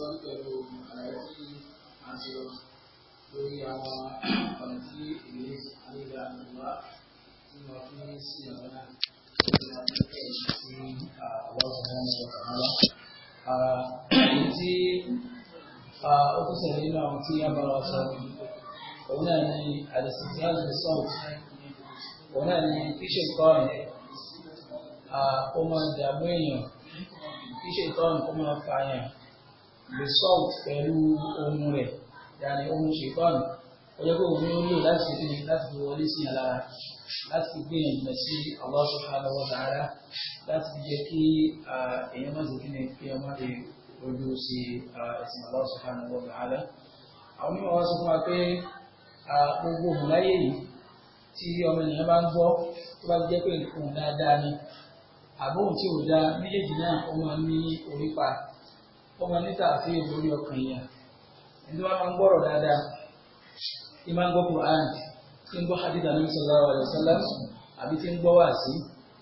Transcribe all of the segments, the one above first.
tẹ̀síwájú pẹ̀lú àlàyé tí a ń ṣe lórí àwọn ọ̀nà tí èyí ayẹyẹ àgbà tí wọ́n fi ń sí ọ̀rọ̀ náà tí wọ́n fi ń tẹ̀sí sí àwọn náà Èyí tí ó tún sẹ̀lẹ̀ nínú àwọn tí a bá wa sọ òun náà ni àdìsí tí a lè sọ̀rọ̀ òun náà ni kíṣe kọ́ ẹ̀ ó máa dàgbé èèyàn kíṣe kọ́ ẹ̀ ó máa fa èèyàn result pẹ̀lú ohun rẹ̀ yàrá ohun ṣètọ́nù ọjọ́ pé òun yóò lò láti ṣe kíni láti fi wọlé sí yàrá láti fi gbé èèyàn lọ sí Allah subhanahu wa ta'ala láti fi jẹ́ kí èèyàn má ṣe kíni kí ẹ má lè rojú sí ẹ̀sìn Allah subhanahu wa ta'ala. àwọn onímọ̀ wá sọ fún wa pé gbogbo òun láyé yìí tí ọmọ ènìyàn bá ń gbọ́ tó bá jẹ́ pé nǹkan dáadáa ni àbóhùn tí ò dáa méjèèjì náà ó máa ń ní orí pa ó máa ní tààfin lórí ọkàn yẹn ẹni wọn máa ń gbọ́rọ̀ dáadáa ní máa ń gbọ́ Quran tí ń gbọ́ hadith anabi sallallahu alayhi wa sallam àbí tí ń gbọ́ wáàsí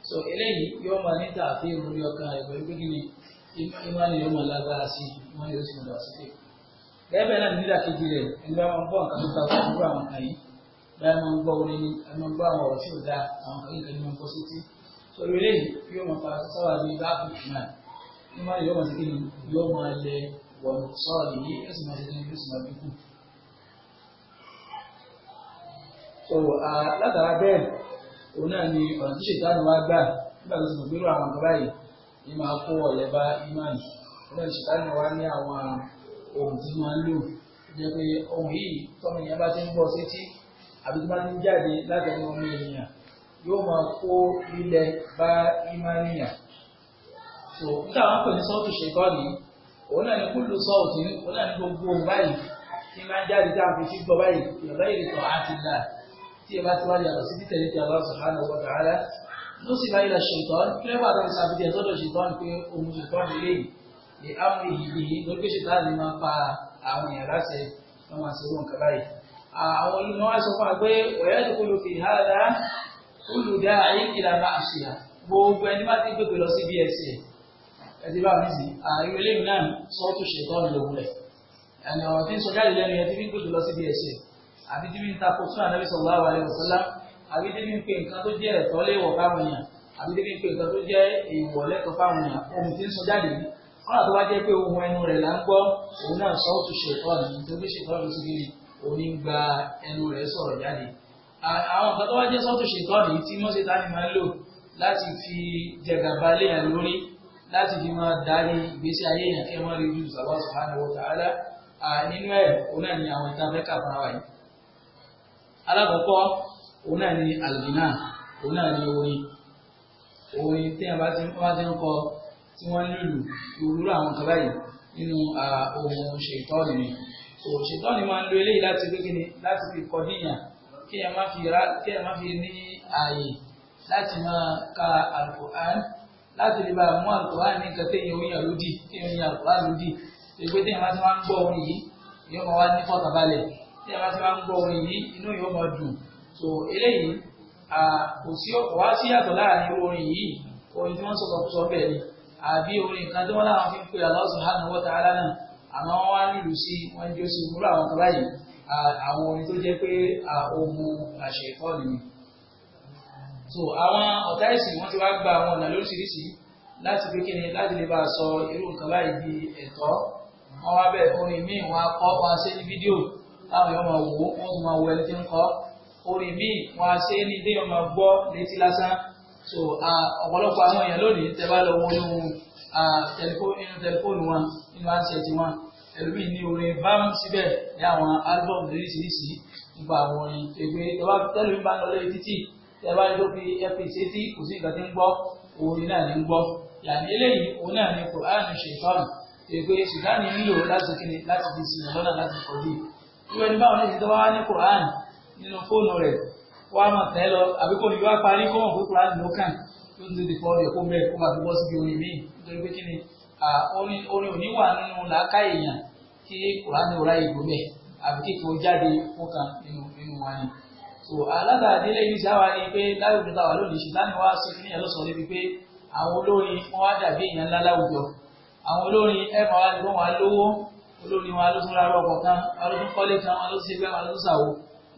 so eléyìí yóò máa ní tààfin lórí ọkàn rẹ̀ pẹ̀lú pé kí ni ìmánì yóò máa lágbára sí ìmánì yóò sì máa lọ sókè gẹ́gẹ́ náà nígbà kejì rẹ̀ ẹni bá máa ń gbọ́ nǹkan tó ta fún irú àwọn kan yìí bá máa ń gbọ́ orin ni a máa gbọ́ àwọn ọ̀rọ̀ tí ò dáa àwọn kan yìí kan ní máa ń gbọ́ sétí so eléyìí yóò máa fa sábà bíi bá àbùkù ní máa yọ màsí kíni yọ máa lẹ wọn sọ́ra nìyí yóò máa ṣe kíni yóò sì máa so látara bẹ́ẹ̀ òun náà ni ọ̀nà tí ṣètánù wá gbà nígbà tó ti mọ̀ gbérò àwọn nǹkan báyìí ní máa kó ọ̀lẹ́ bá imáàlì òun náà ṣètánù wá ní àwọn ohun tí máa ń lò jẹ́ pé ohun yìí tọ́mọ èèyàn bá ti ń bọ̀ sétí àbí tó bá ti ń jáde látẹnu ọmọ èèyàn yóò máa kó lílẹ̀ bá imáàlì yàn so nígbà wọn pè ní sọ́ọ̀tù ṣètọ́ ni òun náà ní kúlù sọ́ọ̀tù ní òun náà ní gbogbo ohun báyìí kí máa ń jáde tá a fi sí gbọ́ báyìí yọ̀rọ̀ ìrìtọ̀ àti ìlà tí ẹ bá ti wáyé àlọ́ sí títẹ̀ ní ti Allah subhanahu wa ta'ala ló sì bá ilẹ̀ ṣètọ́ kílẹ̀bà tó ń sàbídì ẹ̀ tọ́jọ́ ṣètọ́ ni pé ohun ṣètọ́ ni lè ní àmì ìyí ni máa pa àwọn gbogbo ẹni bá ti gbégbé lọ sí bsc ẹtí bá mi sì ààrẹ eléyìí náà sọ́ọ̀tù ṣètọ́ lòun rẹ̀ ẹni ọ̀rọ̀ tí ń sọ jáde lẹ́nu yẹn tí fi ń gbòdò lọ síbi ẹ̀ṣẹ̀ àbí tí fi ń takò fún ànábì sallallahu alaihi wasallam àbí tí fi ń pe nǹkan tó jẹ́ ẹ̀tọ́ léèwọ̀ fáwọn èèyàn àbí tí fi ń pe nǹkan tó jẹ́ èèwọ̀ lẹ́tọ̀ fáwọn èèyàn ohun tí ń sọ jáde yìí ọ̀nà tó jẹ́ pé ni tó fi ṣètọ́ lọ síbi òní gba ẹnu rẹ̀ sọ̀rọ̀ jáde àwọn nǹkan tó wá jẹ́ sọ́ọ̀tù ṣètọ́ nìyí tí mọ́sẹ̀tà láti fi máa darí ìgbésí ayé yẹn kí ẹ má rí ojú ìsàlọ́ subhanahu wa ta'ala nínú ẹ̀ òun náà ni àwọn ìta fẹ́ kàfà wa yìí. alákọ̀ọ́kọ́ òun náà ni àlùmínà òun náà ni orin orin tí wọ́n bá ti ń kọ tí wọ́n ń lùlù ìwúrú àwọn kan báyìí nínú ohun ṣètọ́ni ni ṣètọ́ni máa ń lo eléyìí láti pé kíni láti fi kọ níyàn kí ẹ má fi ní ààyè láti máa ka Al-Qur'an láti lè bá mú àlùkòrán ní nǹkan téèyàn ń yàn lódì téèyàn ń yàn àlùkòrán lódì èpè téèyàn bá ti máa ń gbọ́ orin yìí yóò máa wá ní fọ̀kànbalẹ̀ téèyàn bá ti máa ń gbọ́ orin yìí inú yóò máa dùn so eléyìí kò sí ọ̀pọ̀ wá sí yàtọ̀ láàrin orin yìí orin tí wọ́n sọ sọ sọ bẹ́ẹ̀ ni àbí orin kan tí wọ́n láwọn fi ń pè Allah subhanahu wa ta'ala náà àmọ́ wọ́n wá nílùú sí wọ́n jó sí irú àwọn kan báyìí àwọn orin tó jẹ́ pé ohun àṣẹ ìkọ́ni ni so àwọn ọ̀tá ẹ̀sìn wọ́n ti wá gba àwọn ọ̀nà lóríṣiríṣi láti pé kíni láti lè bá a sọ irú nǹkan báyìí di ẹ̀tọ́ wọ́n wá bẹ̀ orin míì wọ́n á kọ́ wọ́n á ṣe ní fídíò táwọn èèyàn máa wò ó wọ́n tún máa wo ẹni tí ń kọ́ orin míì wọ́n á ṣe ní ilé wọn máa gbọ́ létí lásán so ọ̀pọ̀lọpọ̀ àwọn èèyàn lónìí tẹ́ bá lọ wọ inú tẹlifóònù wọn nínú àṣẹjì wọn ẹlòmíì ní orin bámu síbẹ̀ ní àwọn álbọ̀mù lóríṣiríṣi nípa àwọn orin ègbè tẹ́lifóònù bá ń lọ lórí títì tẹ bá tó fi ẹfi ìṣesí kò sí nǹkan tí ń gbọ́ òun náà ní ń gbọ́ yàrá eléyìí òun náà ní kò áàmì ṣètọ́nù èpè sùdánì nílò láti kíni láti fi sìn lọ́nà láti kọ̀ọ̀dù ìwé ní báwọn ẹ̀sìn tó wá ní Quran nínú fóònù rẹ̀ wá mọ̀ tẹ́ lọ àbí kò ní wá parí kó mọ̀ pé Quran ló kàn tó ti di fọ́ ẹ̀kọ́ bẹ́ẹ̀ kó máa fi bọ́ síbi orin míì nítorí pé kíni orin òní wà nínú làákà èèyàn kí Quran ò ráyè gbọ́ bẹ́ẹ̀ àbí kí kò jáde fún kan nínú wa ni so alábàádé lẹ́yìn sáwà ni pé láwùjọ táwa lónìí ṣìtánì wá sí ní ẹ̀rọ sọ pé àwọn olórin wọn wá dàbí èèyàn ńlá láwùjọ àwọn olórin ẹ̀fà wa ni wọ́n wá lówó olórin wa ló tún ra ọkọ̀ kan wa ló tún kọ́lé kan wa ló sì gbẹ́ wa ló tún sàwó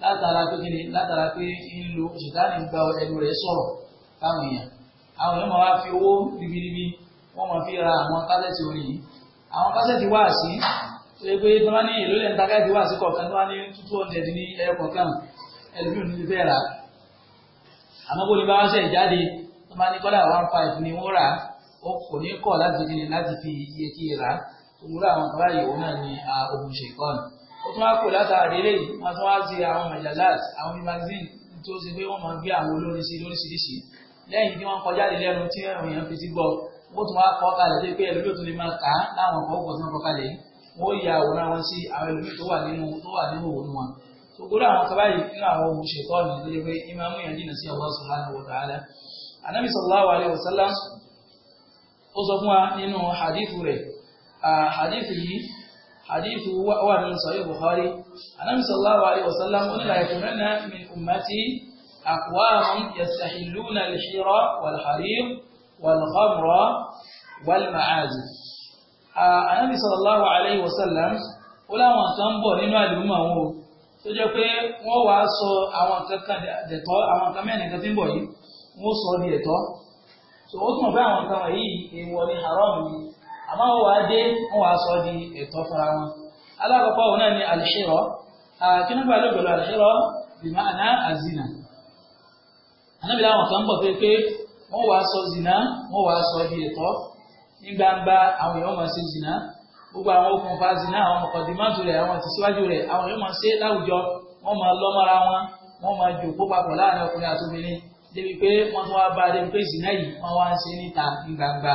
látara pé kíni látara pé ń lo ṣìtánì ń gba ẹnu rẹ̀ sọ̀rọ̀ fáwọn èèyàn àwọn èèyàn máa fi owó ribiribi wọ́n máa fi ra àwọn kásẹ̀tì orin yìí àwọn kásẹ̀tì wá sí ṣe pé tí wọ́n ní ìlú lẹ́ńtà káyọ̀tì wá sí kọ̀ọ̀kan tí wọ́n ní two hundred ní ẹyọ ẹlòmíì ní fẹ́ rà àmọ́ bó ni bá wọ́n ṣe jáde wọ́n bá ní kọ́dà one five ni wọ́n rà ó kò ní kọ̀ láti kí ni láti fi iye kí rà òwúrọ̀ àwọn kan báyìí òun náà ni ohun ṣe kọ́ ni ó tún wá kò látàrí eléyìí wọ́n tún wá sí àwọn majalat àwọn magazine tó ṣe pé wọ́n máa gbé àwọn olórin sí lóríṣiríṣi lẹ́yìn tí wọ́n kọjá lè lẹ́nu tí èèyàn fi ti gbọ́ wọ́n tún wá kọ́ kalẹ̀ dé pé ẹlòmíì tún lè máa kà á láwọn ọkọ̀ ọkọ̀ tí wọ́n kọ́ kalẹ̀ yìí wọ́n yà àwòrán wọn sí àwọn ẹlòmíì tó wà nínú tó wà nínú òun wọn gbogbo àwọn kaba yìí nínú àwọn ohun ṣètọ́ ní ilé pé ìmáàmù yẹn jìnnà sí Allah subhanahu wa ta'ala anabi sallallahu alayhi wa sallam ó sọ fún wa nínú hadithu rẹ̀ hadithu yìí hadithu wà nínú sahih bukhari anabi sallallahu alayhi wa sallam ó ní la yakunanna min ummati aqwamun yastahilluna ó láwọn kan bọ̀ nínú àdúgbò àwọn tó jẹ́ pé wọ́n wá sọ àwọn nǹkan kan dẹ̀tọ́ àwọn nǹkan mẹ́rin nǹkan tí ń bọ̀ yìí wọ́n sọ di ẹ̀tọ́ tó ó tún bá àwọn nǹkan wọ̀nyí èèwọ̀ ni haram ni àmọ́ wọ́n wá dé wọ́n wá sọ di ẹ̀tọ́ fúnra wọn. alákọ̀ọ́kọ́ òun náà ni àlùṣírọ́ kí nígbà ló gbọ́dọ̀ àlùṣírọ́ bìmọ̀ àná àzìnà ànábìlà àwọn kan bọ̀ pé pé wọ́n wá sọ zìnà wọ́n wá sọ di ẹ̀tọ́ ní gbangba àwọn èèyàn máa ṣe zìnà gbogbo àwọn okùn fáàsì náà àwọn mọ̀kàndínmọ́tò rẹ̀ àwọn àtisíwájú rẹ̀ àwọn yóò máa ṣe láwùjọ wọ́n máa lọ́ mọ́ra wọn wọ́n máa jòkó papọ̀ láàrin ọkùnrin àti obìnrin débi pé wọ́n tún wá bá a débi pé ìsìnlẹ̀ yìí wọ́n wá ń ṣe níta ní gbangba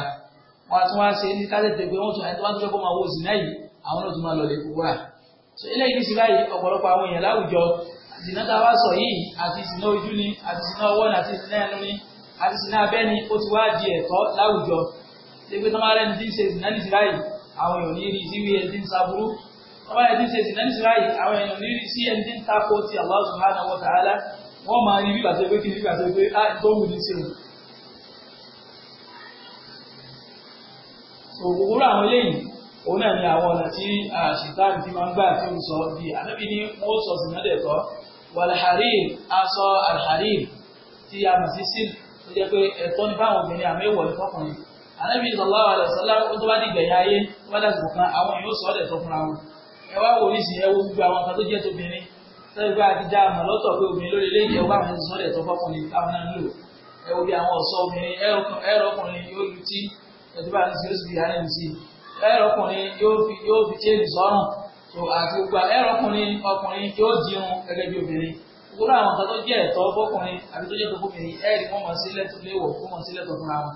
wọ́n tún wá ṣe ní kálẹ̀tẹ̀ pé wọ́n tún wá tún fẹ́ kó máa wo ìsìnlẹ̀ yìí àwọn náà tún máa lọ lè kú wá. so eléyìí sì báyìí ọ̀pọ̀lọpọ̀ àwọn èèyàn láwùjọ ìsìnà tá a wá sọ yìí ni àti ìsìnà ọwọ́ ni àti ìsìnà ẹnu ni àti ìsìnà abẹ́ ni ó ti wá di ẹ̀tọ́ láwùjọ débi tó àwọn èèyàn ní rí sí wí ẹni tí ń saburú wọ́n báyìí tí ń ṣe ìsìn náà nísìnyí báyìí àwọn èèyàn ní rí sí ẹni tí ń takò ti Allah subhanahu wa ta'ala wọ́n máa rí bíbà tó pé kí bíbà tó pé á ah, tó wù ní sèwù. òkùnkùn àwọn eléyìí òun náà ni àwọn ti a mọ̀ sí sílù tó jẹ́ pé ẹ̀tọ́ ní báwọn obìnrin àmẹ́wọ̀ ìfọkùnrin ànábì sallallahu alaihi wasallam tó bá dìgbẹ̀ yá ayé tó bá dàgbò kan àwọn yóò sọ ọ́dẹ̀ tó fúnra wọn ẹ wá wò nísìnyí ẹ wo gbogbo àwọn kan tó jẹ́ tóbìnrin sẹ́yìn bá ti dá àmọ́ lọ́tọ̀ pé obìnrin lórí ilé ìjẹun bá wọn sọ́dẹ̀ tó fọ́kùnrin táwọn náà lò ẹ wo bí àwọn ọ̀ṣọ́ obìnrin ẹ̀rọ ọkùnrin yóò lu tí ẹ̀dí bá ti ṣe ìyára ẹ̀ sí ẹ̀rọ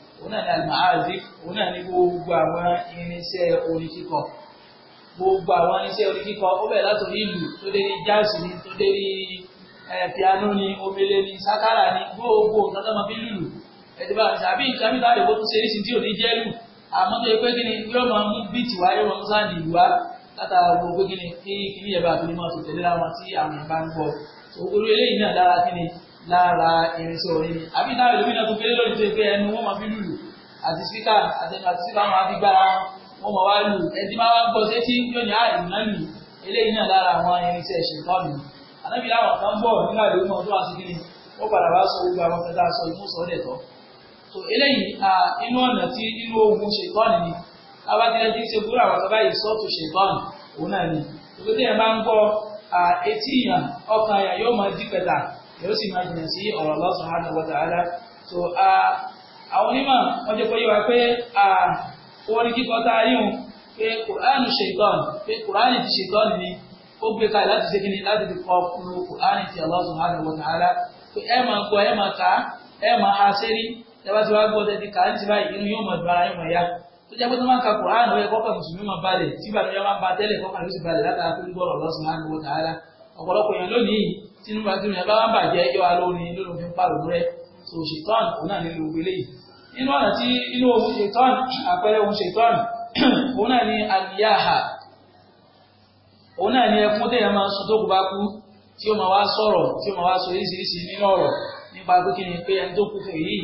òun náà ní almahazif òun náà ní gbogbo àwọn irinṣẹ́ orin kíkọ gbogbo àwọn irinṣẹ́ orin kíkọ ó bẹ̀rẹ̀ látòrí ìlú tó omele ni sákàrà ni, gbogbo nǹkan tó máa fi lùlù ẹ̀dùbà àbí nǹkan mi láti bó tún ṣe èsì tí ò ní jẹ́lù àmọ́ tó yẹ pé kí ni yóò máa mú bíìtì wá yóò máa sáà nìlú wá látara kí ni kí kí ẹ̀bà tó ní máa tò tẹ̀lé lára irinṣẹ́ orin ni àbí náà ìlú mìíràn tó fẹ́lẹ́ lórí tó pé ẹnu wọn máa fi lùlù àti síkà àtẹnu àti síkà máa fi gbára wọn máa wá lù ẹtí máa wá gbọ́ sétí yóò ní àìrìn ah, náà lù eléyìí náà lára àwọn irinṣẹ́ ṣètọ́nù ànábì láwọn kan bọ̀ nígbà tó mọ̀ tó àti kíni ó padà wá sọ gbogbo àwọn kẹta sọ ìmú sọ dẹ̀ tọ́ so eléyìí inú ọ̀nà tí inú ogun ṣètọ́nù ni yóò sì máa jìnà sí ọ̀rọ̀ Allah subhanahu wa ta'ala so àwọn onímọ̀ wọ́n jẹ́ pọ́yẹ́wà pé orin kíkọ́ tá a ríhun pé kùránì ṣètọ́n pé kùránì ti ṣètọ́n ni ó gbé kalẹ̀ láti ṣe kíni láti fi kọ́ fúnru kùránì ti Allah subhanahu wa ta'ala pé ẹ máa gbọ́ ẹ máa kà á ẹ máa ha sẹ́rí tẹ́wá tí wàá gbọ́ tẹ́tí kà á ti báyìí inú yóò mọ̀ ìbára yóò mọ̀ ya tó jẹ́ pé tó máa ń Allah subhanahu wa ta'ala ọ̀pọ̀lọpọ̀ yẹn lónìí tí nígbà tí ìyẹn bàjẹ́ yọ wa lórí fi ń pàrọ̀ rẹ̀ so ṣètọ́n òun náà nílò gbélé yìí nínú ọ̀nà tí inú ohun ṣètọ́n àpẹẹrẹ ohun ṣètọ́n òun náà ní aliyaha òun náà ní ẹkún tẹ̀yẹ̀ máa sùn tó kú bá kú tí ó máa wá sọ̀rọ̀ tí ó máa wá sọ oríṣiríṣi nínú ọ̀rọ̀ nípa pé kí ni pé ẹni tó kú fún yìí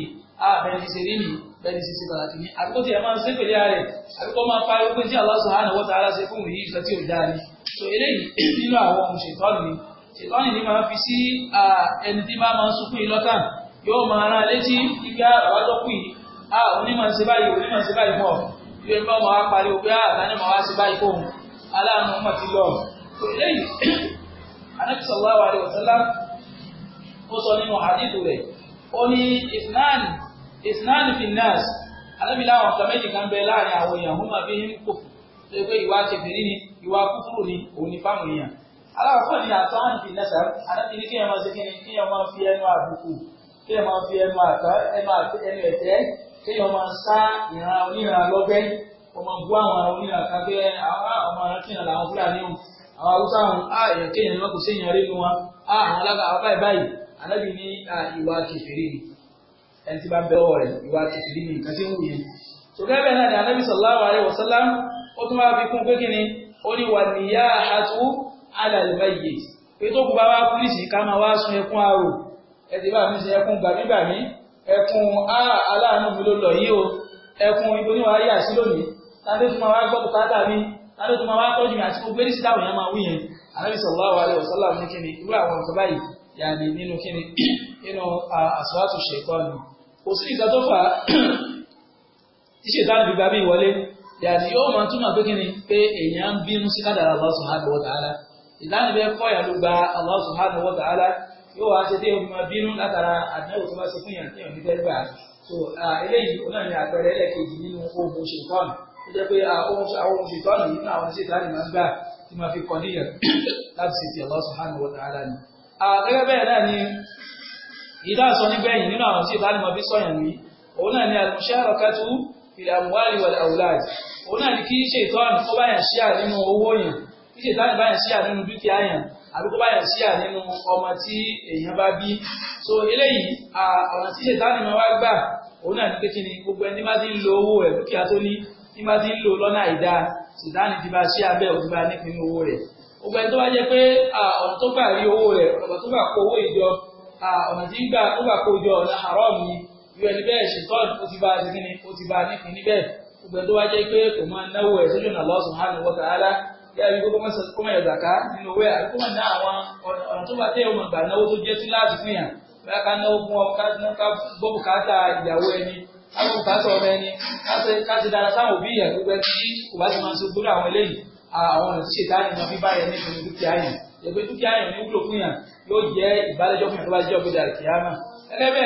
á bẹni ṣe rí mi bẹni ṣe ṣe pàtàkì ní àbíkó tí ẹ máa ń ṣe pèlè rẹ àbíkó máa parí pé tí Allah subhanahu wa ta'ala ṣe fún yìí ìfẹ́ tí ò dáa ni so eléyìí nínú àwọn ohun ṣètọ́n ni ṣètọ́nì ní máa fi sí ẹni tí máa máa sunkún ìlọ́kàn yóò máa rán létí igbá bàbá tó kù yìí a onímọ̀ ṣe báyìí onímọ̀ ṣe báyìí mọ̀ yóò ẹgbẹ́ ọmọ wa pariwo pé àtàní ọmọ wa ṣe báyìí fóun aláàánú ọmọ ti lọ. lẹ́yìn Ànábì sallallahu alaihi wasallam ó sọ nínú àdìdù rẹ̀ ó ní isnan isnan fi nas Ànábì láwọn ọ̀sán méjì kan bẹ láàrin àwọn èèyàn húmà bí ń kò tó ẹgbẹ́ ìwà kẹfìrí ni ìwà kúkúrú ni òun ni fáwọn èèyàn alákọ̀ọ́kọ́ ni àtọ́ àǹtí nẹ́sà àti ní kéèyàn máa ṣe kí ni kéèyàn máa fi ẹnu àbùkù kéèyàn máa fi ẹnu àtọ́ ẹnu ẹ̀tẹ́ kéèyàn máa sá ìran oníran lọ́gbẹ́ ọmọ bu àwọn oníran kan pé àwọn ọmọ akíyan làwọn fúlàní o àwọn haúsá wọn á èèyàn kéèyàn ni wọn kò séèyàn rí nu wọn á àwọn alága àwọn báyìí báyìí alábì ní ìwà kẹfìrí ni ẹni tí bá bẹ ọwọ́ rẹ̀ ìwà kẹfìrí ni nǹkan tí ń wù yẹn. ṣùgbọ́n bẹ́ẹ̀ náà ni alábì sallallahu alaihi wasallam ó tún wá fi kún pé kí ni ó ní wà níyà àtú alàlùbáyé pé tó kú bá wá kúrìsì ká máa wá sun ẹkún àrò ẹtì bá mi ṣe ẹkún gbàmígbàmí ẹkún aláàánú mi ló lọ yìí o ẹkún ibo ni wàá yà sí lónìí tàbí tó máa wá gbọ́ bùkátà mi tàbí tó máa wá tọ́jú mi àti gbogbo eréṣì táwọn èèyàn máa wí yẹn àlẹ́ sallallahu alaihi wasallam tó fà á pé kíni bínú sí kádàrà Allah subhanahu wa ìlànà bẹ́ẹ̀ kọ́ ìyàlú gba Allah subhanahu wa ta'ala yóò wá ṣe tí yóò máa bínú látara àdánwò tó bá ṣe fún yàn tí yàn ní fẹ́ gbà. so eléyìí ó náà ní àpẹẹrẹ ẹlẹ́kejì nínú ohun ṣètọ́nù ó jẹ́ pé ohun ṣètọ́nù yìí náà àwọn ṣètọ́nù máa ń gbà tí máa fi kọ́ níyàn láti ṣe ti Allah subhanahu wa ta'ala ni. gẹ́gẹ́ bẹ́ẹ̀ náà ni ìdá sọ nígbẹ̀yìn nínú àwọn ní òun náà ni tí ìtàn bá yàn ṣíà nínú dúkìá yàn àbí kó bá yàn ọmọ tí èèyàn bá bí so eléyìí ọ̀nà tí ìtàn máa wá gbà òun náà ní kékeré gbogbo ẹni bá ti ń lo owó rẹ̀ dúkìá tó ní ní bá ti ń lo lọ́nà àìdá ìtàn ti bá ṣíà bẹ́ẹ̀ ó ti bá nípìn owó rẹ̀ gbogbo ẹni tó bá jẹ́ pé ọ̀nà tó gbà rí owó rẹ̀ ọ̀nà tó gbà kí a rí kó kọ́mọ̀ sọ́kọ́ mọ̀ ẹ̀dàká nínú owó àti kọ́mọ̀ ní àwọn ọ̀nà tó bá tẹ́ ọmọ ìgbà náwó tó jẹ́ tún láti fún yàn bóyá ká náwó fún ọ ká gbọ́ bùkátà ìyàwó ẹni ká gbọ́ bùkátà ọmọ ẹni ká ti dára sáwọn òbí yẹn gbogbo ẹni tí kò bá ti máa ń so gbọ́dọ̀ àwọn eléyìí àwọn ọ̀nà tí ṣètàní bíbá yẹn nípa dúkìá yẹn ẹgbẹ́ dúkìá yẹn ní wúlò fún yàn yóò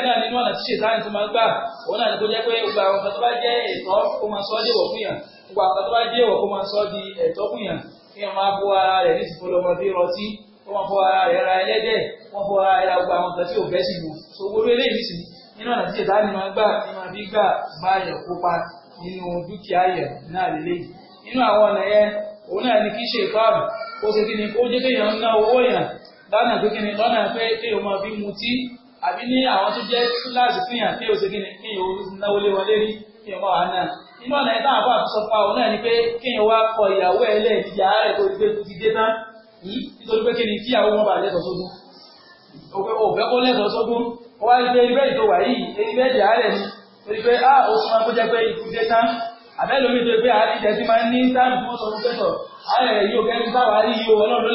náà nínú ọ̀nà tí ṣètàní tó máa ń gbà òun náà ni kó jẹ́ pé gbogbo àwọn kan tó bá jẹ́ ẹ̀tọ́ kó máa sọ ọ́ dé wọ̀ fún yàn gbogbo àwọn kan tó bá jẹ́ ẹ̀wọ̀ kó máa sọ ọ́ di ẹ̀tọ́ fún yàn kí wọ́n máa fọ ara rẹ̀ ní ìsìnkú lọ́mọ bí rọtí wọ́n fọ ara rẹ̀ ra ẹlẹ́dẹ̀ wọ́n fọ ara rẹ̀ ra gbogbo àwọn nǹkan tí ò bẹ́ sí lò so owó lé sí nínú ọ̀nà tí ìbá ni máa gbà ni máa bí gbà bá yẹ kópa nínú dúkìá yẹ náà lélẹ́yìí nínú àwọn ọ̀nà yẹn òun náà ni kí ṣe ìpáàbù ó ṣe kí ni kó jẹ́ kéèyàn ń ná owó èèyàn lọ́nà pé kí ni lọ́nà pé kéèyàn máa fi mutí àbí ní àwọn tó jẹ́ kíláàsì fìyàn kéèyàn ṣe kí ni kéèyàn náwó lé wọn lérí kéèyàn máa wà náà inú ọ̀nà ẹ̀dá àbọ̀ àtúnṣọpá òun náà ni pé kéèyàn wá kọ ìyàwó ẹ̀ lẹ́ẹ̀ ti yàrá rẹ̀ tó gbé ti dé tán yìí nítorí pé kí ni kíyàwó wọn bà lẹ́tọ̀ọ́ sógún òfẹ́ kó lẹ́tọ̀ọ́ sógún ó wá gbé ibẹ̀ ìtò wà yìí ibẹ̀ ìjà rẹ̀ ni torí pé a ah, ó súnmọ́ kó jẹ́ pé ikú dé tán àbẹ́lómi tó gbé àríjẹ́ ah, tí máa ń ní táàmù tó sọ fún tẹ́tọ̀ ààrẹ yóò kẹ́ni táwa rí yìí ọlọ́run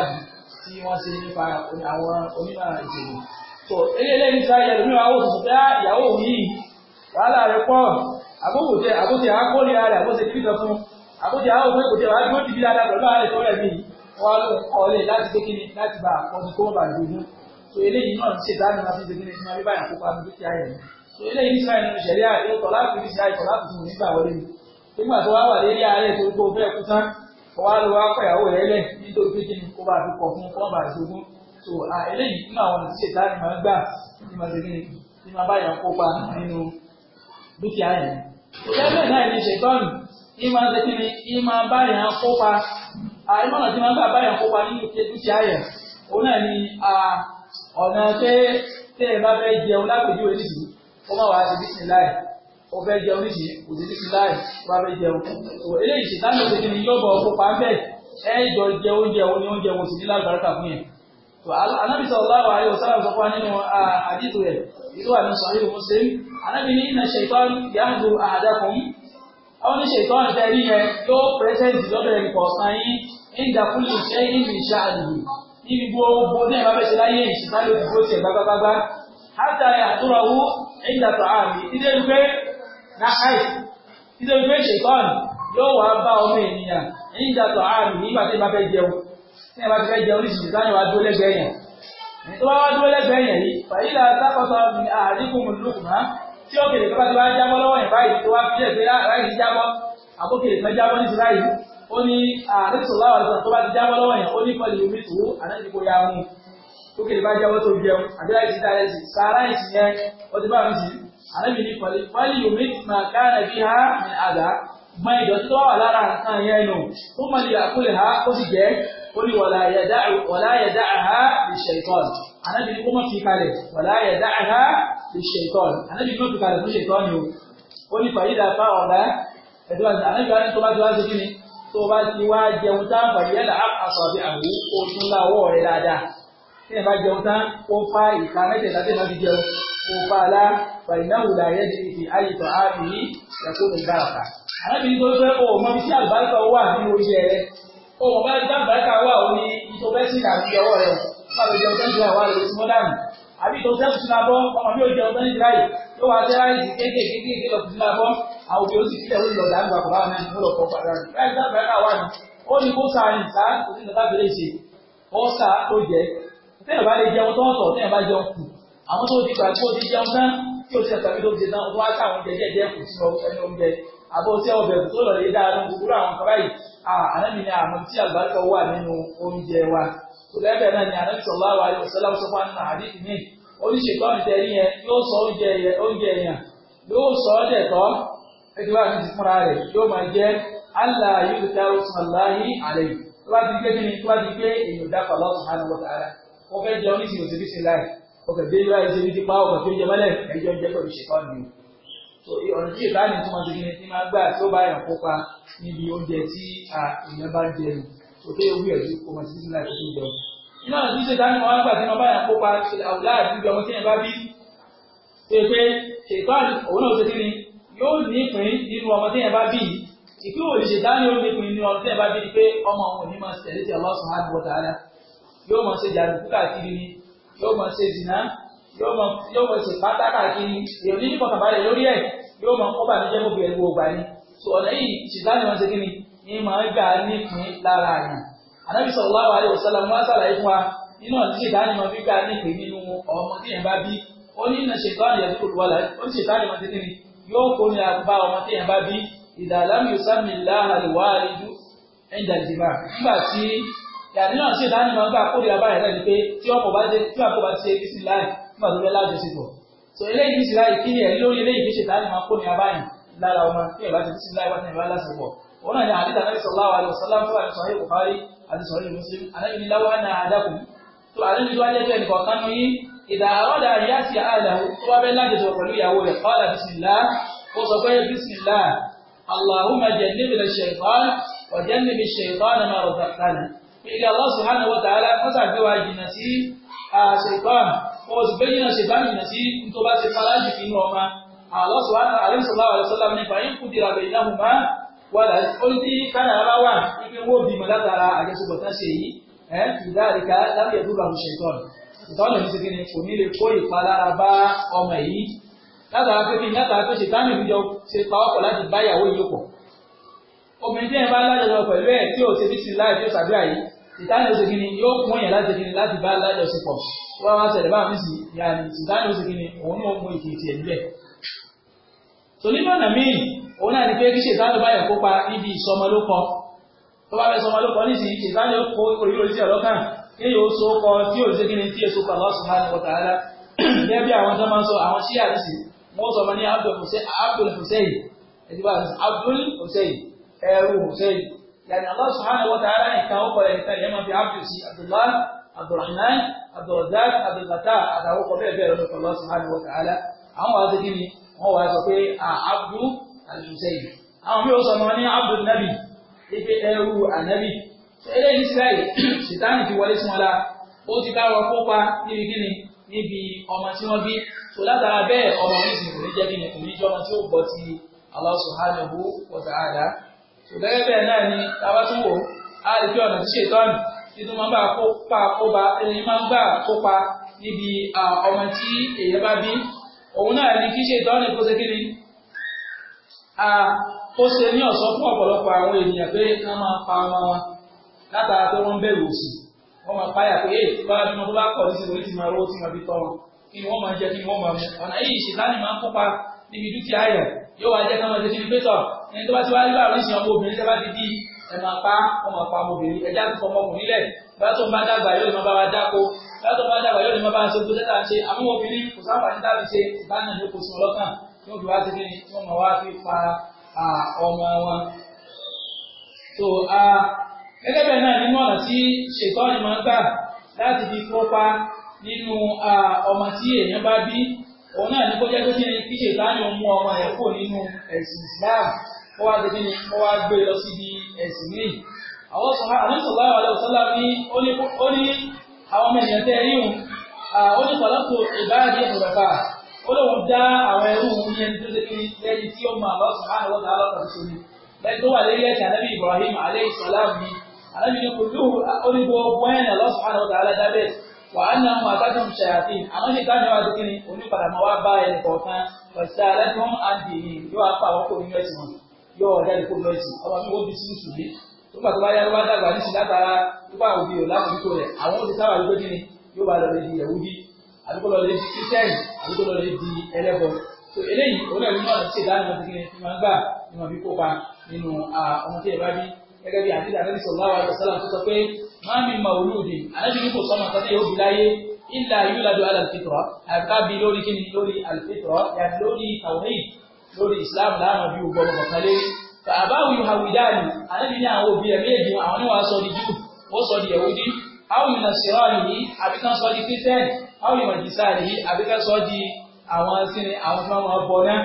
ló lè tí wọ́n ṣe nípa àwọn onímọ̀ ìjìnlẹ̀. tó eléyìí ní sáyẹ lómi àwọn òṣìṣẹ́ pé ah, ìyàwó mi wàhálà rẹ pọ̀ àbókòtẹ àbókòtẹ àkórìíra rẹ àbókòtẹ kìlọ̀ fún àbókòtẹ àwọn òṣìṣẹ́ kòtẹ wàá dúró dìbí dáadáa pẹ̀lú àwọn ẹ̀kọ́ rẹ̀ mi wọ́n ló kọ́ ọ lé láti gbé kíni láti bá àkọ́ni tó ń bà dúró tó eléyìí náà ń ṣe dáná láti gbé kíni fún abíbáyà kópa ní dúkìá yẹn tó eléyìí ní sáyẹ nínú ìṣẹ̀lẹ̀ àyè tọ́lá kìí ọwọ́ ló wá pẹ̀yàwó rẹ̀ lẹ̀ nítorí pé kí ni kó bá fi pọ̀ fún kó bá fi ogún so eléyìí nínú àwọn ọ̀nà tí ṣètà ni máa ń gbà ní máa ṣe ní máa báyà kópa nínú dúkìá yẹn. ìyáfẹ́ náà ní ṣètọ́nù ní máa ṣe kí ni ní máa báyà kópa àìmọ́ ọ̀nà tí máa gbà báyà kópa nínú dúkìá yẹn òun náà ni ọ̀nà pé tẹ́ ẹ bá fẹ́ jẹun lápèjúwe nìyí kó má wàá ṣe bí ó fẹ́ jẹun ní ìsìn kò títí sí láì ó bá jẹun eléyìí ṣe táwọn ọ̀sẹ̀ kìíní yọ̀bọ̀ ọkọ̀ pa bẹ́ẹ̀ jẹ oúnjẹ òun oúnjẹ òun sì ní lágbàrúkà fún yẹn. Ànábì sallallahu alaihi wasallam sọ fún wa nínú àdìtò rẹ̀ ìlú àmì ní yẹn yóò pẹ́sẹ́ǹtì yín ìlú níbi gbogbo Na náhàì nítorí pé ṣètọ́nù yóò wá bá ọmọ ènìyàn ẹ̀yìn ìdàtọ̀ ààrùn nígbà tí ìbá fẹ́ jẹun tí ìbá fẹ́ jẹun ní ìsìn sáyẹn wá dúró lẹ́gbẹ̀ẹ́ yẹn tó bá wá dúró lẹ́gbẹ̀ẹ́ yẹn yìí fàyílà sákòtò àdínkù mùlùmá tí òkèlè kan bá ti wá jábọ́ lọ́wọ́ yẹn báyìí tó wá fi lè pé ráyìí jábọ́ àbókèlè kan jábọ́ ní ti ráyìí ó ní àrísọ̀lá ọ̀sán tó bá ti jábọ́ lọ́wọ́ yẹn ó ní pẹ̀lú omi tòwó àdájúkọ ya mú òkèlè bá jábọ́ tó jẹun àbí láì ti dára ẹ̀sìn sàárà ẹ̀sìn yẹn ó ti bá mi sí àlejò ní pẹ̀lú pẹ̀lú yomi máa kára bí ha ní àdá gbọ́n ìdọ̀tí tó wà lára nǹkan yẹn nù ó mọ̀ ní àkúlẹ̀ ha ó sì jẹ́ ó ní wàlá yẹ̀dá ha lè ṣe ìtọ́ni àlejò ní kó mọ̀ fi kalẹ̀ wàlá yẹ̀dá ha lè ṣe ìtọ́ni àlejò ní mọ̀ fi kalẹ̀ fún ṣe ìtọ́ni o ó ní fàyídà fa ọ̀dà ẹ̀dọ́ àlejò á ní tó bá ti wá sí kí fàìnáwó là yẹ di ibi ayé tó á rí ẹ̀kọ́ ní báàkà. Àlábì ní tó fẹ́ o mọ ibi tí àlùbáríkà wà ní oúnjẹ rẹ. O mọ̀ bá ibi tí àlùbáríkà wà ó ní ìtò bẹ́ẹ̀ sí ìdàgbé ọwọ́ rẹ̀. Má lè jẹun tẹ́jú àwa lè ti mọ́ dànù. Àbí ìtò sẹ́kù sí labọ́, ọmọ mi ò jẹun tẹ́jú láì. Yóò wá jẹ́ láìsí kéékèèké kéékèèké lọ sí labọ́. Àwọn òbí ó sì kílẹ̀ ó lọ dànù àkùrá náà ní mọ́lọ̀ kọ́ padà. Láì sí àlùbáríkà wà ní. Ó ní kó sa àyìn sá kò sí nǹkan bẹ̀rẹ̀ ṣe. Ó sa tó jẹ. Tẹ́lẹ̀ bá lè jẹun tọ́ọ̀tọ̀ tẹ́lẹ̀ bá jẹun kù. Àwọn tó ti gbà tó ti jẹun tán tí o ṣe tàbí tó ṣe náà wá sáwọn jẹjẹ jẹ kò sí ọwọ́ ẹni oúnjẹ àbọ̀ tí ọbẹ̀ tó lọ lè dáa lóhùn gbogbo àwọn kọ́ra yìí ànábì ni àmọ́ tí àgbàkọ wà nínú oúnjẹ wa kò lẹ́bẹ̀ẹ́ náà ni ànábì sọ̀rọ̀ àwọn àyè ọ̀sẹ̀ láwùsọ fún àwọn àdìsí mi oníṣètò àmìtẹ́rí yẹn yóò sọ oúnjẹ yẹn yóò sọ ọ́ dẹ̀ tọ́ ẹgbẹ́ àti ti fúnra rẹ̀ yóò máa jẹ́ allah yóò dá ọ̀sánláyé àlẹ́ yìí tó bá ti gbé kí ni tó bá ti gbé èèyàn dákọ̀ lọ́sàn-án lọ́tàrà wọ́n fẹ́ jẹun ní ìsìn òsì ọkọ̀ gbé báyìí ṣe ní ti pa ọkọ̀ tó jẹ mọ́lẹ̀ ẹjọ́ jẹ́ pẹ̀lú ṣèkọ́ ni so ọ̀nà tí ìta ni túmọ̀ sí kí ni máa gbà tí ó bá yàn kópa níbi oúnjẹ tí èèyàn bá jẹ nù tó tẹ́ owó ẹ̀jú kó mọ̀ sí sí láti tó jẹun. iná ọ̀nà tí ṣèta ni wọ́n gbà tí wọ́n bá yàn kópa àwùlá àdúgbò ọmọ tí yẹn bá bí ṣe pé ṣètò òun náà ṣe kí ni yóò ní ìpín nínú ọmọ tí yẹn bá bí ìpín òun ṣèta ni yóò ní ìpín nínú ọmọ tí yẹn bá bí ni pé ọmọ òun ní máa ṣẹlẹ̀ tí ọlọ́sùn á gbọ́ tààrà yóò mọ̀ ṣe jàdùkú káàkiri ni yóò máa ṣe ìdìnnà yóò máa ṣe pátákà kiri èèyàn ní nípa kàbálẹ̀ lórí ẹ̀ yóò máa kọ́ bàmí jẹ́ bóbi ẹ̀rù ògbà ni tó ọ̀nà yìí ṣìtáni wọn ṣe kíni ní máa gbà nípìn lára àyàn ànábì sallallahu alaihi wasallam wọn sàlàyé fún wa nínú ọ̀nà ṣìtáni wọn fi gbà nípìn nínú ọmọ tí yẹn bá bí ó ní ìnà ṣètọ́ni yẹn tó wọlé yàrá náà ṣe ìdáni máa ń gbà kórè abáyé náà ni pé tí ọkọ̀ bá ṣe tí àpò bá ṣe bísí láì nígbà tó fẹ́ lájọṣepọ̀ so eléyìí bísí láì kí ni ẹ̀rí lórí eléyìí ṣe ìdáni máa kórè abáyé lára ọmọ tí ìbá ti bísí láì wá ní ìbá lásìkò òun náà ni àdìsá náà sọ láwà lọ sọlá fún àdìsọ ayé Bukhari àdìsọ ayé Muslim anábì ní láwà náà àdàkùn tó àdìsí wá jẹ́ bẹ́ẹ̀ nìkan kan yín ìdá àrọ́dà àríyáàtì àdàwó tó wá bẹ́ẹ̀ lájọṣepọ̀ pẹ̀lú ìyàwó rẹ̀ kọ́lá bismillah ó sọ ilé Allah subhanahu wa ta'ala mọ́tà gbé wa jìnnà sí ṣèpán kó o sì gbé jìnnà ṣèpán jìnnà sí nítorí bá ti fara jù nínú ọmọ Allah subhanahu alayhi sallallahu alayhi sallam nípa yín kùdì rà bẹ̀yìn náà má wà láti ó ní káyà ara wà wípé wọ́n bímọ látara àjẹsùpọ̀ tán ṣe yìí ẹ̀ ìdáríkà lábẹ́ ìdúrà ṣèpán ìtọ́nà ní sikini kò ní lè kó ìpalára bá obìnrin tí ẹ bá lájọsọ pẹ̀lú ẹ̀ tí ò ṣe bí sinilá tí ó ṣàdúrà yìí ìtàní oṣèkí ni yóò kún èèyàn láti kiri láti bá lájọsọpọ̀ wá wá ṣẹlẹ̀ bá mi sì yà ní ìtàní oṣèkí ni òun náà mú ìkì ìtì ẹ̀dúlẹ̀. tò nínú ọ̀nà míì òun náà ni pé kí ṣètàní báyọ̀ kópa níbi ìsọmọlókọ tó bá fẹ́ sọmọlókọ nísìnyí ṣètàní kó orílẹ̀ sí ọ̀rọ̀ kan kí yóò so kọ tí ò ṣèkí ni tí èso pa lọ́sùn máa ń wọ̀tà rárá gẹ́gẹ́ bí àwọn tó máa ń sọ àwọn ẹrú hussein yàrá allah subhanahu wa ta'ala nìkan ó kọlẹ̀ nìkan yẹn máa fi abdul sí abdullah abdulrahman abdulrazak abdulfatah àtàwọn ọkọ bẹ́ẹ̀ bẹ́ẹ̀ lọ́dọ̀ allah subhanahu wa ta'ala àwọn wàá ṣe kíni wọn wàá sọ pé abdu al-hussein àwọn mi ò sọ wọn ní abdul nabi ife ẹrú anabi eléyìí síláyì sìtáàni ti wọlé sí wọn la ó ti bá níbi ọmọ tí wọn bí tó látara bẹ́ẹ̀ ọmọ onísìnkú ní jẹ́ kíni kò ní jọmọ tí ó gbọ́ ti Allah subhanahu wa ta'ala gẹ́gẹ́ bẹ́ẹ̀ náà ni tábà tún wò á lè fi ọ̀nà tí ṣètọ́nù títún máa ń bá kópa kópa ẹni máa ń gbà kópa níbi ọmọ tí èèyàn bá bí òun náà ni kí ṣètọ́nù kó ṣe kí ni ó ṣe ní ọ̀sán fún ọ̀pọ̀lọpọ̀ àwọn ènìyàn pé wọ́n máa pa ọmọ wọn látara pé wọ́n ń bẹ̀rù òsì wọ́n máa páyà pé èyí bá bímọ tó bá kọ̀ nísìnyí orí ti máa rówó tí wọ́n fi tọ́ wọn kí ni wọ́n máa jẹ kí ni wọ́n máa mú ọ̀nà yìí ṣètánì máa ń kópa níbi dúkìá yẹn yóò wá jẹ́ ká máa ṣe kí ni pé ẹni tó bá ti wá rí báyìí oríṣi ọmọ obìnrin tẹ́ bá ti di ẹ máa pa ọmọ pa ọmọbìnrin ẹja ti fọmọ ọkùnrin lẹ̀ bá tó ń bá dàgbà yóò lè má bá wa dáko bá tó ń bá dàgbà yóò lè má bá wa ṣe gbọ́dọ̀ tà ń ṣe àwọn obìnrin kò sábà ní dábì ṣe ìbáná ní oṣù ọlọ́kàn ní oṣù wa ti fi ni wọ́n máa wá fi pa ọmọ wọn. tó a gẹ́gẹ́ bẹ́ẹ̀ náà nínú ọ̀nà tí ṣètọ́ni máa ń gbà láti fi kópa nínú ọmọ tí èèyàn bá bí òun náà ní kó jẹ́ pé kí ṣètọ́ni mú ọmọ ó wá dé kíni ó wá gbé lọ síbi ẹ̀sìn míì àwọn sọ̀rọ̀ àmì sọ̀rọ̀ àwọn ọ̀sọ́lá ní ó ní àwọn ọmọ ènìyàn tẹ́ ríhùn ó ní pàlọ́pọ̀ ìbáàdì ìrọ̀fà ó lóun dá àwọn ẹrú ní ẹni tó débi lẹ́yìn tí ó mọ àwọn sọ̀rọ̀ àwọn ọ̀sọ̀lá lọ́kàn tó ní lẹ́yìn tó wà lórí ẹ̀sìn anábì Ibrahim alayhi salam ni anábì ní kùdú onígbò bọ́ẹ̀nà lọ́sọ̀rọ̀ àwọn ọ̀sọ̀lá dábẹ́ wà á nà yọ ọ̀dà ní kóbẹ́ẹ̀tì ọmọ mi wọ́n bí sí mùsùlùmí tó bá tó bá yá ló bá dàgbà ní sílátara tó bá òbí rẹ̀ lákòókò rẹ̀ àwọn òbí sábà ló kí ni yóò bá lọ lè di yahudi àdúgbò lọ lè di christian àdúgbò lọ lè di ẹlẹ́bọ tó eléyìí òun náà nínú ọ̀nà tí ìdáhùn ọ̀sẹ̀ kìíní ti máa ń gbà ní wọn fi kópa nínú ọmọ tí ẹ bá bí gẹ́gẹ́ bí àdídà nàbí sallallahu alaihi wasallam tó sọ pé máa mi mauludi ànábì ní kò sọmọ kan tí yóò bí láyé illa yuladu ala al-fitra àbíká bí lórí kíni lórí al-fitra yàtí lórí tawhid lórí islam láàmú bí gbogbo ọmọ kan lérí fàbáwò yóò hàwì dáàlì ànábi ní àwọn òbí rẹ̀ méjì àwọn níwà sọ di jù wọ́n sọ di yahudi àwọn ìmọ̀ sírọ́ nìyí àbí kan sọ di kírísítẹ́nì àwọn ìmọ̀ jìsà nìyí àbí kan sọ di àwọn sínú àwọn tí wọ́n máa bọ̀ náà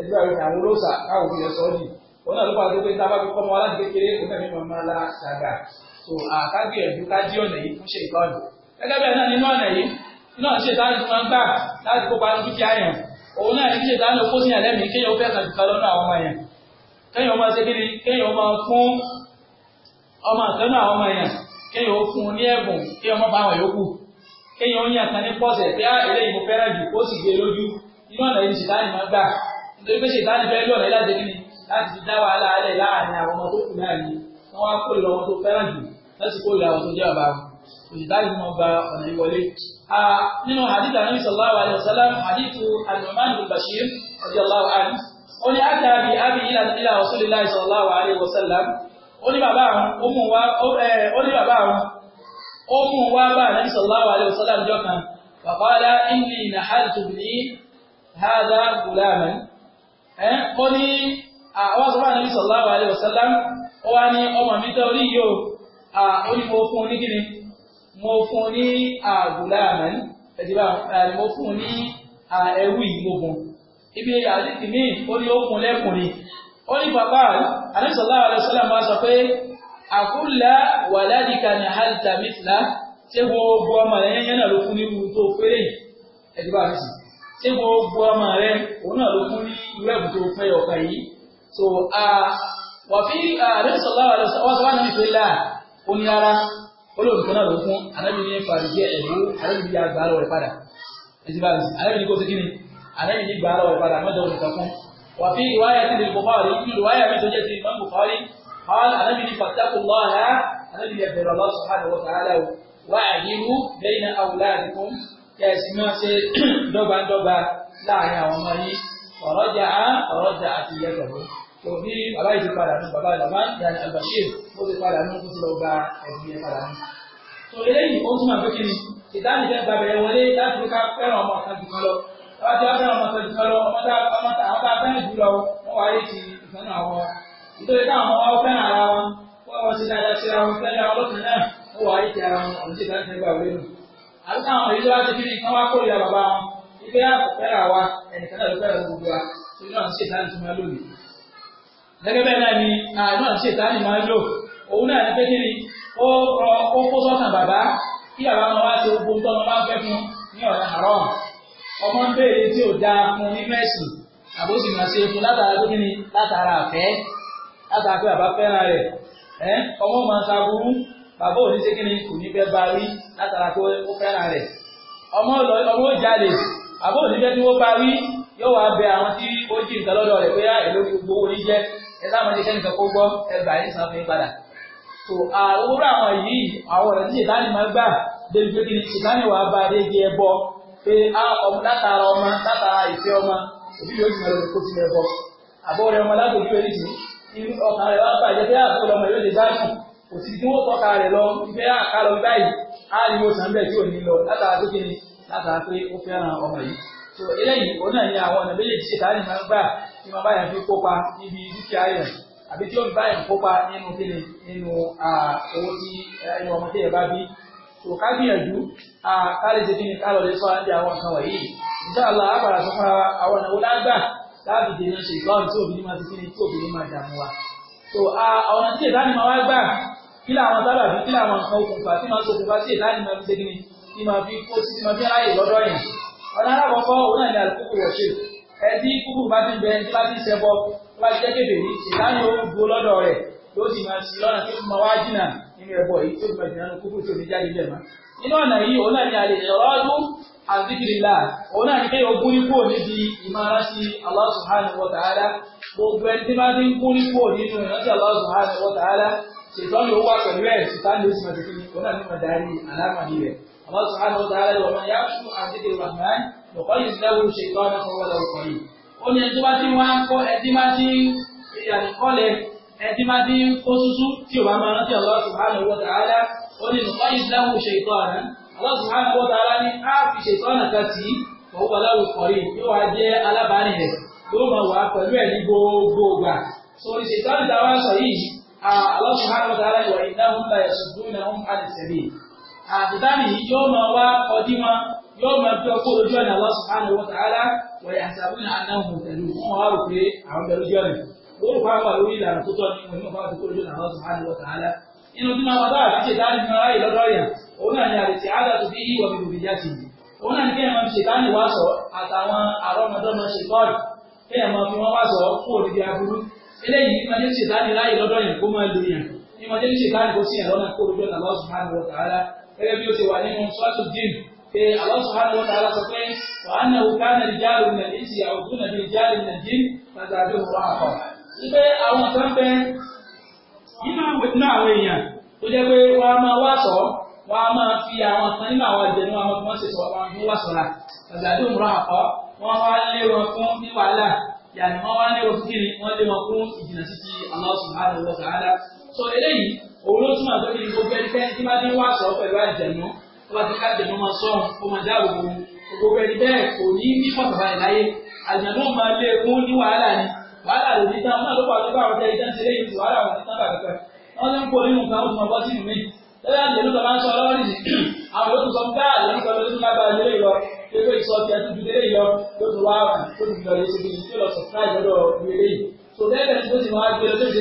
ẹgbẹ́ àwọn ìtàn olóòsà káwọn òbí rẹ̀ sọ di wọn náà ló pàdé pé tá bá fi kọ́ ọmọ kékeré òun náà ní mọ̀ òun náà ní kí ṣètánù kó sí àlẹ́mì kéèyàn ó fẹ́ẹ̀kan jùkan lọ́nà àwọn ọmọ èèyàn kéèyàn máa ṣe kí ni kéèyàn máa fún ọmọ àtẹ́nà àwọn ọmọ èèyàn kéèyàn ó fún ní ẹ̀bùn kéèyàn má bá àwọn yòókù kéèyàn ó yàn kan ní pọ́sẹ̀ pé á ah, eléyìí mo fẹ́ràn jù ó sì gbé lójú ọ̀nà yìí máa gbà nítorí pé fẹ́ láti kí ni láti fi dá wàhálà alẹ́ láàárín àwọn ọmọ tó kù wá kó olùdarí mọ̀ gba ọ̀nà ìwọlé. nínú hadith anabi sallallahu alayhi wa sallam hadith anuman al-bashir radiyallahu anhu ó ní àti àbí àbí ilà ilà rasulillahi sallallahu alayhi wa sallam ó ní bàbá àwọn ó mú wá ó ní bàbá àwọn ó mú wá bá anabi sallallahu alayhi wa sallam jọ kan faqala inni nahaltu bi hadha gulaman ó ní àwọn sọ́fà anabi sallallahu alayhi wa sallam ó wá ní ọmọ mi mo fún ní àgùlá àmàlí ẹ̀dìbà mo fún ní ẹrú yìí mo bùn ibi àdìsí míì ó ní ó fún lẹ́kùnrin ó ní bàbá àníṣọ́lá àlẹ́sọ́lá máa sọ pé àkúlà wàládìkà ní àlìtà mìtìlá ṣé gbogbo ọmọ rẹ yẹn náà ló fún nírú tó fẹ́rẹ̀ ẹ̀dìbà àdìsí ṣé gbogbo ọmọ rẹ òun náà ló fún ní irú ẹ̀bùn tó fẹ́ ọ̀kan yìí so wàfí àníṣọ́lá àlẹ́sọ́lá wọn sọ wá ní ìpínlẹ̀ olóòtú náà ló fún anábìyí ní fàdíjì ẹ̀rú anábìyí àgbà lọ rẹ̀ padà ẹ̀sìn bá anábìyí kó segin ni anábìyí gbà lọ rẹ̀ padà mọ́jọ nǹkan fún. wà fi ìwáyà ti lè bọ̀fọ́ àrí ní ìwáyà mi tó jẹ́ ti mọ́n bọ̀fọ́ àrí hàn anábìyí pàtàkù lọ́ha anábìyí ẹ̀bẹ̀rẹ̀ Allah subhanahu wa ta'ala wà àyírú bẹ́yìn awladikum kẹ̀sì máa ṣe dọ́gbandọ́gba láàrin àwọn ọmọ yìí ọ̀rọ̀ jà á ọ̀rọ̀ jà àti ìyá tó bí bàbá yìí ti padà nù bàbá bàbá yanni Al-Bashir ó ti padà nù kó ti lọ gba ẹ̀bùn yẹn padà nù. tó eléyìí ó túmọ̀ pé kí ni ìdáni jẹ́ gbàgbẹ́ wọlé láti fi ká fẹ́ràn ọmọ kan jù kan lọ wọ́n ti wá fẹ́ràn ọmọ kan jù kan lọ ọmọ tá a fẹ́ràn jù lọ wọ́n wáyé ti ìfẹ́ràn àwọn nítorí táwọn ọmọ fẹ́ràn ara wọn wọ́n wọ́n ti dáadáa síra wọn fẹ́ràn ọlọ́kan náà wọ́n wáyé ti ara wọn ọ̀nà gẹ́gẹ́ bẹ́ẹ̀ náà ni àánú àti ṣètánì máa ń lò òun náà ní pé kí ni ó rọ ó kó sọ́kàn bàbá kí bàbá wọn wá ṣe ogun tó wọn bá fẹ́ fún ní ọ̀rẹ́ àárọ̀ ọmọ ń béèrè tí ò dáa fún nínú ẹ̀sìn àbóṣì máa ṣe fún látara tó kí ni látara àfẹ́ látara pé bàbá fẹ́ràn rẹ̀ ẹ́ ọmọ máa ń ṣàbùrú bàbá òní ṣe kí ni kò ní fẹ́ bá rí látara pé ó fẹ́ràn rẹ̀ ọmọ ọmọ jáde bàbá òní fẹ́ tí wọ́n bá rí yóò wá bẹ àwọn tí ó jí nǹkan lọ́dọ̀ rẹ̀ pé ah, èlò gbogbo orí ẹ sáà máa ṣe kó gbọ́ ẹgbà yín san fún yín padà. tó àwòrán àwọn yìí àwọn ọ̀rẹ́ tí ìdáni máa gbà débi pé kí ni ìdáni wàá ba débi ẹbọ pé ọmọ látara ọmọ látara ìfẹ́ ọmọ òbí yóò kó ti àbọ̀ rẹ̀ ọmọ nìyí ọkàn rẹ̀ wá pé àbúrò ọmọ yóò lè so eléyìí òun náà ní àwọn ọ̀nà méjèèjì ṣe tààrí máa ń gbà ní máa báyà fi kópa níbi dúkìá yẹn àbí tí ó fi báyà kópa nínú kíni nínú owó tí ẹni ọmọ tí ẹ bá bí so ká gbìyànjú ká lè ṣe kíni ká lọ lè sọ àti àwọn nǹkan wọ̀nyí insha Allah àpàrà tó fún ara àwọn ọ̀nà wo lágbà láti dènà ṣe ìgbọ́n tí òbí máa ti kíni tí òbí máa dààmú wa so ọ̀nà tí ìdánimọ̀ wá gbà kí làwọn sábàbí kí làwọn nǹkan okùnfà tí máa ṣokùnfà tí ìdánimọ̀ fi ṣe kíni ọ̀nà alákọ̀ọ́kọ́ òun náà ni àlùkùkù wọ̀ ṣe kúkú bá ti bẹ ẹtí ti ṣẹ bọ tó bá ti jẹ́ kébè ní ìlànà ògbó lọ́dọ̀ rẹ̀ yóò sì máa sí lọ́nà tó máa wá jìnnà nínú ẹbọ yìí tó kúkú tó ní jáde nínú ọ̀nà yìí òun náà òun náà pé o búrí kúrò níbi gbogbo ẹni tí bá الله سبحانه وتعالى ومن يعش عن ذكر الرحمن يقيد له شيطانا فهو له قريب ó ní ẹtí bá ti wá kó ẹtí bá ti yàrá kọ́lẹ̀ ẹtí bá ti kó tútú tí o bá máa rántí Allah subhanahu wa ta'ala ó ní yuqayyid lahu shaytanan Allah subhanahu wa ta'ala ní á fi shaytanan kan tì í fahuwa lahu qarin yóò wá jẹ́ alábàárìn rẹ̀ yóò máa wà pẹ̀lú ẹ̀ ní gbogbo gbà sórí shaytanan táwa sọ yìí Allah subhanahu wa ta'ala wa innahum la yasuddunahum 'an as-sabil àtìtánì yóò máa wá ọdí wọn yóò máa fi ọkọ ojú ọ̀nà Allah subhanahu wa ta'ala wọ̀nyí àṣàbí náà náà mú pẹ̀lú fún wọn rò pé àwọn bẹ̀rù jọ rẹ̀ lórí pàápàá lórí ìlànà tó tọ́ ní wọn yóò ọkọ ojú ọ̀nà Allah subhanahu wa ta'ala inú tí máa bá àti ṣètánì máa ráyè lọ́dọ̀ yà òun náà ni àrètí àdàtú bí ìwà bíbù bí jáde òun náà ni kí máa fi ṣètánì wá sọ àtàwọn àrọ́mọdọ́mọ ṣètọ́ọ̀dì kí ẹ̀ máa fi wọ́n wá sọ kó òdìdí aburú eléyìí máa jẹ́ ṣètánì ráyè lọ́dọ̀ yà kó máa lò yà ní máa kó sí ẹ̀rọ náà kó òdìdí ọ̀nà Allah subhanahu wa ta'ala gẹ́gẹ́ bí ó ti wà nínú sọ́tù dín pé Allah subhanahu wa ta'ala sọ pé wàá nà ó ká nà ìjáàrú nà ìsì àwùjọ nà ìjáàrú nà dín láti àbí òwò àkọ́. Ṣé àwọn kan bẹ nínú àwọn èèyàn tó jẹ́ pé wọ́n á máa wá sọ wọ́n á máa fi àwọn kan nínú àwọn àjẹnú àwọn tí wọ́n ṣe sọ àwọn tó wà sọ̀ra láti àbí òwò àkọ́ wọ́n wá lé wọn fún ní wàhálà yàrá wọ́n wá lé wọn fún kí ni wọ́n lé wọn fún ìjìnà títí Allah subhanahu wa òun ló túmọ̀ tó ní gbogbo ẹni bẹ́ẹ̀ tí bá ní wá sọ pẹ̀lú àjẹmọ́ tó bá ti ká àjẹmọ́ máa sọ ó máa dáàbò bo gbogbo ẹni bẹ́ẹ̀ kò ní ní pàtàkì láyé àjẹmọ́ máa lé fún ní wàhálà ni wàhálà ló ní tán náà ló pa àdúgbò àwọn tẹ̀lé tẹ́sí lẹ́yìn tí wàhálà wọn ti tán bàbá kan wọ́n ti ń kó nínú nǹkan ó ti máa bọ́ sínú mi tẹ́lẹ̀ àjẹmọ́ tó máa ń sọ ọlọ́run nì àwọn ah, yóò tún sọ pé àlẹ́ nǹkan ló tún lágbára lé lọ pé sọ ti àti ìdílé yọ ló ti wá ló ti lọ lẹ́sẹ̀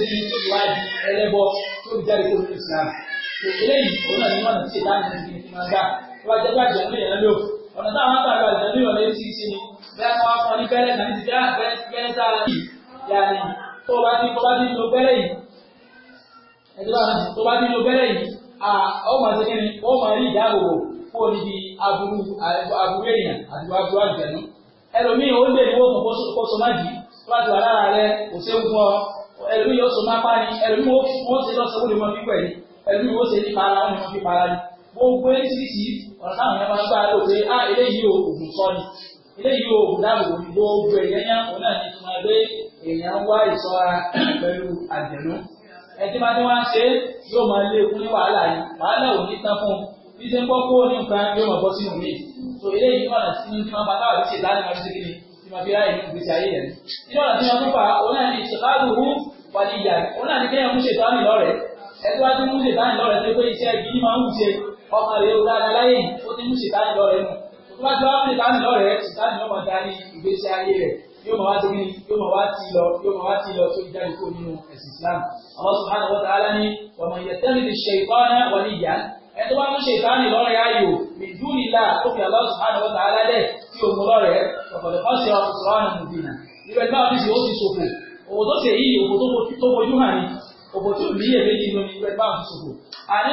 bíi tó fi jáde kó fi òun náà ní wọn ti ìlànà ìgbìmọ̀ tí wọn gbà wọn jẹ bá jẹun lèèyàn lò ọ̀nà táwọn àgbàdo àjẹmí ọ̀nà etí ṣe ni bẹ́ẹ̀ kọ́ wá ní bẹ́lẹ̀ náà ní ti bẹ́ẹ̀ sára yìí yàrá tó bá ti tó bá ti lo bẹ́lẹ̀ yìí ẹ̀dọ́ tó bá ti lo bẹ́lẹ̀ yìí ọmọ àti kẹ́ni ọmọ rí ìdáàbòbò fún oníbi aburú aburú èèyàn àti aburú àjẹnú ẹlòmíì ó lè ní wọ́n kò kó so jì tó ti wà lára rẹ kò séwu fún ọ ẹlú yóò so máa pa ni ẹlú wọn ṣe lọ́sọ̀ wọ́n lè mọ fífọ̀ ẹ̀yìn ẹlú wọn ṣe nípa ara wọn fi para ni gbogbo eléyìí ọ̀nà táwọn yẹn máa ń gbà lò pé á ah, eléyìí o ògùn sọ ni eléyìí o ògùn dáàbòbò ni gbogbo èèyàn yẹn òun náà ní ìtumọ̀ pé èèyàn wá ìṣọ́ra pẹ̀lú àjẹ̀nú ẹtí máa ní wá ṣe yóò máa lé ikú ní wàhálà yìí wàhálà ò ní tán fún bí ṣe ń gbọ́ kó ní nǹkan yóò máa bọ́ sínú mi so eléyìí wà sí ní máa bá káwà bí ṣe dání máa fi ṣe kí ma fi ráyè ní ìgbésí ayé yẹn nínú ọ̀nà tí wọ́n tún fà òun náà ní ìṣèkáàlùhù wàdìyà òun náà ní kéèyàn mú ṣètánì lọ́rẹ̀ ẹgbẹ́ wájú mú ṣètánì lọ́rẹ̀ tó pé iṣẹ́ ibi ní máa ń ṣe ọkàn rẹ̀ ó dára láyé ó ti mú ṣètánì lọ́rẹ̀ nù tó bá ti wá mú ṣètánì lọ́rẹ̀ ṣètánì yóò máa darí ìgbésí ayé rẹ̀ yóò máa wá ti rí yóò lọ yóò máa kó nínú ẹ̀sìn Islam Allah subhanahu wa ta'ala ni wa man yattakhidhi ash-shaytana waliyyan ẹtọ́ bá tún ṣe ìtaní lọ́rẹ̀ ayò mẹjú nílá tó fi Allah subhanahu wa ta'ala lẹ̀ tí òun lọ́rẹ̀ ọ̀pọ̀lọpọ̀ pàṣẹ ọ̀sọ̀ àwọn ọmọdéna ibẹ̀ náà fi ṣe ó ti ṣòfò òwò tó ṣe yìí òwò tó fojú hàn ní òwò tó ní èméjì ló ní ibẹ̀ náà fi ṣòfò. àní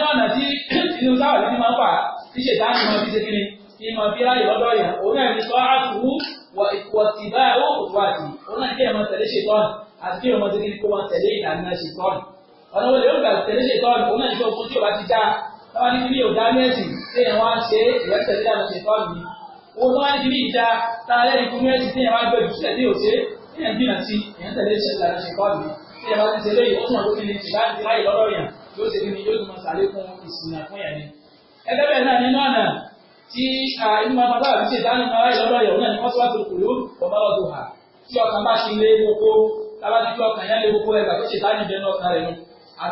ni kí máa fi ráyè lọ́dọ̀ yẹn òun náà ní sọ àtúwú wà tìbá ó wà tì òun náà kí ẹ̀ máa tẹ̀lé ṣe tọ́ni àti kí ọmọdé kí kó máa tẹ̀lé ìlànà ṣe tọ́ni ọ̀nà wo lè ó gbà tẹ̀lé táwọn ní bí òdá mẹ́sì tí ẹ̀ wá ṣe ìrẹsẹ̀ tí àwọn ṣètọ́ mi owó táwọn ní bí ìdá táwọn ẹ̀rí fún mẹ́sì tí ẹ̀ wá gbẹ̀dù sílẹ̀ tí ò ṣe tí ẹ̀ ń dínà sí ìyẹn tẹ̀lé ṣẹlẹ̀ àwọn ṣètọ́ mi tí ẹ̀ wá ti ṣe lóyè ó túnmọ̀ tó fi ní ṣìlá ti láyè lọ́dọ̀ ni. ẹgbẹ́ bẹ́ẹ̀ náà nínú ọ̀nà tí inú máa bá àbí ṣètá nínú aláyè lọ́dọ̀ yàn náà ni wọ́n ti wá tó kùlú ọba ọdún hà tí ọkàn bá ti lé gbogbo tábàtí ọkàn yẹn lé gbogbo ẹgbà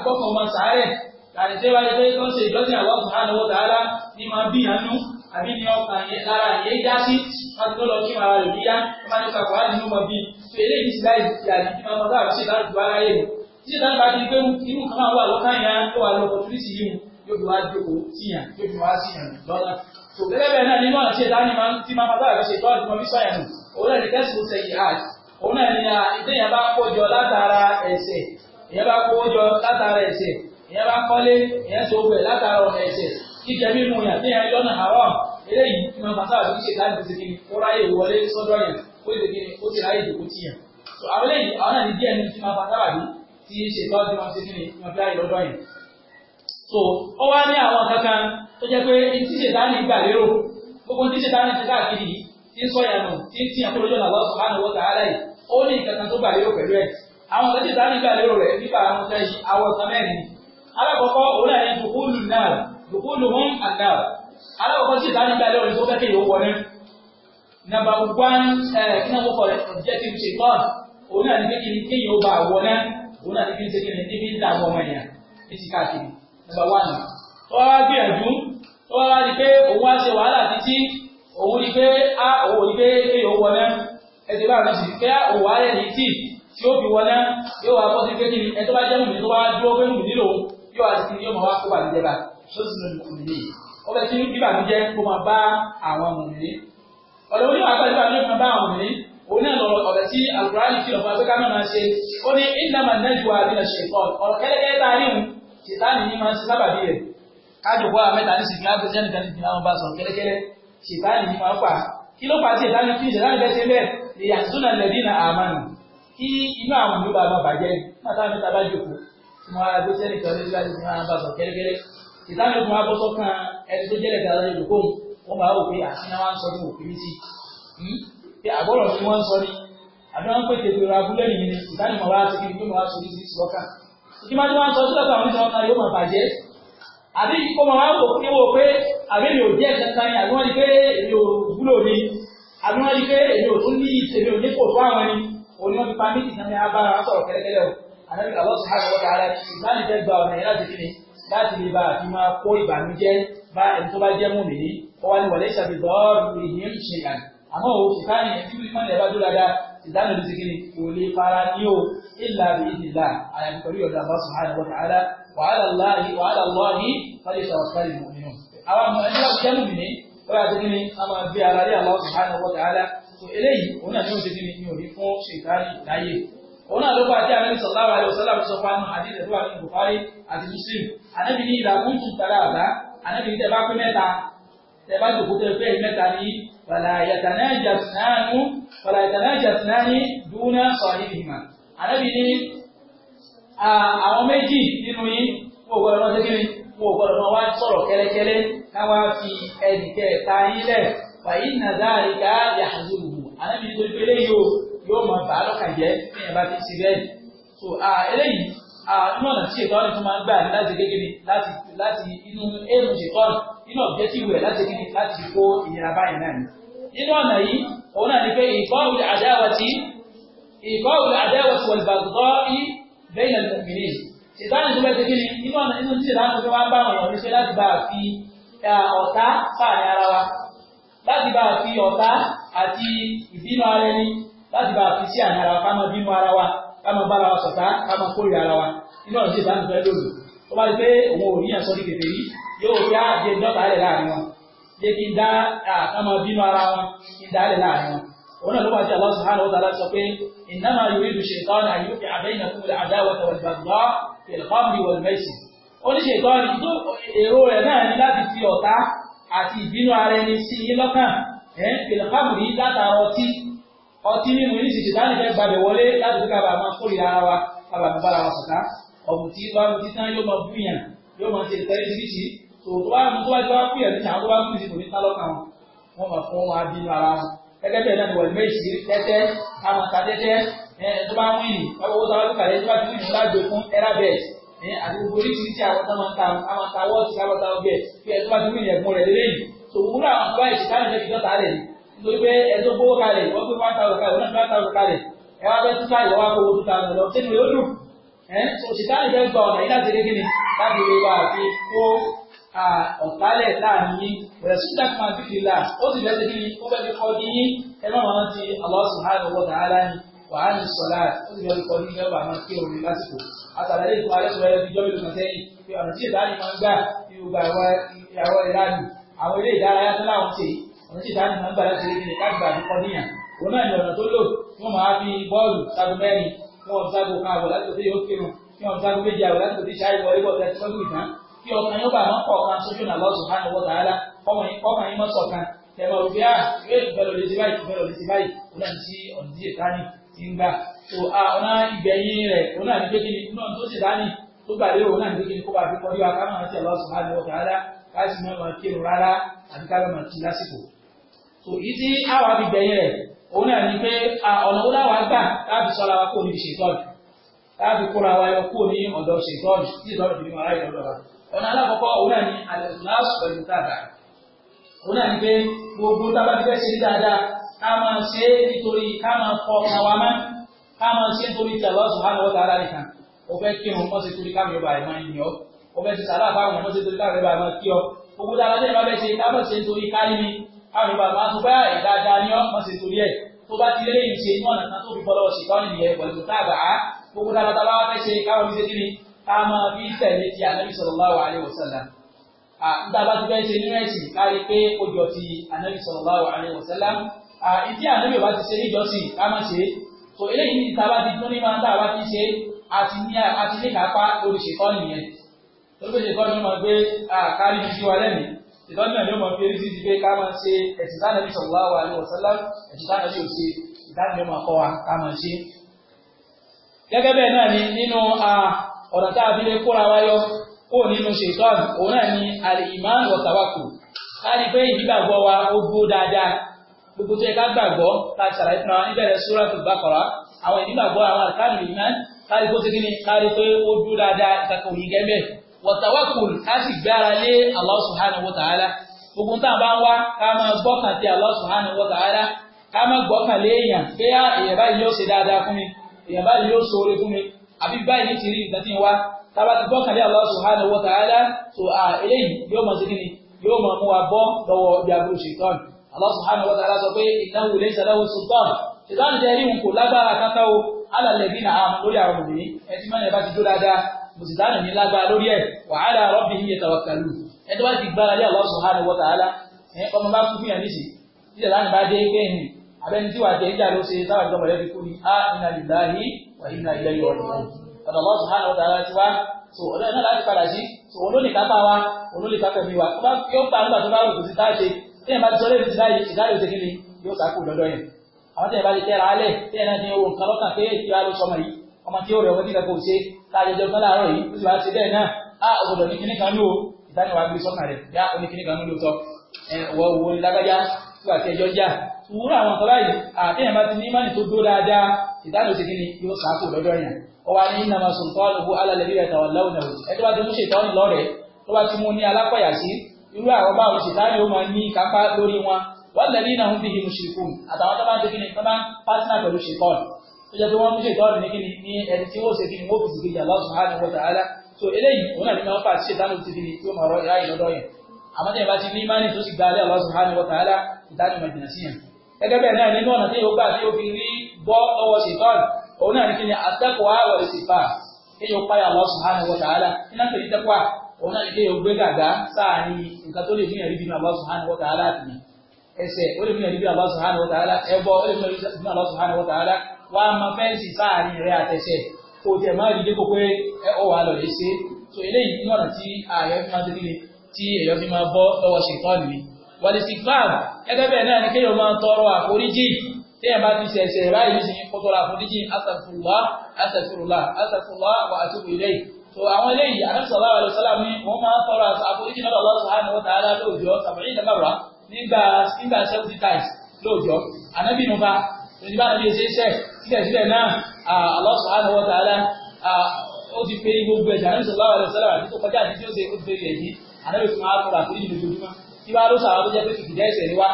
tàbí tí wáyé pé tó ń ṣe ìjọsìn àwọn subhanahu wa ta'ala ní máa bí àánú àbí ní ọkà lára ìyé já sí láti tó lọ kí wọn ara rẹ̀ bí yá wọn máa ń kà wá nínú ọmọ bíi tó eré yìí ti láì ti àti kí wọn bá ṣe láti wá láyé mu tí ìta bá ti pé irú kan máa wà lọ́kàn yẹn tó wà lọ́kọ̀ tó sì yíwu yóò fi wá dòkó síyàn yóò fi wá síyàn lọ́nà. tó gẹ́gẹ́ bẹ́ẹ̀ náà nínú àti ẹ̀dá ni máa ń tí máa bá ṣe tọ́ àti ìyẹn bá kọ́lé ìyẹn tó gbẹ látara ọ̀nà ẹ̀sẹ̀ jíjẹ mímu yàn ní ẹni lọ́nà haram eléyìí tí máa pàṣẹ àti ṣe láti ṣe kíni kó ráyè wọlé sọ́dọ̀ yàn kó ṣe kíni kó ṣe ráyè ìdòkó tì yàn. tó àwọn eléyìí àwọn náà ní díẹ̀ ní ti máa pàṣẹ àbí tí ṣe tó ti máa ṣe kíni máa fi ráyè lọ́dọ̀ yàn. tó ó wá ní àwọn kankan tó jẹ́ pé tí ṣe tá ní gbà lérò gbogbo tí ṣe tá ní ti káàkiri yìí tí ń sọ yànnà tí ń tiyàn kólójọ́ Allah subhanahu wa alákọ̀ọ́kọ́ òun náà ní dùkúlù náà dùkúlù hum àdáà alákọ̀ọ́kọ́ sì dá nígbà lórí tó fẹ́ kí yòó wọlé nàbà wán ẹ kí náà kọ́kọ́ rẹ̀ ọ̀jẹ́ ti ṣe kọ́ òun náà ní kí ni kí yòó bá wọ náà náà ní ṣe kí ni níbi ń dà wọ ọmọ èèyàn ní ti káàkiri nàbà wán nà tó wá gbìyànjú tó wá rí pé òun wá ṣe wàhálà títí òun rí pé á òun rí pé kí yòó wọ náà ẹ ti bá àná sì pé òun wá rẹ̀ tí ó fi wọlé yóò wá bọ́ sí pé kí ni ẹ bá jẹ́ mùmí tó bá dúró pé mùmí nílò yóò wá sí yóò máa wá kó bàjẹ́ bá tó sì lórí kùn ní. ó bẹ tí bíbà mi jẹ́ kó máa bá àwọn mùmìnì. ọ̀rọ̀ oníwà àgbà bíbà mi máa bá àwọn mùmìnì òun náà lọ̀rọ̀ ọ̀rọ̀ tí àgùrán kí lọ́mọ abẹ́ká náà máa ṣe ó ní ìdámà nẹ́jùwà àbílẹ̀ ṣèkọ́ ọ̀rọ̀ kẹ́lẹ́kẹ́lẹ́ tá a rí òun ṣètánì ní máa ń ṣe sábàbí rẹ̀ kájọpọ̀ àmẹ́ta ní sìnkú abẹ́jẹ́ nìkan ní àwọn bá sọ kẹ́lẹ́kẹ́lẹ́ ṣètánì ní máa ń wọn á gbé sẹ́ni kan lórí láti máa bá sọ kẹ́lẹ́kẹ́lẹ́ ìtàn ẹ̀kún wa bọ́ sọ́kàn ẹni tó jẹ́lẹ̀ kan lórí ìdókòwò wọn máa wò pé àṣìná wa ń sọ ní òkè méjì hmm? pé àbọ̀rọ̀ ni wọ́n ń sọ ní àbí wọ́n ń pèsè pé abúlé nìyí ni ìdánimọ̀ wa ti kí ni wọ́n á sọ ní sí sọ́kà ìdímọ̀ tí wọ́n ń sọ sí ọ̀sán àwọn ìṣọ̀kan yóò máa bàjẹ́ àbí kó máa wò wò pé àbí ni àbí wọ́n di pé èmi ò tún ní ìṣèlú onípò ànábì Allah subhanahu wa ta'ala ìsìláàmù fẹ́ gba ọ̀nà yẹn láti fi ni láti lè bá àfi máa kó ìbànújẹ́ bá ẹni tó bá jẹ́ mú mi ní ọwọ́ ni wàlẹ́ ìṣàbí bọ́ọ̀lù ìyẹn ṣe ìlànà àmọ́ òun ìsìláàmù yẹn tí wọ́n lè bá dúró dáadáa ìsìláàmù ló ti kí ni kò lè fara ní o ìlà bí ìlà àyàfi pẹ̀lú ọ̀dọ̀ Allah subhanahu wa ta'ala wàhálà Allah yìí fàlẹ́ ìṣàwọ̀sálì mọ̀ nínú. àwọn ọmọ ẹni wá jẹ́ mú mi ní ọba àti kíni a máa bí ara rí Allah subhanahu wa ta'ala so eléyìí òun náà ní òun ti kíni ní òní fún ṣèkáàrí láyé òun náà ló kọ́ àti ànábì sallallahu alaihi wasallam sọ fún àwọn àdìsẹ̀ tó wà ní Bukhari àti Muslim ànábì ní ìdá kún tù tàrà àbá ànábì tẹ bá pé mẹ́ta tẹ bá dòkó tẹ pé mẹ́ta ní fala yatanajasnani fala yatanajasnani duna sahibihima ànábì ní àwọn méjì nínú yín wọ́n gbọ́dọ̀ náà tẹ́kẹ́ni wọ́n gbọ́dọ̀ náà wá sọ̀rọ̀ kẹ́lẹ́kẹ́lẹ́ káwá fi ẹnì kẹta yín lẹ̀ fàyín nàzáríkà yàhàzùrù ànábì nítorí pé yóò mọ bàá lọ́kàn jẹ́ ní ẹ̀bá ti ti bẹ́ẹ̀. so eléyìí inú ọ̀nà tí ètò ọ̀nà tó máa ń gbà ní láti gégé ni láti láti inú èrò ṣètò inú ọ̀bẹ́tìwò ẹ̀ láti gégé láti kó ìnira báyìí náà ni. nínú ọ̀nà yìí òun náà ni pé ìkọ́wù àdáwàtì ìkọ́wù àdáwàtì wọ̀lùbàgọ́ yìí bẹ́ẹ̀ náà lọ́mìnì ṣètàní tó bẹ́ẹ̀ ṣe kíni inú ọ̀nà inú tí ìlànà tó wá ń bá àwọn oníṣẹ́ láti bá a fi ọ̀tá sáàrin ara wa láti bá a fi ọ̀tá àti ìbínú ara ẹni láti bá a fi sí àná ara wa ká máa bínú ara wa ká máa bára wa sọ̀tá ká máa kórìíra ara wa inú ọ̀nà tí ìbánu fẹ́ lòlù tó bá rí pé òun ò níyàn sọ ní kété yìí yóò fi àjẹ ah, dọ́ta rẹ̀ láàrin wọn jẹ́ kí n dá ká máa bínú ara wọn kí n dá rẹ̀ láàrin wọn òun náà ló bá ti Allah subhanahu wa ta'ala sọ pé innama yuridu shaytan an ni láti fi ọ̀tá àti ìbínú ọtí mímu ní sì ṣètàn ìfẹ́ gbàgbẹ́ wọlé láti fi kábàá máa kórìíra ara wa kábàá fi bára wa sọ̀tá ọ̀bùn tí bá mutí tán yóò máa búyàn yóò máa ṣe ìtẹ́ríṣiríṣi tòótọ́ wá mú tó wá jọ wá búyàn níta àwọn tó wá búyàn sí kò ní tá lọ́kàn wọn wọn máa fún wọn abínú ara wọn gẹ́gẹ́ bẹ́ẹ̀ náà ni wọ̀lú méjì tẹ́tẹ́ àwọn ta tẹ́tẹ́ tó bá wí ní owó tó wá lókà lẹ́yìn tó bá ti wí ní lájò fún ẹ̀rá bẹ́ẹ̀ àti gbogbo oríṣiríṣi àwọn tó máa ń ta àwọn ta wọ́ọ̀tì àwọn ta ọbẹ̀ tó bá ti wí ní ẹ̀gbọ́n rẹ̀ lélẹ́yìn tòun náà àwọn tó bá ìṣìkánì lẹ́yìn tó ta rẹ̀ nítorí pé ẹ̀sọ́ gbówó kalẹ̀ wọ́n gbé one thousand kalẹ̀ one hundred thousand kalẹ̀ ẹ wá bẹ́ tún káyọ̀ wá kówó two thousand lọ sínú yóò dùn ẹ̀ òṣìṣẹ́ àìjẹ́ gba ọ̀nà yìí láti régé ni láti lè wá àti kó ọ̀kálẹ̀ láàrin yín bẹ̀rẹ̀ sùn láti máa bí fìlà ó sì fẹ́ kí ó fẹ́ fi kọ́ ní yín ẹ má máa ti Allah subhanahu wa ta'ala ni wà á ní sọ̀lá ó sì fẹ́ fi kọ́ ní mẹ́wàá máa kí òun lásìkò àtàlẹ́ ìfún alẹ́sọ̀rọ̀ ẹni jọ́ mélòó kan sẹ́yìn pé ọ̀nà tí ìdáni ń gbà ní gbogbo àwọn ìyàwó àwọn ilé ìdárayá tó láwọn ṣe ọ̀nà tí ìdáhùn máa ń gbà láti rí ní káàgbà àdúkọ níyà òun náà ní ọ̀nà tó lò kí wọ́n máa fi bọ́ọ̀lù sago mẹ́rin kí wọ́n sago kan àwọ̀ láti òfin yóò kírun kí wọ́n sago méjì àwọ̀ láti òfin ṣáà ìwọlé bọ̀ tẹ̀sí lọ́dún ìtàn kí ọkàn yóò bá wọn kọ̀ọ̀kan sójú nà lọ́sùn hàn wọ́n tààlà kọ́mọ yín mọ́ sọ̀kan tẹ̀mọ̀ òfin à yóò tún bẹ́ẹ̀ lọ létí báyìí tún bẹ́ẹ̀ lọ létí báyìí òun náà ti ọ̀nà tí ìtàní ti ń gbà tó a ọ̀nà ìgbẹ̀yìn rẹ̀ òun náà ní pé kí ni náà tó sì dání tó gbà lérò òun lásìkò èyí tí àwa fi gbẹ̀yìn rẹ̀ òun náà ni pé ọ̀nà wo láwa gbà láti sọ́ra wa kó níbi ṣètọ́jú láti kóra wa yọ kó ní ọ̀dọ̀ ṣètọ́jú tí ìtọ́jú fi ní wàhálà ìdọ́dọ̀ wa ọ̀nà alákọ̀ọ́kọ́ òun náà ni àlẹ́sùláṣù pẹ̀lú tàbá òun náà ni pé gbogbo tábà ti fẹ́ ṣe dáadáa ká máa ṣe é nítorí ká máa fọ àwa má ká máa ṣe é nítorí ti Allah subhanahu wa ta'ala nìkan ó fẹ́ kí wọn mọ́ ṣe torí káwọn yóò bá ẹ̀ máa yìn ọ́ ó gbogbo dáadáa tẹ́lẹ̀ bá fẹ́ ṣe ká mọ̀ ṣe nítorí kárí mi káwọn ìbá máa tún bá ìdáadáa ní ọmọ ṣe torí ẹ̀ tó bá ti lélẹ́yìn ṣe ní ọ̀nà kan tó fi fọlọ́wọ́ ṣe káwọn ìyẹn pẹ̀lú táàbà á gbogbo dáadáa bá fẹ́ ṣe káwọn fi ṣe kí ni ká máa fi tẹ̀lé ti ànábì sallallahu alaihi wasallam nígbà bá ti fẹ́ ṣe nínú ẹ̀sìn kárí pé ó jọ ti ànábì sallallahu alaihi wasallam ìdí ànábì bá ti ṣe níjọsìn ká má ṣe so eléyìí ní ìtaba ti tún ní máa ń dá àwa ṣe àti ní kápá lórí ìlọ́nà ni ó máa fi eré sí ti pé ká máa ṣe ẹ̀sìn tánà bí sallallahu alaihi wasallam ẹ̀sìn tánà bí òṣè ìdáhùn ni ó wa ká ṣe. gẹ́gẹ́ bẹ́ẹ̀ náà ni nínú ọ̀nà tá a fi lè kóra wa yọ kó nínú ṣètọ́n òun náà ni al-iman wa tawakkul ká ní pé ìgbàgbọ́ wa ó gbó dáadáa gbogbo tó yẹ ká gbàgbọ́ ká ṣàlàyé fún wa níbẹ̀rẹ̀ suratul Baqara àwọn ìgbàgbọ́ àwọn àkáàlù ìmán ká rí kó wa tawakkul á sì gbára lé Allah subhanahu wa ta'ala gbogbo tá a bá ń wá ká máa gbọ́kàn sí Allah subhanahu wa ta'ala ká máa gbọ́kàn lé èèyàn pé ah, èèyàn báyìí yóò ṣe dáadáa fún mi èèyàn yóò ṣoore fún mi àbí báyìí ti rí nǹkan wá tába ti gbọ́kàn lé Allah mùsùlùmí ní lágbára lórí ẹ̀ wa ala rabbihim yatawakkalun ẹ tó bá ti gbára lé Allah subhanahu wa ta'ala ẹ ọmọ bá kú fún yàn níṣì níṣẹ́ láti bá dé pé hìn abẹ́ni tí wàá jẹ ìjà ló ṣe sábà jọmọ rẹ fi kú ni a ah, inna lillahi wa inna ilayhi raji'un ọ̀dọ̀ Allah subhanahu wa ta'ala ti wá so ọ̀dọ̀ iná láti padà sí so olóòlì kápá wa olóòlì kápá ní owó táàjẹjọ kan láàárọ̀ yìí ó sì wá ṣe bẹ́ẹ̀ náà á ọ̀gbọ̀dọ̀ ní kíní kan ló ìdánilwà gbé sọ́kàn rẹ̀ yá ó kan ló tọ́ ẹ̀wọ̀ wo ni lágbájá tó àti ẹjọ́ já wúrọ̀ àwọn nǹkan báyìí àtẹ̀yìn bá ti ní mánì tó dó dáadáa ìdánilò ti kíni yóò sàkó lọ́dọ̀ yẹn ó wá ní nàmà sùnkọ́ọ̀lù alálẹ́bí rẹ̀ tàwọn lọ́wọ́ ẹjọ́ bá ti mú ṣètọ́ni lọ́rẹ̀ tó bá ti mú ní alápàyàsí irú àwọn báwọn ṣètánì ó máa ní kápá lórí wọn wọ́n lẹ́ni náà ń bí i ó jẹ́ pé wọ́n mú ṣètọ́ ní kíni ní ẹni tí ó ṣe kíni ó fi ṣìkejì Allah subhanahu wa ta'ala so eléyìí òun náà ní máa ń fà ṣe tánù ti kíni tí ó máa rọ ìráyè lọ́dọ̀ yẹn àmọ́ tẹ̀yìn bá ti ní ìmánì tó sì gba alẹ́ Allah subhanahu wa ta'ala ìdánimọ̀ ìdìnà sí yẹn gẹ́gẹ́ bẹ́ẹ̀ náà nínú ọ̀nà tí yóò gbà tí ó fi rí bọ́ lọ́wọ́ ṣètọ́ọ̀nù òun náà ní kíni àtẹ́kọ̀ọ́ àwọ̀ ìsìnfà kéèyàn páyà Allah subhanahu wa ta'ala iná pè ní tẹ́kọ̀ọ́ òun náà ní kéèyàn gbé gàgá sáàárín nǹkan tó lè hàn rí bínú Allah subhanahu wa ta'ala àtìmí Allah subhanahu hàn rí bínú wá máa fẹ́ǹsì sáàrin rẹ àtẹ̀sẹ̀ kò tẹ̀ máa rí dépò pé ẹ ọ̀ wà lọ́lẹ̀ ṣe so eléyìí ní ọ̀nà tí ààyè fi máa dégbé tí èèyàn fi máa bọ́ lọ́wọ́ ṣètọ́nù ni wàlẹ̀ sí fáàm ẹgbẹ́ bẹ́ẹ̀ náà ni kéèyàn máa tọrọ àforíjì téèyàn bá ti ṣẹ̀ṣẹ̀ ráyè ní sinmi àforíjì astaghfirullah astaghfirullah astaghfirullah wa atubu ilayhi so àwọn eléyìí anáṣọlá wa lọ́sọ́lá ni wọ́n máa tọrọ àforíjì lọ́dọ̀ Allah subhanahu wa ta'ala lóòjọ́ sàbẹ̀yìn dàbàrà nígbà nígbà seventy times lóòjọ́ ànábìnú bá òṣìbá àti ẹ̀ṣẹ̀ síbẹ̀síbẹ̀ náà Allah subhanahu wa ta'ala ó ti pé gbogbo ẹ̀jẹ̀ àrùn sallallahu alaihi wasallam àti tó kọjá àti tí ó ṣe ó ti pé rẹ̀ yìí àdáwì tó máa tọrọ àforíjì lójoojúmọ́ tí bá ló sàwọn tó jẹ́ pé kìkìdá ẹ̀sẹ̀ ni wá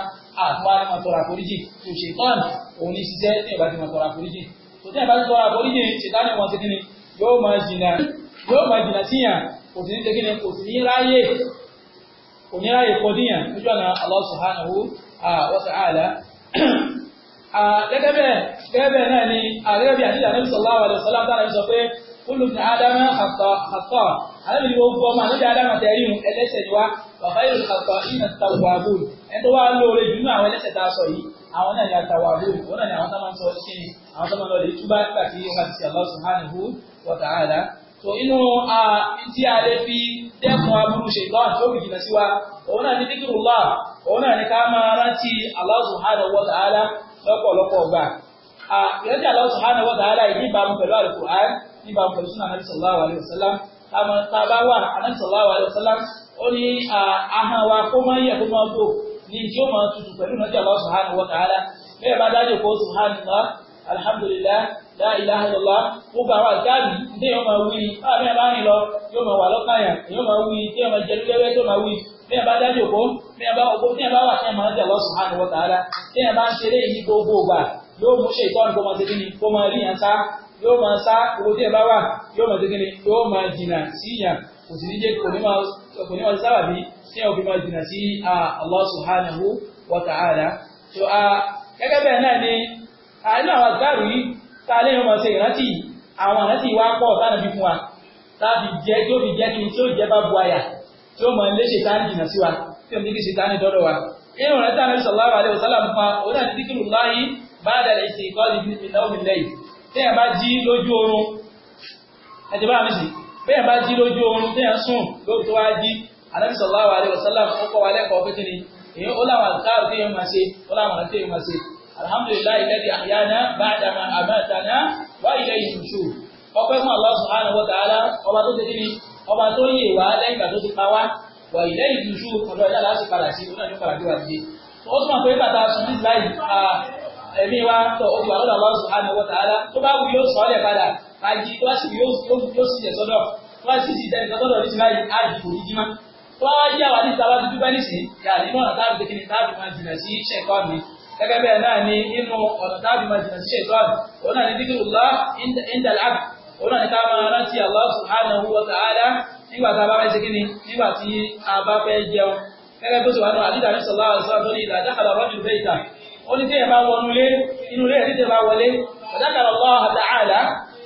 àtúwá ní máa tọrọ àforíjì tó ṣe tán òun ní ṣiṣẹ́ ní ìbá ti máa tọrọ àforíjì gẹ́gẹ́ bẹ́ẹ̀ gẹ́gẹ́ bẹ́ẹ̀ náà ni gẹ́gẹ́ bí àdìdà Nabi sallallahu alaihi wasallam dára sọ pé kullu ibn adama khata' àlẹ́bí ni gbogbo ọmọ àlẹ́bí adama tẹ̀rí mu ẹlẹ́sẹ̀ ni wá bàbá yìí ló kàtọ́ ìnà tàwàbù ẹni tó wá lóore jù nínú àwọn ẹlẹ́sẹ̀ tá a sọ yìí àwọn náà ni àtàwàbù wọn náà ni àwọn tó máa ń sọ sí ni àwọn tó máa ń lọ lè túbá pàtí wọn ti Allah subhanahu wa ta'ala so inú tí a lè fi dẹ́kun aburú ṣe lọ́wọ́ tó fi jìnnà sí wa òun náà ni dhikrullah òun náà ni ká máa rántí Allah subhanahu wa ta'ala lọ́pọ̀lọpọ̀ gbà ìrẹ́jà Allah subhanahu wa ta'ala yìí níbàámu pẹ̀lú Al-Qur'an níbàámu pẹ̀lú sunnah Nabi sallallahu alaihi wasallam àmọ́ tá bá wà Nabi sallallahu alaihi wasallam ó ní ahọ́n wa kó máa yẹ kó máa bò ní tí ó máa tutù pẹ̀lú ìrẹ́jà Allah subhanahu wa ta'ala bẹ́ẹ̀ bá dájú kó subhanallah alhamdulillah la ilaha illallah gbogbo àwọn àjáàmì ní yóò máa wí báwa bí a bá rìn lọ yóò máa wà lọ́kàn yà yóò máa bí ẹ bá dájú òkó bí ẹ bá òkó bí ẹ wà sí ẹmọ ẹjẹ lọ sùn tààrà bí ń ṣeré yìí gbogbo ògbà yóò mú ṣe kó máa kó máa rí yàn sá yóò máa sá owó tí wà yóò máa yóò máa jìnà sí yàn kò sì ní kò ní máa sábà bí tí máa jìnà sí gẹ́gẹ́ bẹ́ẹ̀ náà ni àìní àwọn yìí tá a lè máa ṣe ìrántí àwọn ìrántí wa tí ó mọ̀ ilé ṣètánì jìnà sí wa tí ó ní kí ṣètánì dọ́dọ̀ wa inú rẹ̀ tánà sallallahu alaihi wasallam pa òun àti díkìrù láyé bá dàlẹ̀ ìsìn ìkọ́lì ìnáwó lẹ́yìn tẹ́yà bá jí lójú oorun ẹ̀tẹ́ bá mìsì bẹ́yà bá jí lójú oorun tẹ́yà sùn ló tó wá jí Ànábì sallallahu alaihi wasallam ó kọ́ wa lẹ́kọ̀ọ́ pé kíni èyí ó láwọn àtàrù tí yẹn máa ṣe ó láwọn àti yẹn máa ṣe alhamdulillahi alladhi ahyana ba'da ma amatana wa ilayhi nushur ọba tó yè wá lẹ́yìn ìgbà tó ti pa wá wà ilé ìdújú ọ̀dọ̀ ìyá láti padà sí ọ̀nà ìjọba àbí wà dìde ó túmọ̀ pé bàtà sùn ní láì ẹ̀mí wa tọ̀ ó gbà lọ́dọ̀ lọ́sùn àmì wọ́n tààlà tó bá wù yóò sọ ọ́ lẹ̀ padà àjí tó bá sì yóò sì lẹ̀ sọ́dọ̀ tó bá sì sì tẹ̀ sọ́dọ̀ ní láì àdìpọ̀ jíjímá tó bá wá jí àwọn àdìsá wá dúdú bá nìsín yà nínú ọ̀nà táàbù kékeré táàbù máa jìnà sí ṣẹ̀kọ́ ó náà ní ká máa rántí Allah subhanahu wa ta'ala nígbà tá a bá fẹ́ ṣe kíni nígbà tí a bá fẹ́ jẹun gẹ́gẹ́ bó ṣe wà nù àdìdà ní sọ̀lá àṣà lórí ìdájọ́ àlọ́rọ́ jù bẹ́ẹ̀ ìta ó ní tí ẹ̀ bá wọnú lé inú lé ẹ̀ títẹ̀ bá wọlé ọ̀dákàrà Allah ta'ala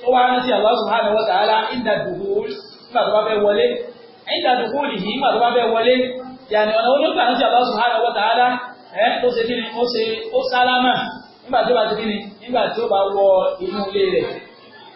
ó wá rántí Allah subhanahu wa ta'ala inda dukhul nígbà tó bá fẹ́ wọlé inda dukhul yìí nígbà tó bá fẹ́ wọlé yàní ọ̀nà bá wọ inú ilé rẹ̀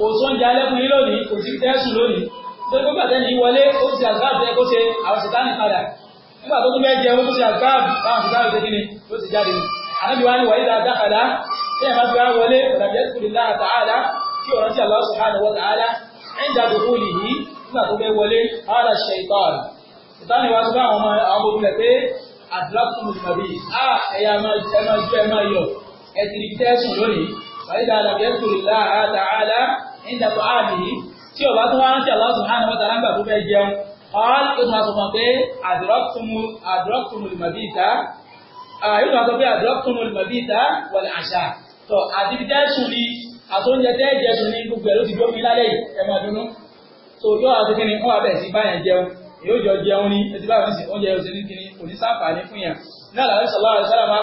kò tó ń jẹ alẹ́kùn yín lónìí kò sí tẹ́sùn lónìí tó tó gbàtẹ́ ní wọlé ó ti àgbáàbù ẹ kó ṣe àwọn sìtáàni padà nígbà tó tún bẹ́ẹ̀ jẹ ó ti àgbáàbù báwọn sìtáàni ṣe kíni ló ti jáde ní ànábi wa ni wàyí dáa dákàlá tí ẹ̀ bá ti wá wọlé ọ̀dàbí ẹ̀sùn láà tààlà tí ọ̀rọ̀ ti àlọ́ subhanahu wa ta'ala ẹ̀ńdà tó kú lì yìí nígbà tó bẹ́ẹ̀ wọlé ara shaitan sìtáàni wa ti bá àwọn ọmọ fàyídà àlàbíyẹ́sù láàá tààlà nígbà tó ààbì tí ọba tó wá rántí Allah subhanahu wa ta'ala nígbà tó fẹ́ jẹun ọ̀hán yóò tún aṣọ fún pé àdúrọ́kùnmù màbíta yóò tún aṣọ pé àdúrọ́kùnmù màbíta wọlé àṣà tó àdìbíjẹ́ sùn ni àtúnjẹ tẹ́ jẹ sùn ni gbogbo ẹ̀ ló ti gbómi lálẹ́ yìí ẹ̀ máa yóò aṣọ kí ni wọ́n abẹ̀ sí báyẹn jẹun yóò jọ jẹun ní ẹtí báyọ̀ sí oúnjẹ òsì ní kíni kò ní sáǹfààní fún yàn náà làwọn sọlá àlùsálà máa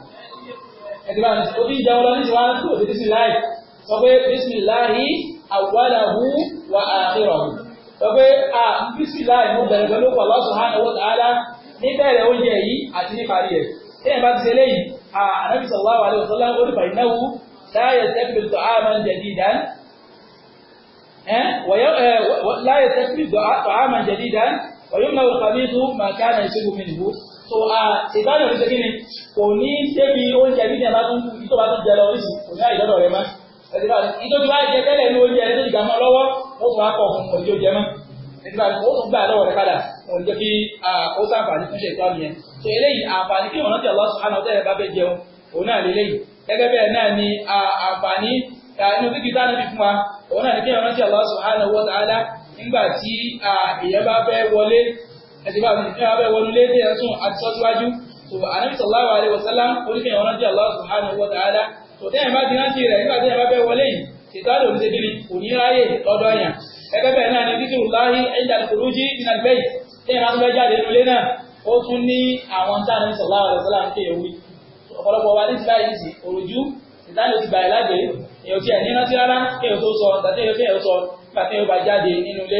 ẹ̀dùn bá o ti ń jẹun lọ níṣẹ́ wá tó o ti bisimilahi sọ pé bisimilahi awwalahu wa akhirahu sọ pé a bisimilahi mo bẹ̀rẹ̀ pẹ̀lú ọkọ̀ Allah subhanahu wa ta'ala níbẹ̀rẹ̀ oúnjẹ yìí àti níparí ẹ̀ téèyàn bá ti ṣe léyìn ànábì sallallahu alaihi wasallam ó ní fa innahu la so ah, ṣètọ́nù ní sẹ́kí ni kò ní débi oúnjẹ bí ìjọba tó ń tó bá tó jẹ lọ oríṣi kò ní àìdọ́dọ̀ rẹ mọ́ ìtọ́jú bá jẹ tẹ́lẹ̀ ní oúnjẹ rẹ tó ti gbà mọ́ lọ́wọ́ ó tún á kọ̀ fún kò ní tó mọ́ nígbà tó ó tún gbà lọ́wọ́ rẹ padà kò ní jẹ́ kí ó sàǹfààní fún ṣètọ́nù yẹn so eléyìí àǹfààní kí òun náà ti Allah subhanahu wa ta'ala bá fẹ́ jẹun òun ni àǹfààní inú kíkì tá a níbi fún wa òun náà ni kí òun náà Allah subhanahu wa ta'ala nígbà tí èèyàn ẹ̀sì bá mi ní abẹ́ wọnú lé tẹ̀yẹ sùn àti sọ́síwájú tó ànábì sallallahu alaihi wasallam oríkèyàn wọn rántí Allah subhanahu wa ta'ala tó tẹ́yẹ̀ bá ti rántí rẹ̀ nígbà tẹ́yẹ̀ bá fẹ́ wọlé yìí ṣètàdò ní ṣẹ́gìrì kò ní ráyè lọ́dọ̀ yàn ẹgbẹ́ bẹ́ẹ̀ náà ni díkìrù láhí ẹ̀yìn àlùkùrújì ní àlùbẹ́yì tẹ́yẹ̀ máa ń fẹ́ jáde nulẹ̀ náà ó sallallahu wasallam ń kéèyàn wí ọ̀pọ̀lọpọ̀ wa ní ti báyìí sí òròjú ìdájọ́ ti báyìí lágbèé èèyàn ti ẹ̀ ní rántí rárá kéèyàn tó sọ tàbí èèyàn kéèyàn sọ nígbà téèyàn bá jáde nínú ilé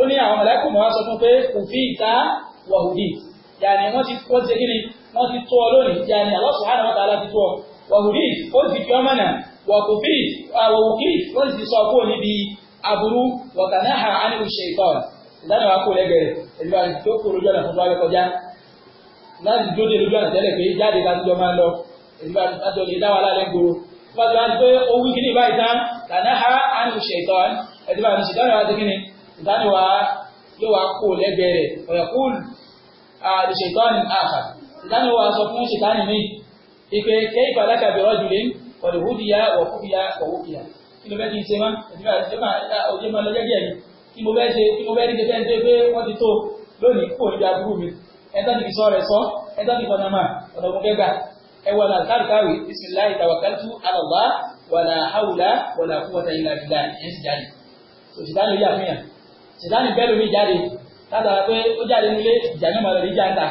ó ní àwọn mọ̀lẹ́kù mọ́ sọ fún pé kò fi ìta wàhùdì yàní wọ́n ti kó ṣe kíni wọ́n ti tó ọ lónìí yàní Allah subhanahu wa ta'ala ti tó ọ wàhùdì ó sì fi ọmọ náà wàkùfì àwòkì ó sì sọ kó níbi aburú wàkànáhà ánìlú ṣe ìtọ́ ìdáná wa kó lẹ́gbẹ̀ẹ́ ìlú àjọ kó lójú ọ̀nà fún báyọ̀ kọjá láti dóde lójú ọ̀nà tẹ́lẹ̀ pé jáde láti jọ máa ń lọ ìlú àjọ lè dá wa lálẹ́ gbòòrò fún báyọ̀ pé ó wí kíní báyìí tán kànáhà ánìlú ṣe ìtọ́ ẹ̀dùn àmì ṣètọ́ ìwádìí kíní ìtàní wa yóò wá kó lẹ́gbẹ̀ẹ́ rẹ̀ ọ̀yàkúlù àdìṣẹ̀tọ́nì àfà ìtàní wa sọ fún ṣètánì mi ìpè kẹ́ ìpàdákà bẹ̀rọ̀ jùlẹ̀ ọ̀dùnhúdìyà wọ̀kúfìyà wọ̀wúfìyà kí ló fẹ́ kí n ṣe má òjò máa lọ́jọ́ díẹ̀ mi kí mo fẹ́ ṣe kí mo fẹ́ rí ṣe fẹ́ pé wọ́n ti tó lónìí kó ìjà burú mi ẹ̀tọ́ ti fi sọ rẹ̀ sọ ẹ̀tọ́ ti fọnà máa ọ̀nà ògùn fẹ́ gbà ẹwà náà kárìkárì bisimilahi tawakkaltu ala Allah wala hawla wala quwwata illa billah ẹ̀ ń sì jáde òṣìṣẹ́ ṣètánì bẹ́ẹ̀ lómi jáde látara pé ó jáde nílé ìjà ní ọmọdé ìjà ń ta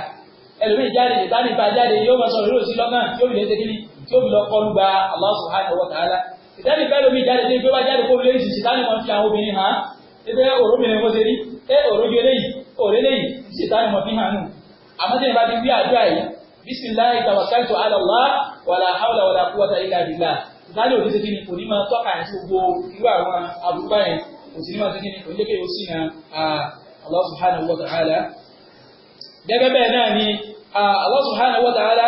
ẹlòmíì jáde ìbáni bá jáde yóò máa sọ̀rọ̀ lóòsí lọ́gàn yóò fi lè ṣe kíni yóò fi kọlu gba Allah subhanahu wa ta'ala ìtẹ́lẹ̀ bẹ́ẹ̀ lómi jáde ní gbéwá jáde kó lórí ṣìṣìtánì máa fi àwọn obìnrin hàn ẹgbẹ́ òrómìnira mo ṣe rí ẹ òrójú eléyìí òrélẹ́yìí ṣìṣìtánì máa fi hàn nù àmọ́ tí ìbá ti wí àdúrà yìí bisimilayi tawakkaltu ala Allah wàlà hawla wàlà quwwata illa billah ìtàlẹ̀ òdìṣe kíni kò ní máa tọ́ka àti gbogbo irú àwọn àbúrú òsìníwà tó kíni onílé yóò sì na Allah subhanahu wa ta'ala gẹ́gẹ́ bẹ́ẹ̀ náà ni Allah subhanahu wa ta'ala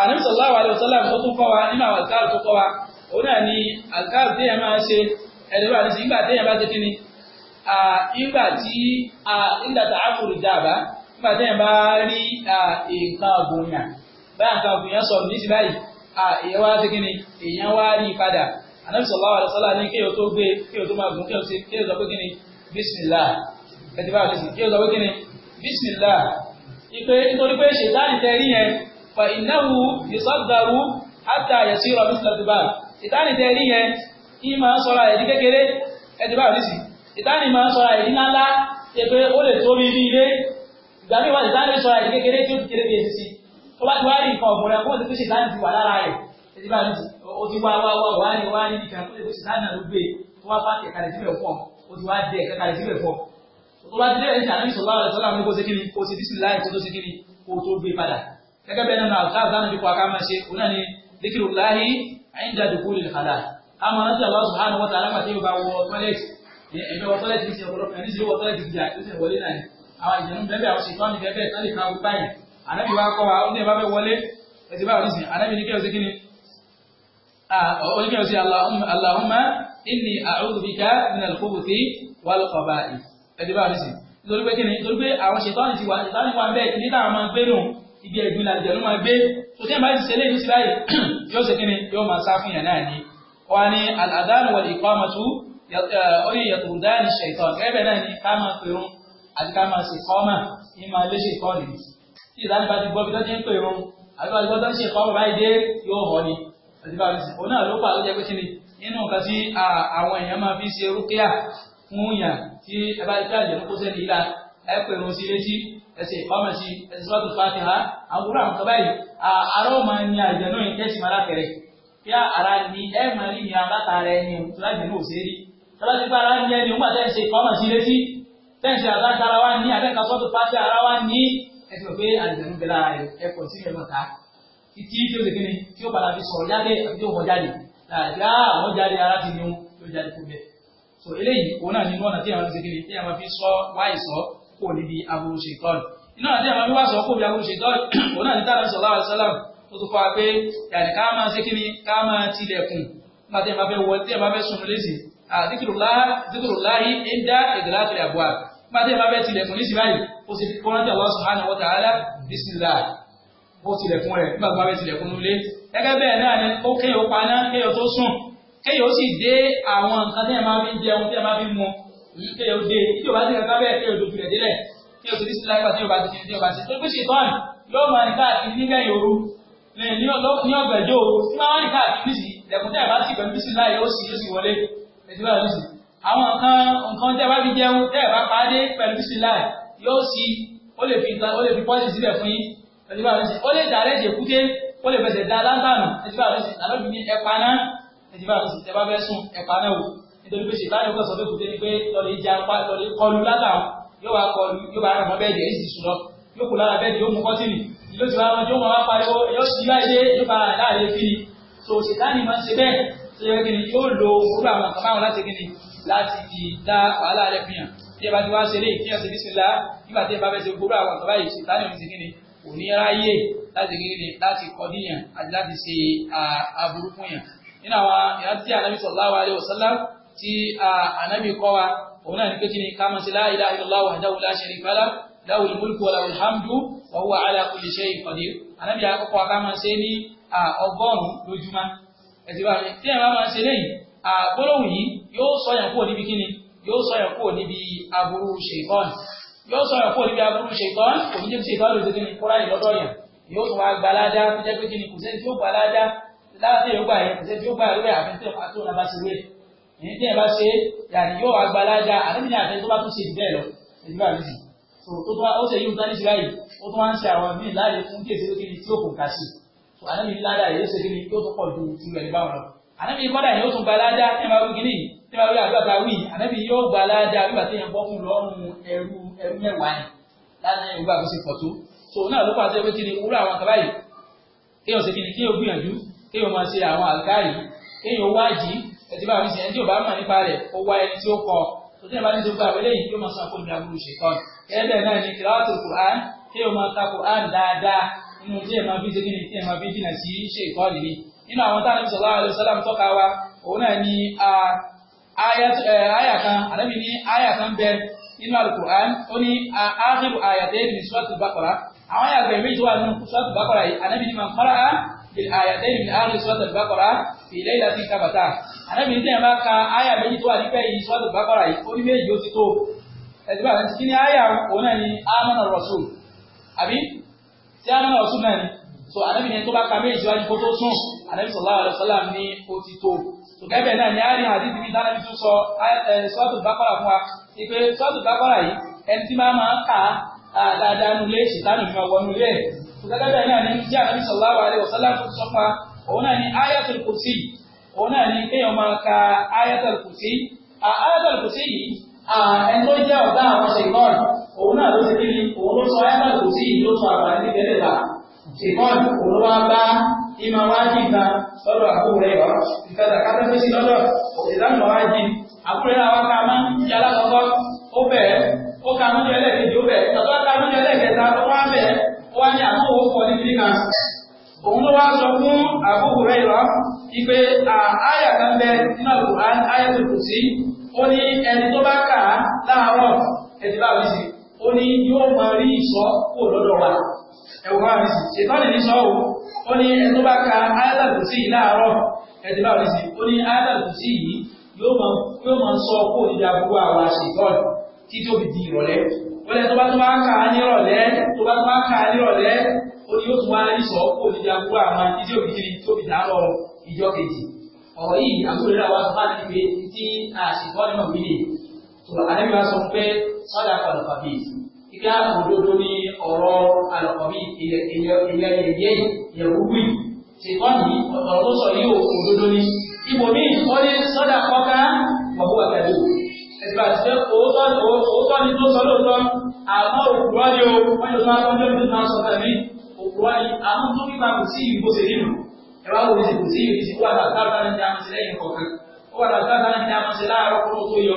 Ànábì sallallahu alaihi wasallam tó tún kọ́ wa nínú àwọn àlùkáàrù tó kọ́ ní sí ìgbà tí èèyàn nígbà tí èèyàn rí nǹkan ọ̀gbìn yàn bá nǹkan ọ̀gbìn yàn ní ti báyìí èèyàn wá ti kíni èèyàn wá rí padà anabi sallallahu alaihi wasallam ní kéèyàn tó gbé kéèyàn tó máa gùn kéèyàn tó kéèyàn sọ pé kí ni bismillah ẹtì báyìí sí kéèyàn sọ pé kí ni bismillah ipe nítorí pé ṣètánì tẹ rí yẹn fa innahu yusaddaru hatta yasira mithla dibab ṣètánì tẹ rí yẹn kí máa ń sọra ẹ̀dí kékeré ẹtì báyìí sí ṣètánì máa ń sọra ẹ̀dí ńláńlá ṣe ó ti wá wá wá wá ní wá ní nìkan tó lè fi sàánà ló gbé tó wá bá kẹ̀kẹ́ rẹ̀ síbẹ̀ fún ọ ó ti wá dẹ̀ kẹ̀kẹ́ rẹ̀ síbẹ̀ fún ọ. tó bá délé ẹ̀sìn àná ìṣòwò àwọn ìṣòwò àwọn ìṣòwò kíni kó ti bísí láì tó tó sí kíni kó tó gbé padà. gẹ́gẹ́ bẹ́ẹ̀ náà ká àbúrò àti kọ́ àkàmọ́ ṣe òun náà ni díkìrì láhi àyíǹda dùkú lè kàdà. àmọ́ rántí àwọn ọ̀sùn hàn wọ́n ta alámàtí yóò bá wọ ni àwọn ìjẹun bẹ́ẹ̀ àwọn ṣètọ́ ni bẹ́ẹ̀ tọ́lẹ̀ kan gbáyà ànábì wa kọ́ wa ó ní ẹ bá fẹ́ wọlé ẹ ti bá àwọn ìsìn ànábì ní kí ẹ ṣe Ah, oníkẹ́ oh, òsì Allahumma inni a'udhu bika minal khubuthi wal khaba'ith ẹ̀dí bá rẹ̀ sí nítorí pé kíni nítorí pé àwọn ṣètọ́nì ti wà ṣètọ́nì wà bẹ́ẹ̀ kí níta máa gbé nù ibi ẹ̀gbin la jẹ̀lú máa gbé tó tí ẹ̀ bá ti ṣe léyìn sí yóò ṣe kíni yóò máa sá fún yàn náà ni wà ní al-adhanu wal iqamatu oyin eh, yàtùrùdáàni náà ni ká máa pèrún àti ká máa ṣèkọ́mà ní máa lé ṣètọ́nì tí ìdánibá ti gbọ́ bí tó ti ń pèrún àti àdìbàdìsì òun náà ló fà ló jẹ́ pé kí ni nínú nǹkan tí àwọn èèyàn máa fi ṣe rúkìá fún yàn tí ẹ bá dá ìjẹun kó sẹ́ni ìlà ẹ pè wọn sí létí ẹsẹ̀ ìpamọ́ sí ẹsẹ̀ sọ́tò fàtì ha àwọn òwúrọ̀ àwọn kaba yìí àárọ̀ máa ní àjẹnú yìí kẹ́sì máa lákẹ̀rẹ̀ kí ara ni ẹ máa rí ní alátara ẹni lájẹnú òṣèré tọ́lájú pé ara ní ẹni òun àtẹ̀sẹ̀ ìpamọ́ sí létí tẹ̀sí àtàkàrà wa ní àtẹ̀kà sọ́tò fàtì ara wa ní ẹ títí tí ó lè kíni tí ó padà fi sọ̀rọ̀ jáde àti tí ó mọ̀ jáde àgbà àwọn jáde ara ní ohun tí jáde kó bẹ̀. so eléyìí òun náà nínú ọ̀nà tí àwọn ti kíni tí àwọn fi sọ wáyé sọ kó níbi aburú ṣètọ́nù iná àti àwọn wíwá sọ kó níbi aburú ṣètọ́nù òun náà ní tàbí sọ̀rọ̀ àwọn sọ́lá tó tó fọ́ pé yàrá ká máa ṣe kíni ká máa tilẹ̀kùn nígbà tí ẹ bá fẹ́ wọ tí ẹ bá Allah subhanahu wa ta'ala bismillah ó tilẹ̀kùn rẹ̀ nígbà tó bá fẹ́ tilẹ̀kùn nulẹ̀ gẹ́gẹ́ bẹ́ẹ̀ náà ni ó kéèyàn paná kéèyàn tó sùn kéèyàn sì dé àwọn nǹkan tí ẹ máa fi jẹun tí ẹ máa fi mu yìí kéèyàn dé tí o bá ti kankan bẹ́ẹ̀ kéèyàn dojú rẹ̀ délẹ̀ kéèyàn tó ti sílá ìgbà tí o bá ti fi tí o bá ti tó pé sì tán yóò máa ní káàkiri nígbẹ̀yìn òru ní ọgbẹ̀jọ́ òru tí máa wá ní káàkiri sí ìdẹ̀kùn tí ẹ bá ti pẹ̀lú sí láì ó sì ó sì wọlé ẹ̀dínwá ló sì àwọn nǹkan nǹkan tí ẹ bá fi jẹun tí ẹ bá pàdé pẹ̀lú sí láì yóò sì ó lè fi pọ́sì sílẹ̀ fún yín ẹ̀sìnbá rẹ̀ sí ó lè dà rẹ̀ jẹ́ kúté ó lè fẹsẹ̀ dá látànù ẹ̀sìnbá rẹ̀ sí àlọ́bì ní ẹ̀pá náà ẹ̀sìnbá rẹ̀ sí tẹ́bá fẹ́ sùn ẹ̀pá náà wò nítorí pé ṣètò àdókò sọ pé kúté ni pé lọ́lẹ̀ ìjà apá lọ́lẹ̀ kọlu látàrù yóò wá kọlu yóò bá ràmọ́ bẹ́ẹ̀ jẹ́ èsì sùn lọ yóò kù lára bẹ́ẹ̀ yóò so ṣètánì ni yóò lo òwúrọ̀ àwọn nǹkan báwọn ni láti fi dá wàhálà rẹ̀ fihàn tí ẹ bá ti wá ṣe lé ìfihàn sí bísí ńlá nígbà kò ní ráyè láti kékeré láti kọdíyàn àti láti ṣe aburú fún yàn nínú àwọn ìrántí anabi sallallahu alaihi wasallam tí anabi kọ́ wa òun náà ní pé kí ni ká máa ṣe la ilaha illallah wahdahu la sharika lahu lahul mulku wa lahul hamdu wa ala kulli shay'in qadir anabi àkọ́kọ́ ká máa ṣe ní ọgọ́rùn-ún lójúmọ́ ẹ̀sìn bá mi tí ẹ̀ bá máa ṣe lẹ́yìn àgbọ́lọ́hùn yìí yóò sọ ẹ̀kọ́ ibi aburú ṣètọ́n òní jẹ́ ṣètọ́n lè tẹ́tẹ́ ní kúrá ìlọ́dọ̀ yẹn yóò tún wá jẹ́ pé kí ni kò sẹ́ni tí ó gba aládá láti yóò gbà yẹn kò sẹ́ni tí ó gbà rẹ̀ àfẹ́tẹ́ pàtó náà bá ṣe wé èyí tí ẹ bá ṣe yàrá yóò wá gba aládá àdébìnrin àti ẹni tó bá tún ṣe bẹ́ẹ̀ lọ ẹ̀dí bá rẹ̀ tó tó ó ṣe yóò tán ní síláyì ó tún wá ń ṣe àwọn míì láàyè fún kí èsì kí ni tí ó kò ká sí tó àdébìnrin ládà yóò ṣe kí ni yóò tún pọ̀ ju ju rẹ̀ báwọn lọ àdébìnrin kọ́dà yóò tún gba aládá ẹ máa wí kí ni ẹ máa wí àdúrà ta wí àdébìnrin yóò gba aládá bí bàtẹ́yìn bọ́ fún lọ́rùn ẹrú ẹrú mẹ́wàá yẹn láti ẹ̀rú gbàgbé sí pọ̀ tó so náà ló pàṣẹ pé kí ni wúrà àwọn àkàbà yìí kéèyàn ṣe kí ni kéèyàn gbìyànjú kéèyàn máa ṣe àwọn àlùkárì kéèyàn wájì ẹtì bá mi sì ẹni tí ò bá mọ̀ nípa rẹ̀ ó wá ẹni tí ó kọ tòtẹ́ bá ní tó gba àwọn eléyìí yóò máa san kó ní ṣètọ́ ẹ̀ẹ́dẹ̀ náà ni kìláàtù Qur'an kéèyàn máa ta Qur'an dáadáa nínú tí ẹ̀ máa fi ṣe kí ni tí ẹ̀ máa fi dìnà sí ṣètọ́ nìyí nínú àwọn táwọn ẹbí sọlá àlọ sọlá tọ́ka wa òun náà ni ah, eh, àyà kan àdàbí ní àyà kan bẹ nínú alukur'an ó ní àákìrù àyàtẹ́ ní sọ́ọ̀tù bákọ̀rá àwọn àyàgbẹ̀ méjì wà nínú sọ́ọ̀tù bákọ̀rá yìí anábì ní máa ń kọ́ra àyàtẹ́ ní àárín sọ́ọ̀tù bákọ̀rá ìlẹ́ ìlà ti kàbàtà anábì ní tẹ̀yẹ̀ bá ka àyà méjì tó wà nípẹ́ yìí sọ́ọ̀tù bákọ̀rá yìí ó ní méjì ó ti tó ẹ̀sìnbà kí ni àyà òun náà ni amana rasul àbí tí amana rasul náà ni so anabi ni tó bá ka méjì wájú kó anabi sallallahu alaihi wasallam ní ó ti tó so gẹ́gẹ́ náà ni àárín àdídì mi dáná tó sọ eh, sọ́ọ̀tù bákọ́rà fún wa ìpè sọ́ọ̀tù bákọ́rà yìí ẹni tí máa máa ń kà á dáadáa nulẹ̀ fi máa wọnú ilé ẹ̀ so gẹ́gẹ́ bẹ́ẹ̀ náà ni jẹ́ anabi sallallahu alaihi wasallam tó sọ pa òun náà ni ayatul kursi òun náà ni kéèyàn máa ka ayatul kursi ayatul kursi yìí ẹni tó jẹ́ ọ̀gá àwọn ṣèkọ́ọ̀nù òun náà ló ti kiri òun ló sọ ayatul kursi yìí ló sọ àbàlẹ́ nígbẹ́lẹ́ta ṣèkọ́n òun wá bá ìmọ̀ wá jì ta lọ́dọ̀ àkókò rẹ̀ wá ìtajà kátà fẹ́ sí lọ́dọ̀ ìdánù wá jì àkúrẹ́ àwọn ká máa ń jẹ alákọ̀ọ́kọ́ ó bẹ̀ẹ́ ó ká mú jẹlẹ̀ kejì ó bẹ̀ẹ́ tàbí ká mú jẹlẹ̀ kẹta ó wá bẹ̀ẹ́ ó wá ní àkókò kọ ní kiri kan òun ló wá sọ fún àkókò rẹ̀ wá ipe àyà kan bẹ nínú àlùkò àyà tó kù sí ó ní ẹni tó bá kà á ẹ̀wọ̀n àrísì ṣètọ́nì ní sọ́wọ́ ó ní ẹni bá ka ayatollah sí láàárọ̀ ẹni bá rí sí ó ní ayatollah sí yìí yóò máa sọ kó ìdí àbúrò àwọn àṣetọ́nì tí tó fi di ìrọ̀lẹ́ ó lẹ́ tó bá tó bá ka nírọ̀lẹ́ tó bá tó bá ka nírọ̀lẹ́ ó ní yóò tún wá rí sọ kó ìdí àbúrò àwọn tí tó fi kiri tó fi dárọ̀ ìjọ kejì ọ̀rọ̀ yìí àbúrò wa sọ láti ìgbà òdodo ni ọ̀rọ̀ alọ̀kọ̀bí ilẹ̀ ilẹ̀ yẹ̀yẹ́ yẹ̀wúgbù yìí ṣètọ́ ní ọ̀tọ̀ tó sọ ní òdodo ni ibo ní ìfọ́lé sọ́dà kọ́ká wọ̀bú àtẹ̀lú ẹgbà tí òótọ́ ni tó sọ lóòótọ́ àmọ́ òkúrọ́ ni o wọ́n yóò máa tọ́jú ní máa sọ tẹ̀lé òkúrọ́ ni àmọ́ tó nípa kò sí ìbò ṣe nínú ẹ̀wá wo ni kò sí ìbò ṣe wà látàkàrà ní àmọ́ sí lẹ́yìn kọ̀ọ̀kan ó wà látàkàrà ní àmọ́ sí láàárọ̀ kó tó yọ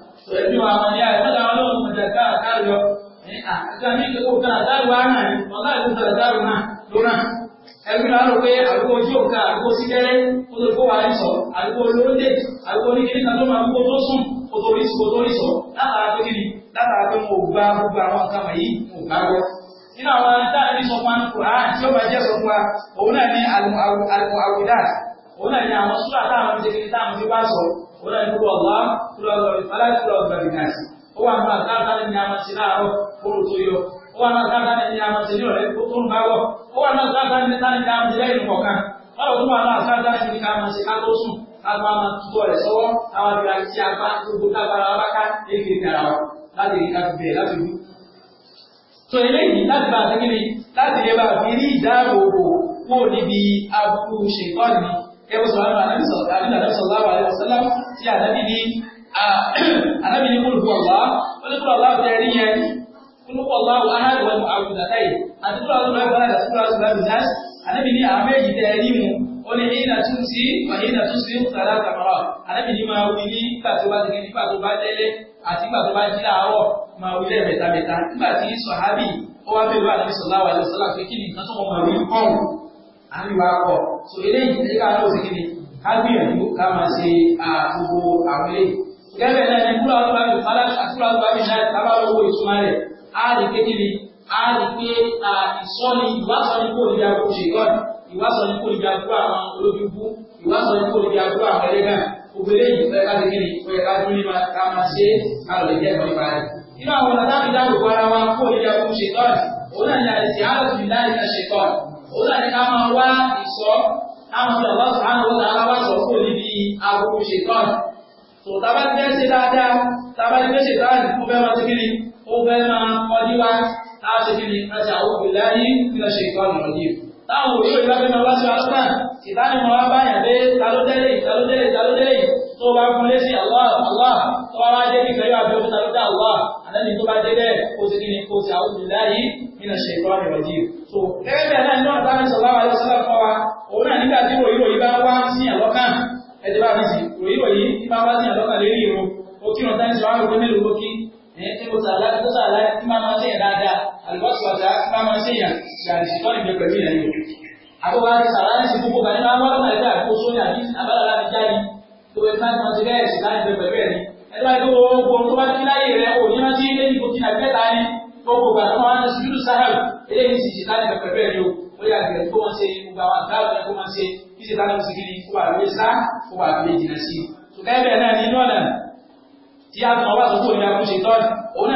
ẹbí wa àwọn ìyá ẹ̀fọ́ làwọn lóun ọjà ká àkàrọ̀ ní àkàtà ní ìdókòwò tá àdárò wa náà ní ọ̀gá ìdókòwò àdárò náà lónà. ẹbí wa rò pé àgbo ojú òkà àgbo síkẹ́rẹ́ kó tó kó wa ń sọ àgbo olóńdè àgbo oníkiri kan tó máa kó tó sùn kó tó rí kó tó rí sọ látara pé kí ni látara pé mo gbá gbogbo àwọn nǹkan wọ̀nyí mo gbá gbọ́. nínú àwọn táàrí sọ fún àǹkù á tí ó bá jẹ́ sọ fún wa òun náà ní àlùmọ̀ àwùdá òun náà ní àwọn súrà táwọn ti kiri táwọn ti wá sọ ó náà ní wọ́n wá kúrò ọ̀gbọ̀n aláìsúrò ọ̀gbọ̀n ìnáṣì ó wà nípa sáàtà ní àmọ́ sí láàárọ̀ kóró tó yọ ó wà nípa sáàtà ní àmọ́ sí ní ọ̀rẹ́ tó ń bá wọ̀ ó wà nípa sáàtà ní àmọ́ sí lẹ́yìn kọ̀ọ̀kan báwo tó wà náà sáàtà ní àmọ́ sí ká tó sùn káwọn máa túbọ̀ rẹ̀ sọ́wọ́ káwọn ìlà tí a bá gbogbo eléyìí láti bá a ti láti lè bá a fi rí ìdáàbòbò kúrò níbi abúlé ṣèkọ́ni ẹwọ sọ̀rọ̀ ànábì sallallahu alaihi wasallam tí ànábì ní ànábì ní kúrò fún ọ̀lá ó ní kúrò ọ̀lá ọ̀tẹ́ rí yẹn kúrò ọ̀lá aháàdùwẹ̀ àwùjàdáyì àti kúrò ọ̀lá ìbáradà kúrò ọ̀lá ìbáradà ànábì ní àmẹ́jì tẹ́ rí mu ó ní ìlà tún sí ìlà tún sí ìtàlá àtàkọ́rọ̀ ànábì ní máa wí ní ìgbà tó bá ti nígbà tó bá délé àti ìgbà tó bá jí láàárọ̀ máa wí tí sọ̀hábì ó wá bẹ̀rù ànábì sallallahu alaihi wasallam pé kí ni nǹkan tó mọ̀ máa wí kọ́ọ̀rù àríwá pọ̀ so eléyìí ẹ̀ka ló sì kiri ká gbìyànjú ká máa ṣe àgbogbo àwọn eléyìí gẹ́gẹ́ náà ní kúrò àtúrà mi fara àtúrà àtúrà mi náà tábà lówó ìtumá rẹ̀ á rí pé kiri á rí pé ìsọ́ni ìwásọ̀ni kò níbi àgbo ṣèkọ́ni ìwásọ̀ni kò níbi àgbo àwọn olójúbú ìwásọ̀ni kò níbi àgbo àwọn ẹlẹ́gà gbogbo eléyìí fẹ́ ká kiri fẹ́ ká dún ní ká máa ṣe ká lọ jẹ́ ẹ̀kọ́ ìbá rẹ̀ nínú àwọn ọ̀nà tábìlì àgbègbè ara wa kò níbi àgbo ṣèkọ́ni òun náà ní àdìsí àlọ́ òun náà ní ká máa wá ìsọ́ táwọn ọmọ ọlọ́run sàánù ó náà wá sọ fún níbi agogo ṣètọ́n tó tábà ti fẹ́ dáadáa tábà ti fẹ́ ṣètọ́n ó fẹ́ máa ti kiri ó fẹ́ máa kọjú wá láti kiri láti àwọn òbí láyé nínú ṣètọ́n lọ́dí táwọn òbí òbí bá fẹ́ máa wá sí wa tó bá fún lẹ́sí Allah Allah tó bá wá jẹ́ kí pẹ̀lú àbí òkúta ló dá Allah àdáni tó bá jẹ́ bẹ́ẹ̀ kó sì kíni kó sì àwọn òbílá yìí nínú ṣe ìlú àrẹ̀ ọ̀dí. so gẹ́gẹ́ bẹ́ẹ̀ náà nínú àbámi sọ̀rọ̀ àwọn ọlọ́sọ̀rọ̀ fún wa òun náà nígbà tí ròyìn ròyìn bá wá sí àlọ́kàn ẹ̀jẹ̀ bá mi sì ròyìn ròyìn tí bá wá sí àlọ́kàn lérí irun ó kí wọn táyé sọ àwọn òkú mélòó ló kí ẹ̀ẹ́dẹ́ kó sàlá kó sàlá tí máa máa ń sèyàn dáadáa àlùbọ́sọ̀ọ̀dá tí máa máa ń ti sàlá ní ti gbogbo bàtí máa ń wá lọ́nà ẹgbẹ́ àkóso ní àbí àbálàlá ti jáde gbogbo ẹ̀sán ti máa ti bẹ́ẹ̀ sì láti bẹ̀rẹ̀ bẹ̀rẹ̀ ni ẹ̀dọ́ àti gbogbo ohun tó bá ti láyé rẹ̀ ò ní máa ti lé ní gbogbo ní àgbẹ̀ta ni gbogbo ìgbà tó máa ń sí ìlú sahel eléyìí sì sì láti bẹ̀rẹ̀ ni o ó yà bẹ̀rẹ̀ kó wọ́n ṣe gbogbo àwọn àgbà ọ̀dọ́ kó wọ́n ṣe kí sì láti sì kiri kó wà lóye sá kó wà lóye jìnà sí i. ṣùgbọ́n bẹ́ẹ̀ náà ní inú tí a mọ̀ wá sọ́kò ní akúṣe tọ́ni òun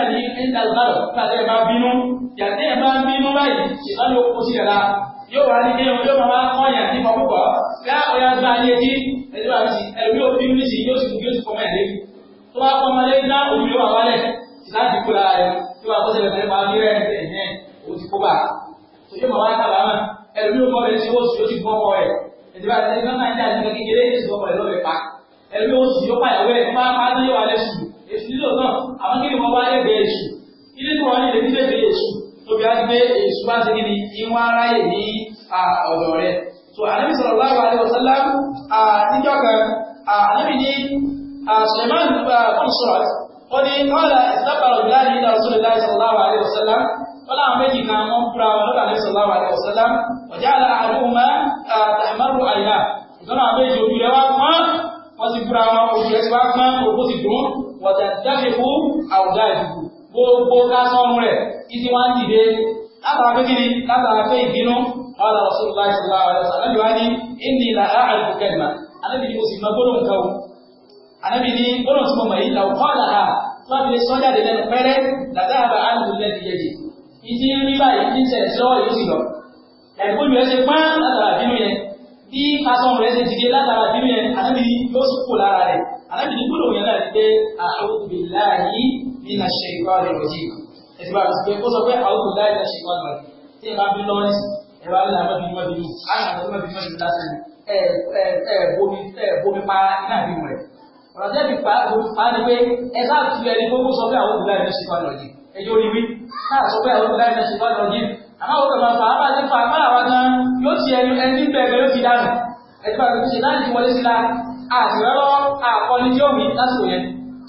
náà ní yóò wá ní kí ẹ̀hún yóò máa kọ́ yàn ní pọ̀pọ̀ yá ọ̀yà gba ayé kí ẹ̀dùn àti ẹ̀mí òbí mi sì yóò sì kú yóò sì kọ́ mẹ́lẹ́ tó bá kọ́ mọ́lẹ́ ná òbí yóò wá wálẹ̀ láti kú lára rẹ̀ tó bá kọ́sẹ̀ lẹ́sẹ̀ máa bí rẹ̀ ẹ̀yẹn ó ti kó bá tó yóò máa wá kábàámà ẹ̀mí òbí mi sì yóò sì kọ́ ọkọ rẹ̀ ẹ̀dùn àti ẹ̀mí náà ní àti kékeré yóò sì kọ́ ọkọ rẹ̀ lọ́ọ̀rẹ̀ pa ẹ̀mí ó sì yóò pàyàwó ẹ̀ máa pa ní wàlẹ̀ sùn èsì nílò náà àwọn kí ni wọ́n wá ẹgbẹ̀ẹ́ èṣù ilé tí wọ́n ní lè ní lè tóbi á gbé èṣù bá ti níbi ìwọ̀n aráyè ní ọ̀dọ̀ rẹ̀. so ànábì sallallahu alaihi wasallam níjọ́ kan ànábì ní Sulaiman fún sọ̀rọ̀ ó ní kọ́lá ìsábàrọ̀ bíláàdì ní Rasulullahi sallallahu alaihi wasallam wọ́n láwọn méjì kan wọ́n fúra wọn lọ́dọ̀ ànábì sallallahu alaihi wasallam ọ̀já àlà àdúgbò tàmárù àyà ìtọ́nà àbẹ́jì ojú rẹ̀ wá pọ́n wọ́n ti fúra wọn ojú rẹ̀ ti wá pọ́n òkú ti dùn wọ́n ti dábìkú gbogbo ká sọ́run rẹ̀ títí wọ́n ń dìde látara pé kíni látara pé ìbínú ọ̀dà rasulullah sallallahu alaihi wasallam wá ní inni la a'rifu kalima anábì ni mo sì mọ gbólóhùn kan o anábì ni gbólóhùn tí mo mọ̀ yìí là kọ́ là á tí wọ́n fi lè sọ́jà dé lẹ́nu pẹ́rẹ́ làtà àbá àlùkù lẹ́nu yẹ̀yẹ̀ ìdí rí báyìí ní sẹ̀rẹ̀ sí lọ́wọ́ yóò sì lọ ẹ̀gbọ́n mi ẹ ṣe pán látara bínú yẹn bí kásán rẹ̀ ṣe dìde látara bínú yẹn anábì yóò sì kó lára rẹ̀ anábì ni gbólóhùn yẹn náà ti pé a'udhu billahi من الشيطان الرجيم اتباع سبب كو سبب اعوذ بالله من الشيطان الرجيم تي ما بي لورنس ẹ bá nílò àbẹ́bí mọ́ bínú àwọn àbẹ́bí mọ́ bínú bínú lásán ẹ ẹ ẹ bomi ẹ bomi pa iná bí wọn rẹ ọ̀rọ̀ tẹ́bi pa bomi pa ni pé ẹ ká tu ẹni gbogbo sọ pé àwọn òbílẹ̀ ẹ̀rẹ́ ṣe wà lọ́jì ẹjọ́ orí wí ká sọ pé àwọn òbílẹ̀ ẹ̀rẹ́ ṣe wà lọ́jì àmọ́ òkè máa fà á bá ti fà á bá àwọn gan yóò ti ẹni ẹni bẹ̀rẹ̀ yóò ti dànù ẹ̀dùn àgbẹ̀bí ṣe láti wọlé sí la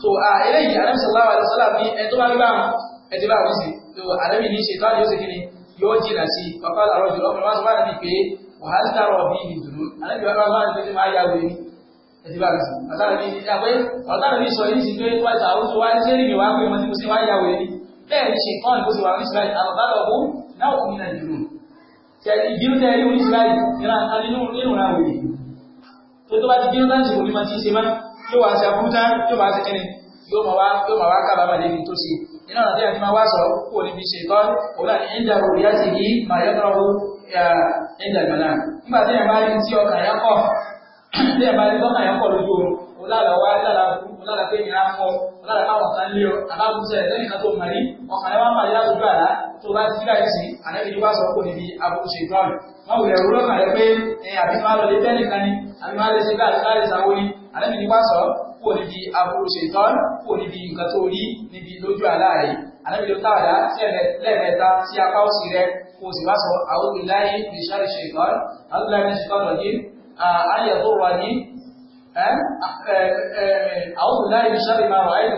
so ah, eléyìí ànábì sallallahu alaihi wasallam ní ẹni tó bá rí báwọn ẹ ti bá wọn sí so ànábì ní ṣètò àdéhùn sí kíni yóò jìnà sí bàbá àrọ jùlọ ọmọ wọn sọ fún ànábì pé wàhálà dárọ bí ìdùnnú ànábì wọn bá wọn ní pé máa yá wẹ̀rẹ̀ ẹ ti bá wọn sí bàtà ànábì ní àpé ọ̀tá ànábì sọ yìí sí pé wà á tàwọn tó wá ní sẹ́rì mi wá pé mo ti mo sì wá yá wẹ̀rẹ̀ bẹ́ẹ̀ ni ṣètò àdéhùn sí wà ní ìsìláì àbàbàlọ̀ ọ̀hún náà kò ní nàìjíríà tẹ̀lé ìbínú tẹ̀lé ní yóò wá ṣe abúrú tán yóò máa ṣe kíni yóò máa wá yóò máa wá kábàámà lébi tó ṣe iná ọ̀nà tí a ti máa wá sọ kó níbi ṣe tọ́ òun náà ní ẹ̀ńdà òru yá sì yí màá yọ tọ́rọ ẹ̀ńdà ìgbàlá nígbà tí ẹ̀yàn bá rí tí ọkàn yẹn kọ̀ tí ẹ̀yàn bá rí tọ́kàn yẹn kọ̀ lójú oorun òun lára wá lára òun lára pé ìnira fọ òun lára káwọn kan lé ọ àbábùsẹ lẹ́nìkan tó mọ̀ rí ọkàn yẹn wá máa yá lójú àlá tó bá ti láì sí àlẹ́bìnrin wá sọ kó níbi àbùkù ṣe tọ́ọ̀lù wọn wùlẹ̀ rúlọ́kàn rẹ pé àbí máa lọ lé bẹ́ẹ̀ nìkan ni àbí máa lè ṣe ànábì ni wá sọ kúrò níbi aburú ṣètọ́n kúrò níbi nǹkan tó rí níbi lójú àlá rẹ ànábì ló táwàdá lẹ́ẹ̀mẹ́ta sí apá òsì rẹ kó sì wá sọ àwọn ìláyé ìṣàrí ṣètọ́n àwọn ìláyé ṣètọ́n lọ́dí ayé tó wà ní àwọn ìláyé ìṣàrí máa wà áyè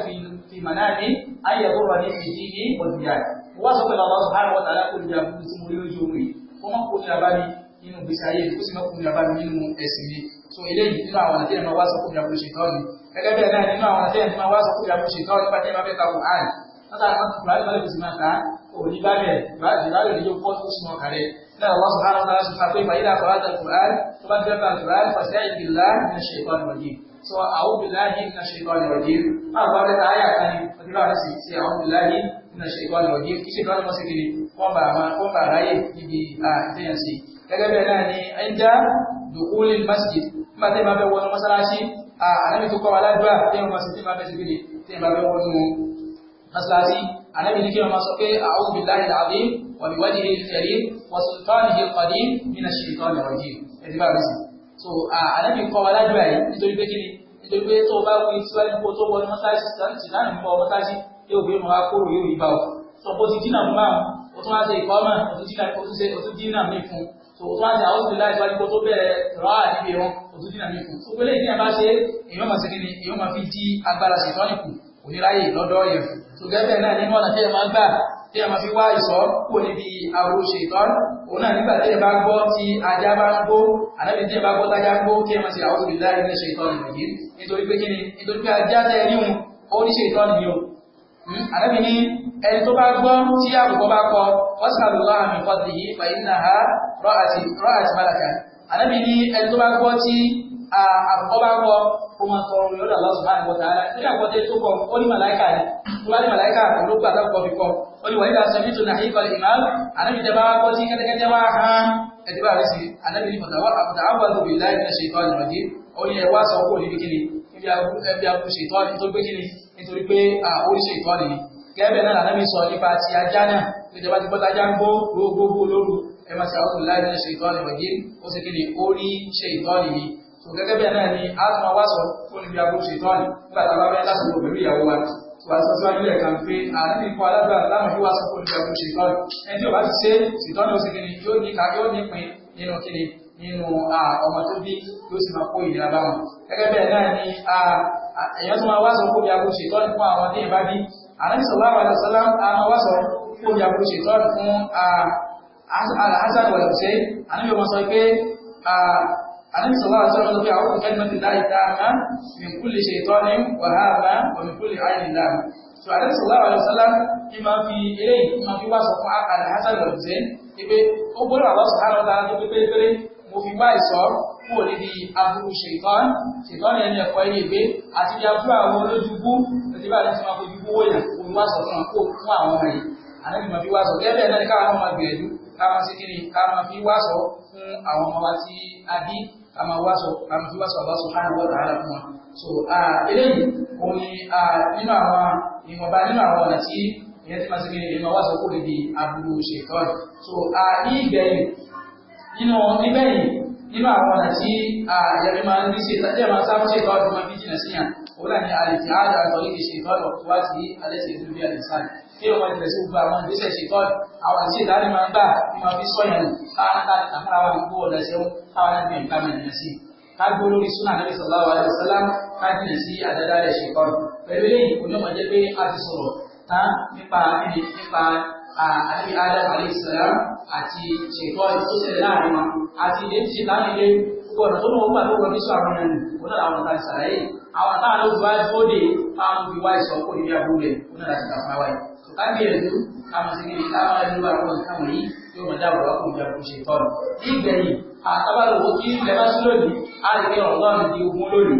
fi mànáàmì ayé tó wà ní ìdí ní ọ̀dùnjà wọ́n sọ pé Allah subhanahu wa ta'ala kò ní aburú tí mo rí lójú omi wọ́n mọ̀ kó ní abá mi nínú gbèsè ayé kó sì mọ̀ kó ní abá mi nínú ẹ̀sìn mi so eléyìí nínú àwọn àti ẹ̀ma wá sọ fún ìyàwó ṣètọ́ ni gẹ́gẹ́ bẹ́ẹ̀ náà nínú àwọn àti ẹ̀ma wá sọ fún ìyàwó ṣètọ́ nípa tí ẹ bá fẹ́ ta kò áì látà àwọn kùránì bá lè fi máa ta òní bá bẹ̀ ìbáàlè lè yóò pọ́ tó súnmọ́ kàrẹ́ náà wọ́n sọ hánà tàbí sọ pé ìbáyìí làkọ̀ láti kùránì tó bá fẹ́ ta kùránì pàṣẹ ìgbìlá ní ṣètọ́ ni wọ̀nyí so àwọn bìláyì ní ṣètọ́ ni wọ̀nyí máa bá bẹ́ẹ̀ ta ayà kan ní ọdún láti sí àwọn bìláyì ní ṣètọ́ ni wọ̀nyí kí nígbà tẹ́ bá fẹ́ wọnú mọ́sálásí ànábì tó kọ́ wa ládùúgbà tẹ́ wọ́n sì tẹ́ bá fẹ́ sí gbèrè tẹ́ bá fẹ́ wọnú mọ́sálásí ànábì a'udhu billahi al-azim wa bi wajhihi al-karim wa sultanihi al-qadim minash shaitanir rajim ẹ̀dí bá mi sì. so ànábì kọ́ wa ládùúgbà yìí nítorí pé kíni nítorí pé tó o bá wí síwájú kó tó wọnú mọ́sálásí sìdáàmì mọ́ mọ́sálásí yóò gbé wọn wá kóró yóò yí bá ọ. sọ sòwòtánì àwọn òṣèlú láì gbájú tó bẹ̀rẹ̀ rà níbi wọn òtún dínà mi kù tó gbélé ìdí àbá ṣe èèyàn máa ṣe kíni èèyàn máa fi dí agbára ṣètọ́nì kù oníráyè lọ́dọ̀ yẹn tó gẹ́gẹ́ náà nínú ọ̀nà tí ẹ máa gbà tí ẹ máa fi wá ìṣọ́ kò níbi àwòrán ṣètọ́nì òun náà nígbà tí ẹ bá gbọ́ tí ajá bá ń gbó àdábì tí ẹ bá gbọ́ tájá gbó kí ẹ máa ṣe àwọn Hmm? àrẹ́bì ní ẹni tó bá gbọ́ tí àkùkọ bá kọ wọ́sàlùlọ́ àmì fọ́dì yìí fa iná ha rọ́àtì málàkà àrẹ́bì ní ẹni tó bá gbọ́ tí àkùkọ bá kọ ó máa tọrọ lọ́dọ̀ Allah subhanahu wa ta'ala nígbà gbọ́ tó kọ ó ní màláìkà ni tó bá ní màláìkà ló gbà lọ́kọ̀ fi kọ ó ní wàlídà sọfí tó nàí kọlì ìmáàlù àrẹ́bì jẹba gbọ́ tí kẹ́tẹ́kẹ́tẹ́ wá hàn ẹ̀dẹ́bà rẹ̀ sí nítorí pé àwòṣe ìtọ́ni ni gẹ́gẹ́ náà lànà mi sọ nípa ti ajá náà tó jẹba ti gbọ́ta já ń gbó gbogbogbò lóru ẹ máa ṣe àwọn ìlànà nínú ṣe ìtọ́ni wọ̀nyí ó sì kéde ó ṣe ìtọ́ni ni tó gẹ́gẹ́ bẹ́ẹ̀ náà ni a tún wá sọ fún ibi àbúrò ṣe ìtọ́ni nígbà tá a bá fẹ́ lásìkò pẹ̀lú ìyàwó wa wà sọ síwájú ẹ̀ kan pé àárín ikú aládùúrà láwọn yóò wá sọ fún ibi àbúrò ṣe ìtọ́ni ẹni tí ò bá ti ṣe ìtọ́ni ó sì kéde yóò ní nínú ọmọ tó bí yóò sì máa kó ìlera bá wọn gẹ́gẹ́ bẹ́ẹ̀ náà ni èèyàn tó máa wá sọ kó bí agbó ṣètọ́ fún àwọn tí ìbá bí àrẹ́bí sallallahu alaihi wasallam a máa wá sọ kó bí agbó ṣètọ́ fún Hasan wal Hussein àrẹ́bí wọn sọ pé àrẹ́bí sallallahu alaihi wasallam sọ pé àwọn òkè mẹ́tì láì ta àmà min kulli shaytanin wa hama wa min kulli ainin lam so àrẹ́bí sallallahu alaihi wasallam ni máa fi eléyìí máa fi wá sọ fún Hasan wal Hussein pé ó gbọ́dọ̀ àwọn sọ̀rọ̀ mo fi wá ìsọ́ kúrò níbi aburú ṣètọ́n ṣètọ́n yẹn ní ẹ̀kọ́ ilé ìgbé àti bí aburú àwọn olójúgbú àti bá àti máa fojú gbówó yàn kó wá sọ fún àkó fún àwọn ọmọ yìí àlejò máa fi wá sọ gẹ́gẹ́ náà ní káwọn máa gbìyànjú ká máa ṣe kíni ká máa fi wá sọ fún àwọn ọmọ wa tí a bí ká máa wá sọ ká máa fi wá sọ Allah subhanahu wa ta'ala fún wa so eléyìí òun ni ìwọ̀nba nínú àwọn ọ̀nà nínú níbẹ̀ yìí nínú àwọn ọ̀nà tí àyẹ̀mí máa ń rí ṣe tàbí ẹ̀ma sáà ṣe ìtọ́ ọdún máa jìnà sí yàn òun náà ni àlèkè àdá àtọ̀rí ti ṣe ìtọ́jú wá sí alẹ́sẹ̀ ìlú bí àlèsà kí ọmọ ìbẹ̀rẹ̀ sí gbogbo àwọn ìgbésẹ̀ ṣe ìtọ́jú àwọn ìṣe ìdánimọ̀ máa ń gbà ní máa fi sọ̀yàn káwọn náà àkàrà wa gbogbo ọ̀dà ṣẹ́wó káwọn náà gbìyànjú àti Adam alayhisalam àti ṣètò tó ṣẹlẹ̀ láàrin wọn àti ilé tí ṣètò àti ilé gbogbo ọ̀nà tó lóun gbà tó wọlé sọ àwọn ẹni òun náà àwọn ìtàn ìsàlàyé àwọn àtàwọn ló wá fóde táwọn fi wá ìsọ kó níbi àbúrò rẹ òun náà láti tàfà wáyé tó ká bí ẹ̀dú káwọn sì kiri káwọn ẹni wà lọ́wọ́ nǹkan wọ̀nyí yóò mọ̀ dábọ̀ wá kó ìjàkú ṣètò ọ̀nà nígbẹ̀yìn àtàbàlòwò kí ilẹ̀ sí lónìí á lè fi ọ̀rọ̀ lọ́rùn di ogun lónìí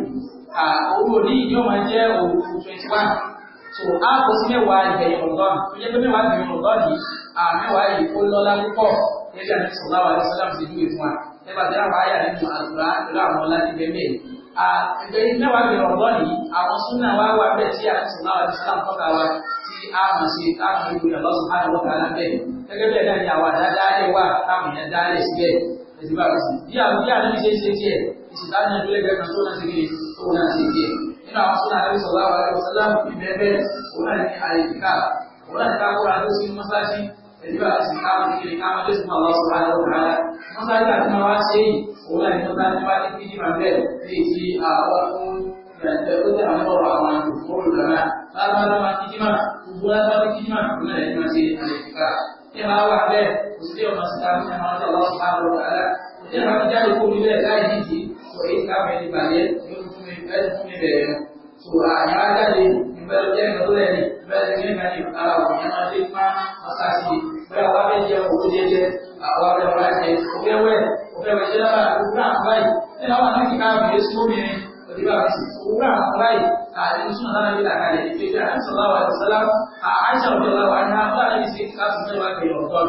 so a kò sí mẹ́wàá ìgbẹ̀yìn ọ̀gbọ́n tó jẹ́ pé mẹ́wàá ìgbẹ̀yìn ọ̀gbọ́n yìí à mẹ́wàá yìí ó lọ́lá púpọ̀ gẹ́gẹ́ àti sọ̀lá wa lọ́sọ́lá ti dúwe fún wa nígbà tí àwọn àyà nínú àgbà pẹ̀lú àwọn ọlá ti bẹ́ẹ̀ bẹ́ẹ̀ ìgbẹ̀yìn mẹ́wàá ìgbẹ̀yìn ọ̀gbọ́n yìí àwọn súnà wa wà bẹ́ẹ̀ tí àti sọ̀lá wa lọ́sọ́lá ń tọ́ka wa tí a mọ̀ sí káàmù ìgbé ọlọ́sùn káàmù ọ̀gá alábẹ́ gẹ́gẹ́ bẹ́ẹ̀ náà ni àwọn àdáadáa wà táwọn èèyàn dáálẹ̀ síbẹ̀ ẹ̀sìn bá rẹ̀ sí bí àwọn nínú àwọn sọ́nà àti sọ̀lá wa àti sọ̀lá ìbẹ́ẹ̀bẹ́ òun náà ní àyíká òun náà ní káàkóra tó sí mọ́sáàsì pẹ̀lú àti káàkiri kiri káàkiri tó sì máa lọ sọ̀rọ̀ àwọn ọ̀rọ̀ rẹ̀ mọ́sáàsì àti máa wá ṣe yìí òun náà ní mọ́sáàsì wá ní kíní máa bẹ́ẹ̀ léè ti àwọn fún ìrìnàjò tó tẹ̀ àwọn ọ̀rọ̀ àwọn àtòkòrò lọ́nà lábára máa kíní máa gbogbo lábára kíní máa òun náà ní máa ṣe àyíká ní máa wà bẹ́ẹ̀ kò sí ọ̀nà síta ní ìfẹ́ níbẹ̀ yẹn so àyà jáde ìfẹ́ jẹ́ ìgbàlódé ni ìfẹ́ jẹ́ nígbà ní ara òun yẹn máa ṣe máa ọ̀sá sí i bẹ́ẹ̀ àwọn abẹ́ jẹ òkú jẹjẹ àwọn abẹ́ ọ̀la ẹ̀ òfẹ́ wẹ̀ òfẹ́ wẹ̀ ṣẹ́ lára òwúrọ̀ àwọn báyìí nínú àwọn àti ká mi èso mi òdìbò àti òwúrọ̀ àwọn báyìí àti sùn náà níbi àkàlẹ̀ ìgbésẹ̀ àti sọ̀lá wà lọ́sọ̀lá àìsàn òjò làwà ní àwọn àti ṣe káàtó mẹ́rin wá kẹyọ̀ ọ̀tọ̀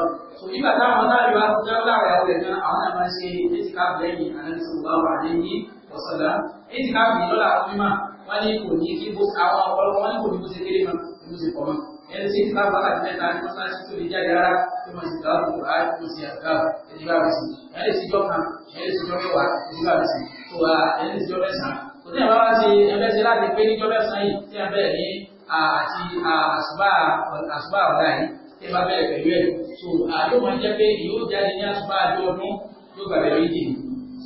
nígbà táwọn náà rí wá kọjá láwọn ẹ̀rọ ẹ̀jọ́ àwọn náà máa ń ṣe ètìkáàbù lẹ́yìn àti sọ̀lá wà lẹ́yìn ọ̀sọ̀lá ní ti káàbì lọ́la àwọn mímọ́ wọ́n ní kò ní kí bó àwọn ọ̀pọ̀lọpọ̀ wọ́n ní kò ní bó ṣe kéré mọ́ ní bó ṣe pọ̀ mọ́ ẹni tí ti káàbì wákàtí mẹ́ta ní mọ́ṣáláṣí tó lè jáde rárá tó máa ṣe tàwọn kò á kó ṣe àgbà ẹni bá wù sí ẹni tí jọ kan ẹni tí jọ mẹ́wàá ẹni bá wù sí tó wà ẹni tí jọ mẹ́sàn kò ní àwọn wá sí ẹgbẹ́ sí láti pé ní jọ mẹ́sàn yìí tí a bẹ̀rẹ̀ ní àti àṣùbà ọ̀la yìí tí a bá bẹ̀rẹ̀ pẹ̀lú ẹ̀ so àlọ́ wọn jẹ́ pé yóò jáde ní àṣùbà àjọ ọdún yóò gbàgbé méjì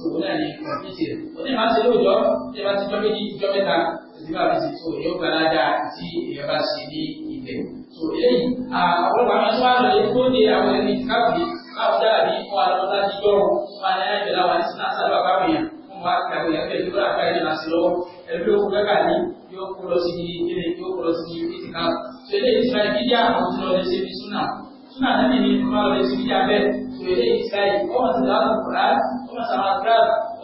òun náà ni àfihàn rẹ̀. ó ní máa ṣe lóòjọ́ ní máa ti jọ méjì jọ mẹ́ta ìdílé àfihàn tó yóò gba ládàá tí èèyàn bá ṣe ní ilẹ̀. tó eléyìí ọ̀pọ̀lọpọ̀ àwọn ẹ̀ṣọ́ àlọ́ yẹn tó dé àwọn ẹni káàkiri káàkiri àbí fún alọ́lá jíjọ́ wọn ní àìbẹ̀lá wa ní sinasá lọ́wọ́ báwọn yẹn wọn wá kàwé ẹgbẹ́ ìlú àgbáyé náà sí lọ́wọ́ ẹgbẹ́ òkú kẹ́kà ní yóò kó lọ sí ilé yóò kó lọ sí ìdí ká tó eléyìí ti fẹ́ bíyà àwọn tó lọ lè ṣe bí súnà súnà náà ní ìfúnná lọ lè ṣe bíyà bẹ́ẹ̀ tó eléyìí ti fẹ́ yìí ọmọ ti lọ́wọ́ sàmà àgbà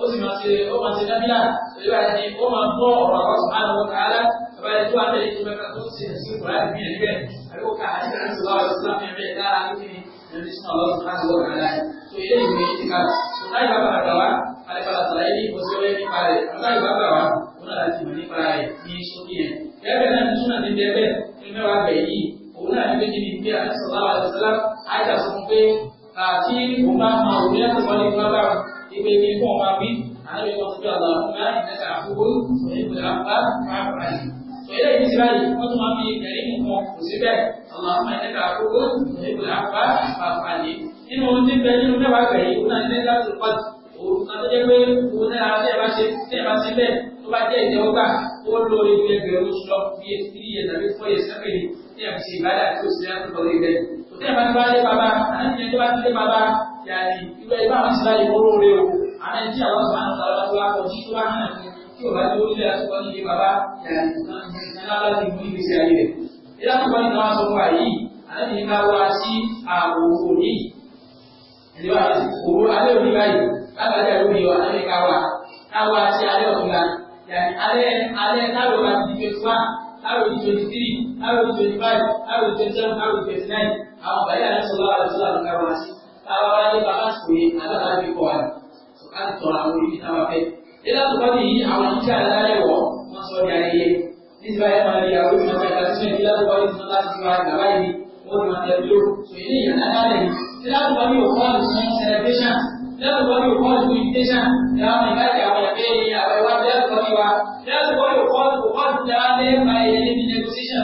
ó sì máa ṣe ó máa ṣe dábìlà ìlú àti ó máa gbọ́ ọ̀rọ̀ àwọn sùmánù wọn kàálà bàbá ẹni tó wà bẹ́ẹ̀ tó mẹ́ta tó ṣe ẹ̀sìn ìgbà ẹ̀mí ẹ̀mí ẹ̀ àbíkó ká àti ẹ̀sìn ìwà ọ̀rọ̀ sílámù ẹ̀mí ẹ̀ dára lókè Nabi Sallallahu Alaihi Wasallam. So ini juga ikhtikaf. Sunai bapa adalah ada pada selain ini musuh ini pare. Sunai bapa adalah guna lagi mani pare. Ini sunnah. Ya benar sunnah di dia ini bapa ini. Guna juga di dia Nabi Sallallahu Alaihi Wasallam. Ada sampai tadi rumah maunya kembali bapa èmi ni fún ọmọ àbí àlẹ́ wọn fi ọ̀la ọ̀la ẹ̀ka àkókò ìgbà bá káàbà rẹ̀. Ìyẹ́lẹ̀ yìí ti báyìí, wọ́n tún máa ń fi ẹ̀rí nìkan kò síbẹ̀ ọ̀la ọ̀la ẹ̀ka àkókò ìgbà bá káàbà rẹ̀. Nínú ohun tí ń bẹ nínú mẹ́wàá gbẹ̀yìn, òun náà ní láti pàtó òun kan tó jẹ́ pé òun náà tẹ́ ẹ bá ṣe tẹ́ ẹ bá ṣe bẹ́ẹ̀ tó bá jẹ́ ìjẹ́wọ́gbà ó lórí ẹgbẹ̀rún sọ bí ẹ ti yẹ tàbí fọ́ yẹ ní ẹ̀ fi tó ṣe láti kọ́ lé bẹ́ẹ̀ tí ẹ̀ bá ti bá dé bàbá àti ẹni tó bá ti dé bàbá yàrá ìwé ìbá àwọn ti láyé owó rẹ o àwọn ẹni tí àwọn sọ̀rọ̀ àwọn sọ̀rọ̀ tó wá kọ̀ tí tó wá hàn ní tí ò bá tó ilé àtúkọ́ ní ilé bàbá yàrá ìgbà láti mú ìgbésí ayé rẹ̀. ilé àtúkọ́ ní káwọn sọ wà yìí àwọn ènìyàn bá wá sí àwò òní ìlú òwò alẹ́ òní báyìí lágbàdá alẹ́ ká wà ká wá sí alẹ́ ọ̀tún arò twenty five arò twenty seven arò twenty nine àwọn bàyá àti sọlá àti sọlá àti káwọn àti táwa wá ní bàbá sòye alára bí kọ àná ká ti tọrọ àwọn ibi táwa fẹ́. ilé àtúntò ní yí àwọn ìṣe alárẹ̀ wọ̀ wọ́n sọ ní ayẹyẹ nígbà yẹn máa di àwọn ìṣe ọ̀gá tí wọ́n ti lárúkọ ní ìṣe láti fi wá gàbá yìí wọ́n ti máa tẹ̀lé o sòye ní ìyànná alárẹ̀ yìí. ilé àtúntò ní òkú àlùsùn celebration ilé àtúntò ní òkú àlùsùn invitation ìyàwó ìbáyà àwọn ẹgbẹ́ ìyàwó ìwádìí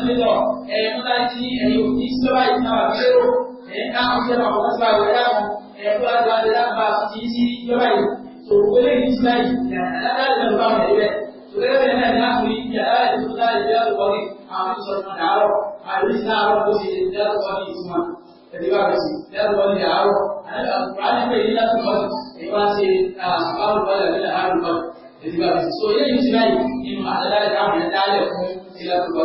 pé lọ ẹ̀yẹ tó bá jí ẹ̀yẹ òní sí lọ́wọ́ ìdí náà lérò ẹ̀yẹ káwọn jẹ́ àwọn ọ̀gá síbá wẹ̀ dáhùn ẹ̀yẹ tó bá ti wá lé lápá kì í sí yìí tó o lè ní sílá yìí aláàlú ló bá wọlé bẹ́ẹ̀ tó lè bẹ́ẹ̀ náà náà kùn yìí aláàlú tó dá ìdí àtọ̀ wọlé àwọn tó sọ̀rọ̀ náà dàárọ̀ àdúrí sí àárọ̀ tó ṣe ìdí àtọ̀ wọlé ìtumọ̀ ẹ̀dí ìgbà tó lẹ́yìn tí láì nínú àdáda dáhùn ẹ̀ dálẹ̀ fún ìlà tó kò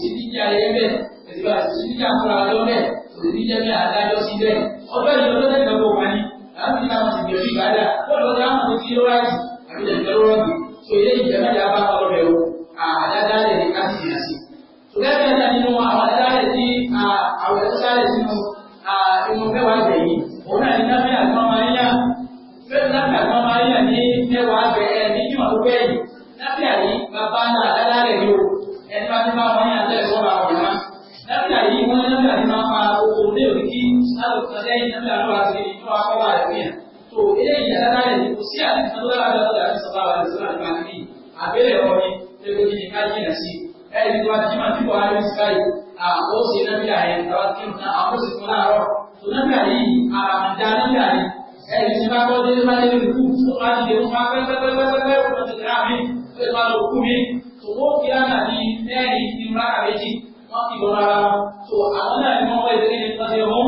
sí díjà ẹyẹ bẹ́ẹ̀ ìgbà tó sí díjà fúnra lọ bẹ́ẹ̀ kò sí díjà bẹ́ẹ̀ adájọ́ sí bẹ́ẹ̀ ọgbẹ́ ìjọba lẹ́gbẹ̀ẹ́ kò wá ní láti ní àwọn ìgbẹ̀rù ìbàdà bọ́ọ̀lù ọ̀dọ́ àwọn ti ló ráìtì àbí ìjẹ̀bẹ̀rù rọ́ọ̀bì tó ilé ìjẹ̀bẹ̀rù bá yàn ní mẹ́wàá bẹ̀rẹ̀ ní jùmọ̀ tó bẹ́ẹ̀ yìí láti àyí bàbá náà lálárẹ̀ ni o ẹni bá ti bá wọn yàn lẹ́ẹ̀ sọ́ra ọ̀rẹ́ má láti àyí wọn yàn bí àti máa fa owó lé òní kí alùpùpù lẹ́yìn náà bí àwọn àti ìlú akọ́lá rẹ̀ fún yàn tó eléyìí lálárẹ̀ ni kò sí àti kan lọ́la lọ́la àti sọ̀rọ̀ àwọn àti sọ̀rọ̀ àti màkì àbẹ̀rẹ̀ ọ̀ ni pẹ̀lú kí ni ká jìnà sí ẹni tó bá ti máa ti bọ̀ ayé sáyé àwọn òsè náà bí àyè ìgbà tí mo náà àwọn òsè tó láàárọ̀ tó náà bí àyè àràmàdá náà bí àyè ẹni tí bá gbọ́ dé bá dé tó bá dìde wọn bá pẹ́pẹ́pẹ́pẹ́pẹ́ wọn ti rà mí tó bá lọ kú mi tó wọ́n fi àná ní mẹ́rin ní rákà méjì wọ́n ti lọ rárá tó àwọn náà ni wọ́n wọ́n ìdílé ní wọ́n ti mú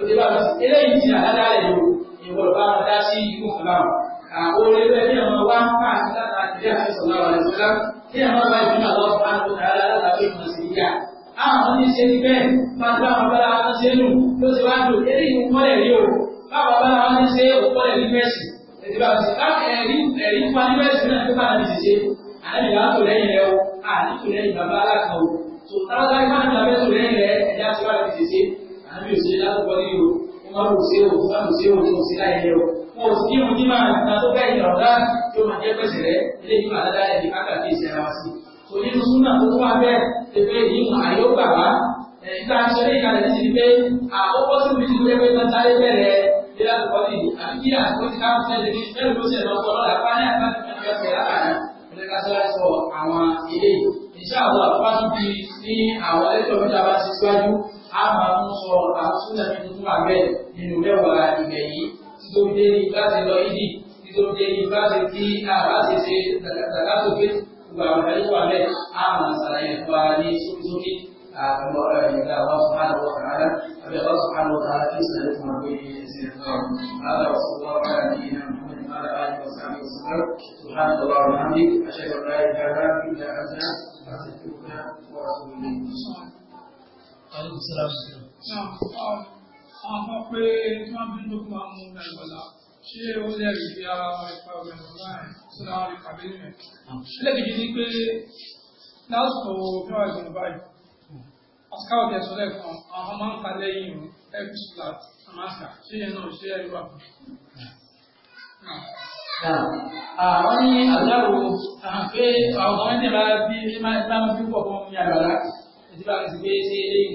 òde bá bàtí eléyìí ti àdáda rẹ̀ lò ìwọ̀n bá wọn dá sí ikú fúnra wọn. àwọn olóyè ní ọmọ wa ń pa àti láta àtìlẹ́ àti sọ̀rọ̀ àwọn ìṣẹ́lá ní àwọn bá ìdúnà lọ àwọn ní ṣe ní bẹ́ẹ̀ máa gbá àwọn bára wọn ṣe nù ló ti wá dùn eléyìí ń kọ́lẹ̀ rí o báwọn bára wọn ṣe ń kọ́lẹ̀ rí mẹ́sì ìgbà tó ká ẹ̀rí ẹ̀rí fún anúwẹ̀sì náà tó bá ti ṣe àyẹ̀mí wàá tó lẹ́yìn rẹ o àti tó lẹ́yìn bàbá alákan o tó tábàtà ìgbà tó lẹ́yìn tó lẹ́yìn rẹ ẹ̀dá tó bá ti ṣe àyẹ̀mí ò ṣe látọ̀kọ́ ní o wọ́n kò ṣe o wọ́n kò ṣe o kò sí láyé o wọn ò sì kí wọn ní máa nípa tó bẹ́ẹ̀ yọ̀ ọ̀dá tó máa jẹ́ pẹ̀sẹ̀ rẹ ilé ìgbà dáadáa ẹ̀dí kákàkiri ìṣẹ̀ra wa sí tò nínú súnà tó wà bẹ́ẹ̀ pépé ìyíwọ̀n àyọ̀gbà wa ẹ̀ka ṣẹlẹ̀ ìkàlẹ̀ ti di pé àkókò sí ibi tó yẹ pé tọ́ta lé bẹ̀rẹ̀ bila kọ́lìdì àbí kí àkókò ti káwọn sẹ́lẹ̀ ní ẹ̀rù ló sẹ̀lọ́ sọ lọ́la pálí àbájú ẹ̀fẹ̀ lábàdá ẹ̀ka tó wá sọ àwọn ilé ìṣe àwọn àpáṣù bí ní àwọn ẹ̀tọ́ bí táwa ti síwájú a máa ń sọ àtúnṣe tuntun àgbẹ̀ nínú mẹ́wàá ìgbẹ̀ yìí títóbi dé ní bá ti lọ ìdí títóbi dé ní bá ti kí àbá ti ṣe dàgbàsókè gbogbo àwọn ẹ̀tọ́ àgbẹ̀ a máa ṣàlàyé fún wa ní sókísókí إلى الله سبحانه وتعالى أبي الله سبحانه وتعالى في سنتنا بسنتهم هذا وصلى الله على نبينا محمد وعلى آله وصحبه وسلم سبحانك اللهم وبحمدك أشهد أن لا إله إلا أنت أستغفرك وأتوب إليك. عليكم السلام. Àwọn pé wọ́n bí ló máa mú ẹ̀rọ̀lá ṣé ó lẹ́rìí bí ara wọn ìpa ọ̀rẹ́rọ̀ láàrin síláwárí kàbí rẹ̀. Ẹlẹ́gbẹ̀ẹ́ ni pé lásìkò bí wọ́n gbìn báyìí àsìkáwò tẹ̀ sọ́lẹ̀ kan àwọn máa ń ka lẹ́yìn ìrún every slat àmàṣà ṣé yẹn náà ṣé yẹn eu fún àwọn ní àgbàrò pé àwọn ọmọ ẹni bá bí bá ń bí pọ̀ fún mi àgbàlá ẹ̀dí bá ti gbé sí eléyìí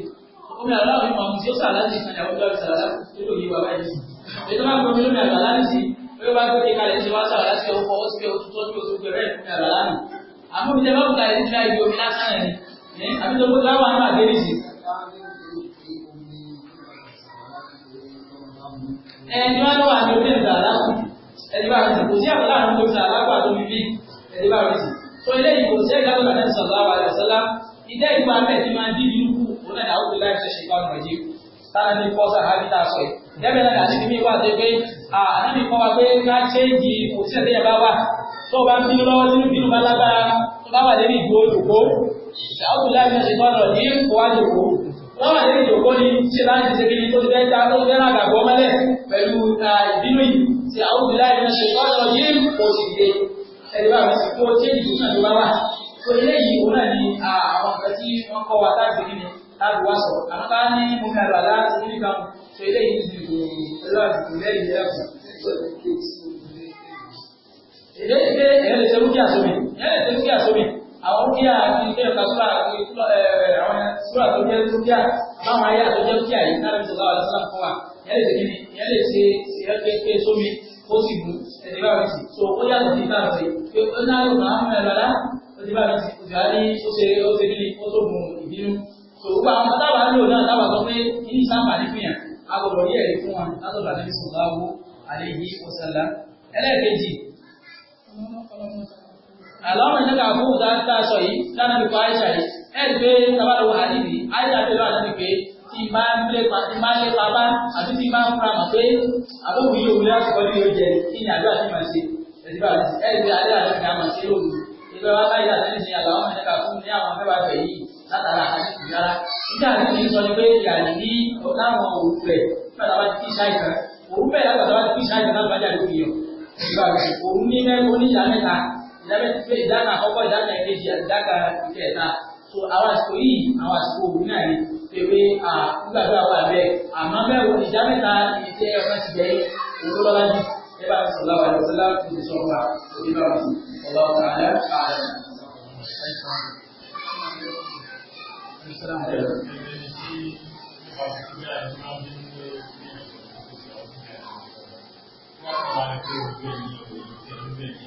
omi àgbàlá mi mọ̀ tí ó sàlá sí ìkànnì àwọn ọjọ́ ìsàlá lórí òye bàbá yìí sí ètò bá ń gbọmí lómi àgbàlá ní sí pé bá gbé kalẹ̀ ṣe wá sàlá sí ọkọ̀ ó sì fẹ́ oṣù tó ní oṣù pẹ̀rẹ́ ìfún àgbàlá mi àmọ́ ìjẹba ń ka ẹni tí omi lásán ẹni Eh, àti gbogbo táwọn àwọn àdéhùn sí. ẹni wá lọ́wọ́ àti omi ìgbà aláàbò ẹni bá rẹ̀ kò sí àwọn láàrin kò sí aláàbò àtòmí bí ẹni bá rẹ̀ sí. tó ilé yìí kò sí ẹ̀dá lọ́wọ́ àti sọ̀láwà àti sọ́lá ìdá ìgbà bẹ́ẹ̀ ti máa dín inú kù òun náà àwọn òbí láì ṣẹ̀ṣẹ̀ ìgbà ọ̀rọ̀ yìí tára ní kọ́ sára ní ta sọ yìí. ìdábẹ̀ náà àti mímí wà dé pé ànábì kọ́ wa pé ká ṣe é di kò sí ẹ̀dá yẹn bá wà tó o bá ń bínú lọ́wọ́ sínú bínú bá lágbára tó bá wà lórí ìgbò òdòkó àwùjáde náà ṣe gbọ́dọ̀ ní wájú kó wọ́n wà lórí ìjòkó ni ṣe láti ṣe kíni tó ti fẹ́ ta tó ti fẹ́ làgàgbọ́ mẹ́lẹ̀ pẹ̀lú ìbínú yìí ṣe àwùjáde náà ṣe gbọ́dọ̀ ní òṣìṣẹ́ ẹ̀rí bá mi sì kó tí èyí náà tó bá wà tó eléyìí òun náà ni àwọn nǹkan tí wọ́n kọ́ wa láti kíni láti wá sọ̀rọ̀ àmọ́ ká ní mo kà lọ láti kíni kan tó eléyìí ti di ẹlọ́ọ̀dì lẹ́yìn ẹ̀kọ́ èdè àwọn bíà àti ilé ẹ̀ka súrà àti àwọn súrà tó jẹ́ tó bíà láwọn ayé àtọ́jọ́ tí àyè sáré tó láwọn àti sáfún wa yẹn lè ṣe yẹn lè ṣe ẹgbẹ́ pé sómi ó sì mú ẹ̀dẹ̀ bá mi sì so ó yàtọ̀ sí náà sí pé ó náà ló máa ń mú ẹ lọ́la ó ti bá mi sì òjò á ní ó ṣe ó ṣe kí ó tó mú ìbínú so gbogbo àwọn táwa ń lò náà táwa sọ pé kí ní sáfà ní fìyà agbọ̀dọ̀ yẹ̀ rí fún wa látọ̀dọ̀ àdébísọ̀ láwọ́ àlẹ́ yìí ọ̀sán lá ẹlẹ́ẹ̀kejì àlọ́mọ̀ ìjọba fún ọ̀gá tá a sọ yìí dáná ní kọ́ àìsà yìí ẹ̀ gbé tabalọ́wọ́ àdìbì àìsà tó lọ́wọ́ àdìbì pé tí máa ń lé pa tí máa ń lé pa bá àti tí máa ń fura mọ̀ pé àbẹ̀wò yìí òun láti kọ́ ní yóò jẹ kí ni àdúrà tí màá ṣe ẹ̀dùbà ẹ̀ gbé àdúrà tí màá ṣe lóru ìgbẹ́ wa báyìí àti ní àlọ́mọ̀ ìjọba fún ní àwọn mẹ́wàá bẹ̀ yìí látara àdìbì rárá nígbà tí mi sọ ni pé ìyàdìbì láwọn òun bẹ̀ nígbà tí a bá ti kí sáì òun bẹ̀rẹ̀ àgbàdo wa ti fi ṣáàjì náà lẹ́bẹ̀ẹ́ ti pé ìdáka àkọ́kọ́ ìdáka ìkejì àti ìdáka ìkẹta so àwọn àsìkò yìí àwọn àsìkò òbí náà ni pépé nígbàdúrà wà bẹ́ẹ̀ àmọ́ bẹ́ẹ̀ wọ ìdá mẹ́ta ibi tí ẹ fẹ́ ti bẹ́ẹ̀ owó lọ́lá jù ẹ bá ti sọ̀rọ̀ àwọn ọ̀dọ́ láti fi sọ pa òbí bá wọn ọ̀la ọ̀la alẹ́ ààrẹ. Thank you.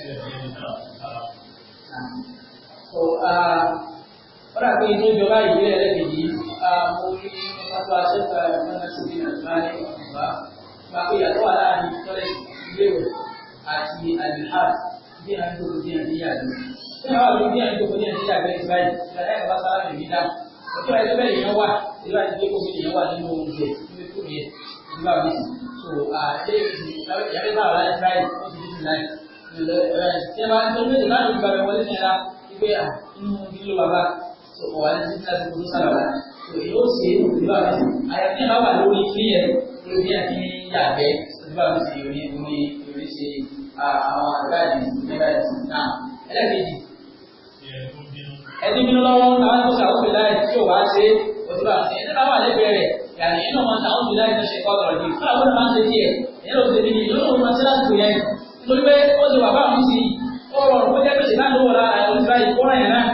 So, wọ́n dàgbé tó jọba ìbílẹ̀ lẹ́gbẹ̀ẹ́ yìí, mo rí pápá ṣẹ́fà ìmọ̀nà ṣòbí àlùmáàlì ọ̀gbà, máa pé yàtọ̀ wà láàrin tọ́lẹ̀ ìlérò àti àlùhàd bí a ń tó bí a ń yíyà lọ. Bí a wà lórí bí a ń tó bí a ń yíyà bẹ́ẹ̀ báyìí, ìlànà ìwà sára rẹ̀ rí dá. Ọjọ́ ẹlẹ́bẹ̀ èèyàn wà, ìlànà ìdílé kò sí èèyàn wà nínú oúnjẹ, nínú ètò yẹn, ìlú àbí. So, àdéhùn ìyàrá ìbára láì tí a bá tó méjì láti gba ẹ̀ wọlé nira wípé à inú kíló bàbá tó wà ní títí láti kó sára rà tó yóò ṣe é òkú bá mi àyàfi bá wà lórí ilé yẹn lórí bí àti yàgbẹ́ tó bá mi ṣe orí orí orí ṣe àwọn àgbáyé nígbà tí náà ẹlẹ́kẹ̀jì. ẹni bínú lọ́wọ́ àwọn tó sàwọn òbí láì tí ò wá ṣe òtí bá ṣe ẹni táwọn àlẹ́gbẹ̀ẹ́ rẹ̀ yàrá inú wọn sàwọn òbí láì tó ṣe kọ́ torí pé ó ti wà bá àwọn sí ọ̀rọ̀ ọ̀rọ̀ pé jẹ́pẹ̀sẹ̀ náà ló wọ̀ra àwọn ti báyìí kọ́ra yẹn náà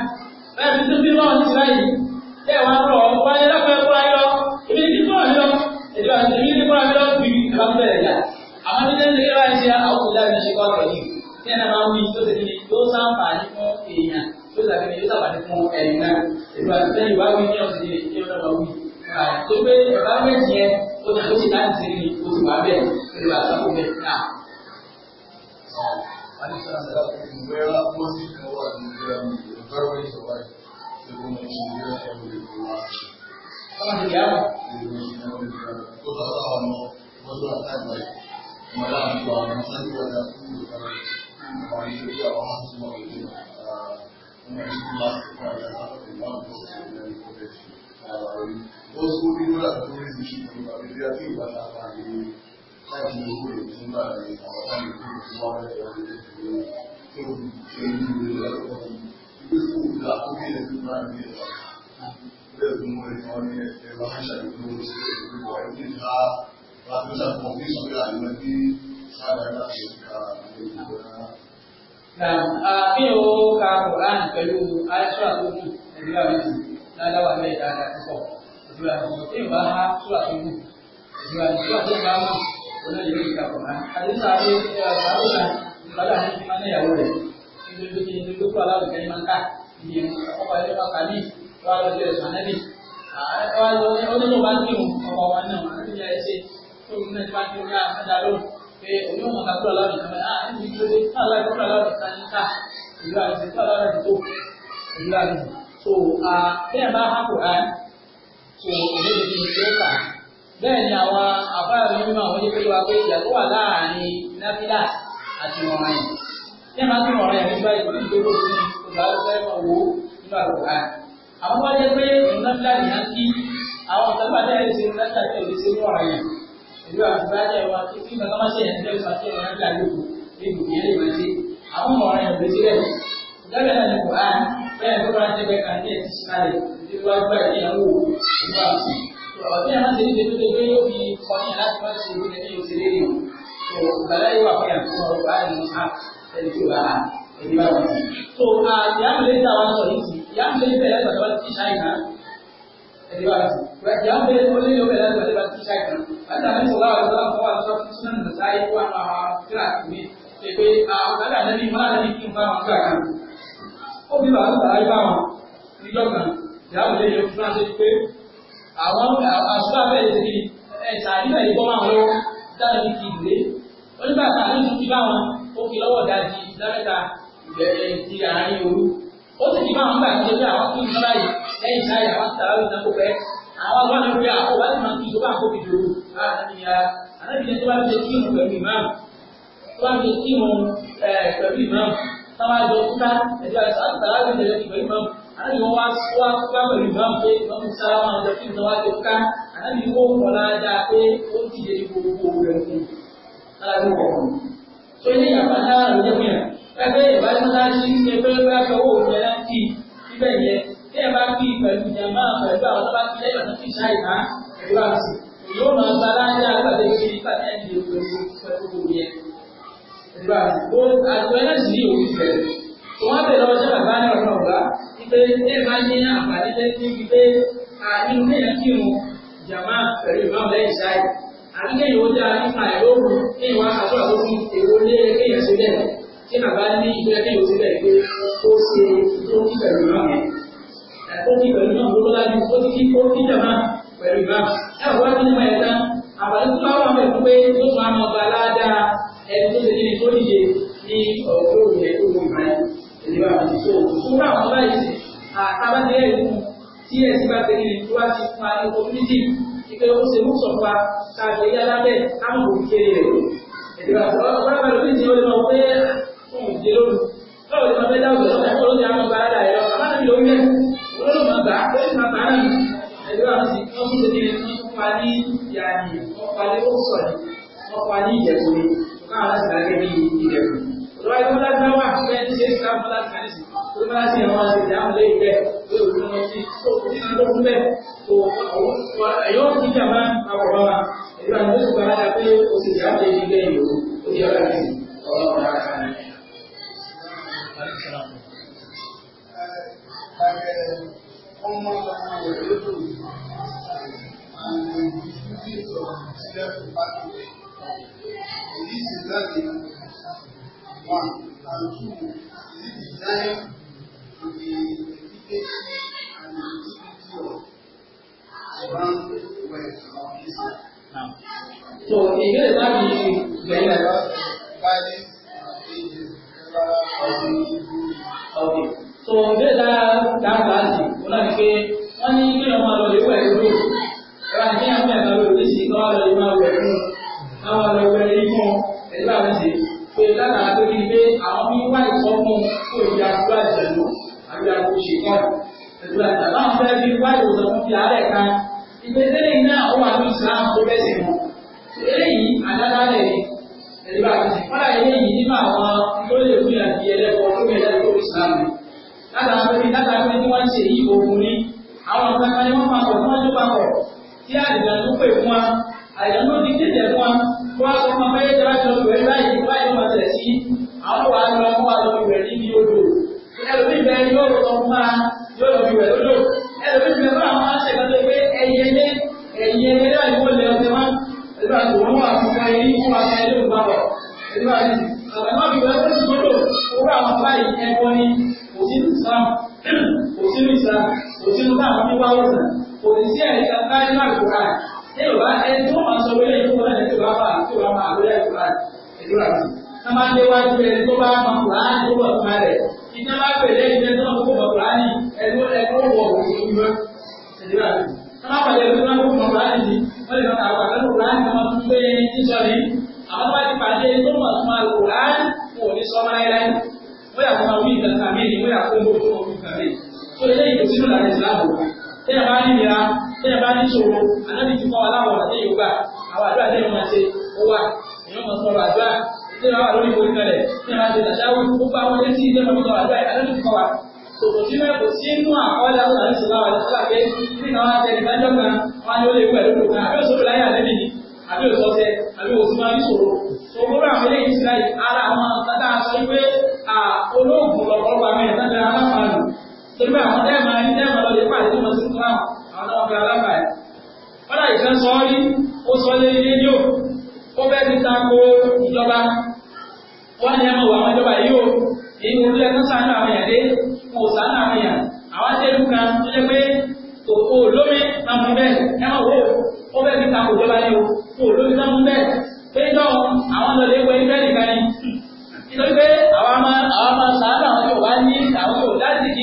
báyìí fi tún bí náà ti báyìí bẹ́ẹ̀ wá rọ̀ wá yẹ lápẹ́ kọ́ra yọ ibi tí kọ́ra yọ ibi tí kọ́ra yọ bí ìkàwé ẹ̀yà àwọn ní ṣe kọ́ra yìí ní ẹ̀nà tó ti ní yóò ní yóò sáǹfààní fún ẹ̀yìn náà èdè àti sẹ́yìn wá wí ní ọ̀sẹ̀ yìí ní ọ̀dọ̀ wí tó gbé ẹ̀bá méjì ní oṣù wá bẹ́ẹ̀ Those who do not do this, they are people that are láti owó ìtúnbà rẹ̀ ọ̀pá ìlú ìwọ̀n rẹ̀ ọ̀rẹ́ tó ń ṣe ní ìlú ẹ̀kọ́ ìgbé fún ìlú àkókèlè tó bá rí ẹ̀kọ́ bẹ́ẹ̀ fún ẹ̀kọ́ ní ẹ̀rọ aṣàlùkò ìlú ọ̀rẹ́ nípa látúnṣà pọ̀ ní ìṣòro àìmọ́ bí sára láti ẹ̀ka ìlú ẹ̀ka. Kí o ka Quran pẹ̀lú Aṣọ́ra tó kù àwọn ìsìn ládáwà bẹ́ẹ̀ dáadáa wọ́n lè rí ìdàpọ̀nà àdéhùn àti àbúrò ìfọdà ní ìfọdà ní ìyàwó rẹ̀ nítorí kí ní gbogbo aláwùjẹ ní máa ń ká ní ọkọ̀ ayé ọkọ̀ àlì wà lọ́jọ́ ẹ̀sùn ànẹ́bì wà lọ onímọ̀ bá ń kírun ọkọ̀ wa náà àti ìyá ẹ̀ṣẹ̀ tó ń náà bá ń kírun náà ẹ̀dá lóhùn pé òun yóò mọ̀ ká kúrò aláwùjẹ ìlú àti so bẹ́ẹ̀ bá hápò rán bẹ́ẹ̀ ni àwọn àbáyọ̀ mímọ́ àwọn oníkó yóò wá pé ìyàtọ̀ wà láàrin náfìlà àti ọ̀ràn yẹn tí a máa tún ọ̀ràn yẹn nígbà ìgbà ìgbèrò sí ọgbà ọgbẹ́ náà wò nínú àgbà rẹ̀ àwọn bá jẹ́ pé náfìlà ní á kí àwọn ìjọba dẹ́ ẹ̀ ṣe náfìlà tẹ̀ lè ṣe ní ọ̀ràn yẹn ìlú àgbà dẹ́ wa kí kí nǹkan má ṣe yẹn tẹ́ fà ṣe náfìlà lóko níbi ìyẹn lè rántí àwọn ọ̀ràn yẹn lè sílẹ̀ gẹ́gẹ́ náà ní kò á bẹ́ẹ̀ ló bá ń tẹ́gbẹ́ kan ní ẹ̀ ọ̀rọ̀ tí a máa ń ṣe ní ìdẹ́gbẹ́ pé yóò fi sọyìn láti máa ṣe ìwé ní oṣù lé yìí o gbàdá yóò wà fún yàtọ̀ sọ̀rọ̀ bá ní a ẹni tí ó bá ẹni bá wọn. tó a yàmùlẹ̀ dá wa sọ yìí sí yàmùlẹ̀ yìí bẹ̀rẹ̀ lọ́dọ̀ tí ṣáì kan ẹni bá wọn. yàmùlẹ̀ ó lé yóò bẹ̀rẹ̀ lọ́dọ̀ tí ṣáì kan. bàtà mi sọ̀rọ̀ àwọn ọ̀dọ́ àwọn ọ̀dọ́ tí sinmi nà sáyé wà á kíra mi pé àwọn bàtà mi má lẹ́ni kí n bá wọn kíra kan. ó bí bàbá bàbá yìí bá wọn níjọ́ kan yàmùlẹ̀ yóò fún àwọn àṣùgbà bẹ́ẹ̀ ti ẹ̀sà nígbà yìí gbọ́n àwọn dára ní kí ìdílé onígbàtà ní ti fi báwọn ó fi lọ́wọ́ dájú lọ́mẹ́ta ìbẹ̀rẹ̀ ti àárín òru ó sì fi báwọn gbà tó dé àwọn tó ń sọ́ra yìí lẹ́yìn sáyà wọn ti tàbí ìtàn kó pẹ́ àwọn ọgbọ́n ní pé àkóbá ti máa ń fi tó bá kó fi dòwò àtàbíyẹn tó bá ti kí ìmọ̀ pẹ̀lú ìmáàmù tó bá ti kí ìmọ̀ pẹ̀lú ìmáàmù táwọn àjọ kúta ẹ̀jọ̀ àti ànábì wọn wá wá wá pẹ̀lú ìbọn pé wọn ti sára wọn àjọ kí ìjọba tó ká ànábì wọn kọ̀ dáadáa pé ó ti lè gbogbo rẹ̀ fún alábí wọn kọ̀. tó ilé ìyàpá náà ló dé fún yà pẹ́pẹ́ ìbáṣọ́ náà ṣí ṣe pé bá fọwọ́ òfin náà kì í níbẹ̀ yẹn tí ẹ ní òfin bẹ̀rẹ̀ wọ́n bẹ̀rẹ̀ lọ́wọ́ sábà bá ní ọ̀rọ̀ ọ̀gá wípé ẹ bá ní àǹfààní lẹ́sìn wípé nínú kéèyàn kírun jàmá pẹ̀lú ìmáàmù lẹ́yìn sáì àbí kéèyàn ó dáa nípa ìlóòrùn kéèyàn wá àdúrà tó fún èrò lé kéèyàn sí bẹ́ẹ̀ kí bàbá ní ìgbẹ́ kéèyàn sí bẹ́ẹ̀ pé ó ṣe tó kí pẹ̀lú ìmáàmù ẹ̀ tó kí pẹ̀lú ìmáàmù tó lájú ó ti kí ó kí jàmá pẹ̀lú ìmáàmù ẹ̀ wá ní ìmọ̀ ẹ̀ta àbàlẹ́ ìdíwà àti so fún àwọn báyìí sí àtàbàdé ẹ̀kún tí ẹ̀ sí bá ti rí tó wá ti fún àwọn community ìpè ó ṣe mú sọ̀fà káàkiri yálà bẹ́ẹ̀ káàmù rẹ̀ ìdíwà àti ọ̀rọ̀ bá bẹ̀rẹ̀ kò sí mẹ́ kò sí inú àkọọ́lẹ̀ àwọn àti sọ̀rọ̀ àwọn ìṣọ́lá pé kí náà wọ́n tẹ̀lé dájọ́ kan wọ́n ló lè pẹ̀lú kò kan àbí òṣòro láyé àlẹ́ nìyí àbí òṣọ́tẹ àbí òṣùmọ́ ní ṣòro. tó gbogbo àwọn eléyìí sí láyé ara àwọn tata sọ pé olóògùn lọ́pọ̀lọpọ̀ àwọn èèyàn tata aláfààní torí pé àwọn tẹ́ẹ̀mà ní tẹ́ẹ̀mà lọ lè pàdé tó mọ sí fún àwọn àwọn ọmọ aláfààní. wọ́n láyé kan sọ rí ó sọ lé ilé ní ò ó fẹ́ ti ta àwọn ìyàdé kò sàánà àwọn èèyàn àwọn aṣẹ́lú kan tó jẹ́ pé òkò lómi máa mú bẹ́ẹ̀ ẹ máa wò ó bẹ́ẹ̀ fi takò jọba ní o kò lómi máa bẹ́ẹ̀ pé jọ àwọn lọlé wọ ibẹ̀ nìkan ni nítorí pé àwọn máa àwọn wọn àwọn àlọlé ní báwọn ọ̀sẹ̀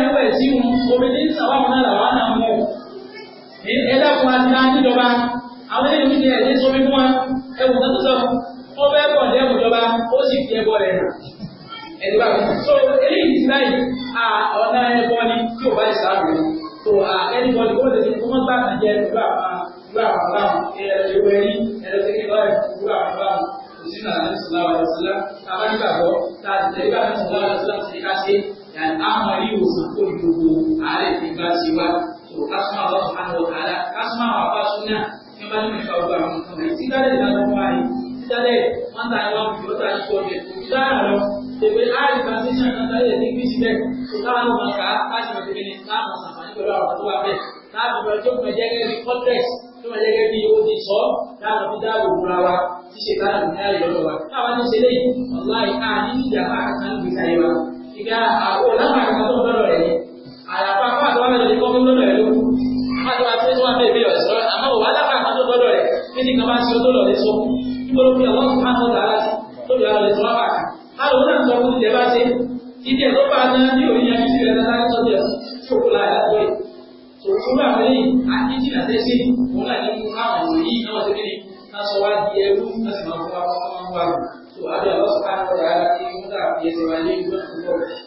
yọjú wa dá níjọba àwọn èèyàn ti ẹ̀dẹ́ sómi fún wa ẹ̀wù kan tó sọ ó fẹ́ pọ̀ ní ẹ̀wù ìjọba ó sì fi ẹbọ rẹ̀ ẹ̀dùbà so eléyìí ti láì à ọ̀nà ẹbọ ni tí ò bá ti sáàbù so à ẹni bọ́ọ̀lì kó lè tó mọ́ gbàgbà jẹ́ ìlú àwọn ìlú àwọn ọ̀làwọn ẹ̀rọ ẹ̀rí ẹ̀rọ kékeré lọ́rẹ̀ ìlú àwọn ọ̀làwọn òsínà àdìsíláwà ọ̀sílá abájúgbàgbọ́ tá a ti tẹ̀lé bá àdìsíláwà ọ̀sílá ti ká ṣe àwọn ilé ìwòsàn tó gbogbo àárẹ̀ ti gbà ṣe wá tó kásùmá àwọn sùpáhùn ọ̀tàlá kásùmá àwọn àbá súnà ní bá ní mẹ́fà ọgbà àwọn nǹkan wọ̀nyí sídálẹ̀ ìlànà wọn àyè sídálẹ̀ wọn ta ẹwà òbí ó ta ìṣó ọbẹ̀ òbí dára lọ èpè láàrin transition kan tẹ́lẹ̀ ní gbé síbẹ̀ tó káwọn ọmọ ká láti lọ síbi ní láàmú sàǹfààní pẹ̀lú àwọn tó wà bẹ́ẹ̀ láàbù lọ tó mọ̀ jẹ́gẹ́ bí complex tó mọ̀ jẹ́gẹ́ bí owó ti sọ láàbù fi dáàbò bora wa ti ṣe káàdì ní ayé lọ́dọ̀ wa táwa ní àyàfà fún àtọ́wọ́ mẹ́rin tó fi lọ́dọ̀ ẹ̀ ló kú má tó wá pé tó wá fẹ́ ìbéèrè ọ̀sẹ̀ lọ́dọ̀ àmọ́ wò wá lápá àmọ́ tó gbọ́dọ̀ rẹ̀ bí ti kan bá ṣe tó lọ ní so nígboro pé àwọn kan tó dára sí tó lọ lè tó lápá kan àwọn náà sọ fún ìjẹba ṣe ìdí ẹ̀ tó bá ná ní òní ti rẹ̀ náà tó jẹ ṣòkò láyà tó yẹ tòkó fún àwọn ìròyìn náà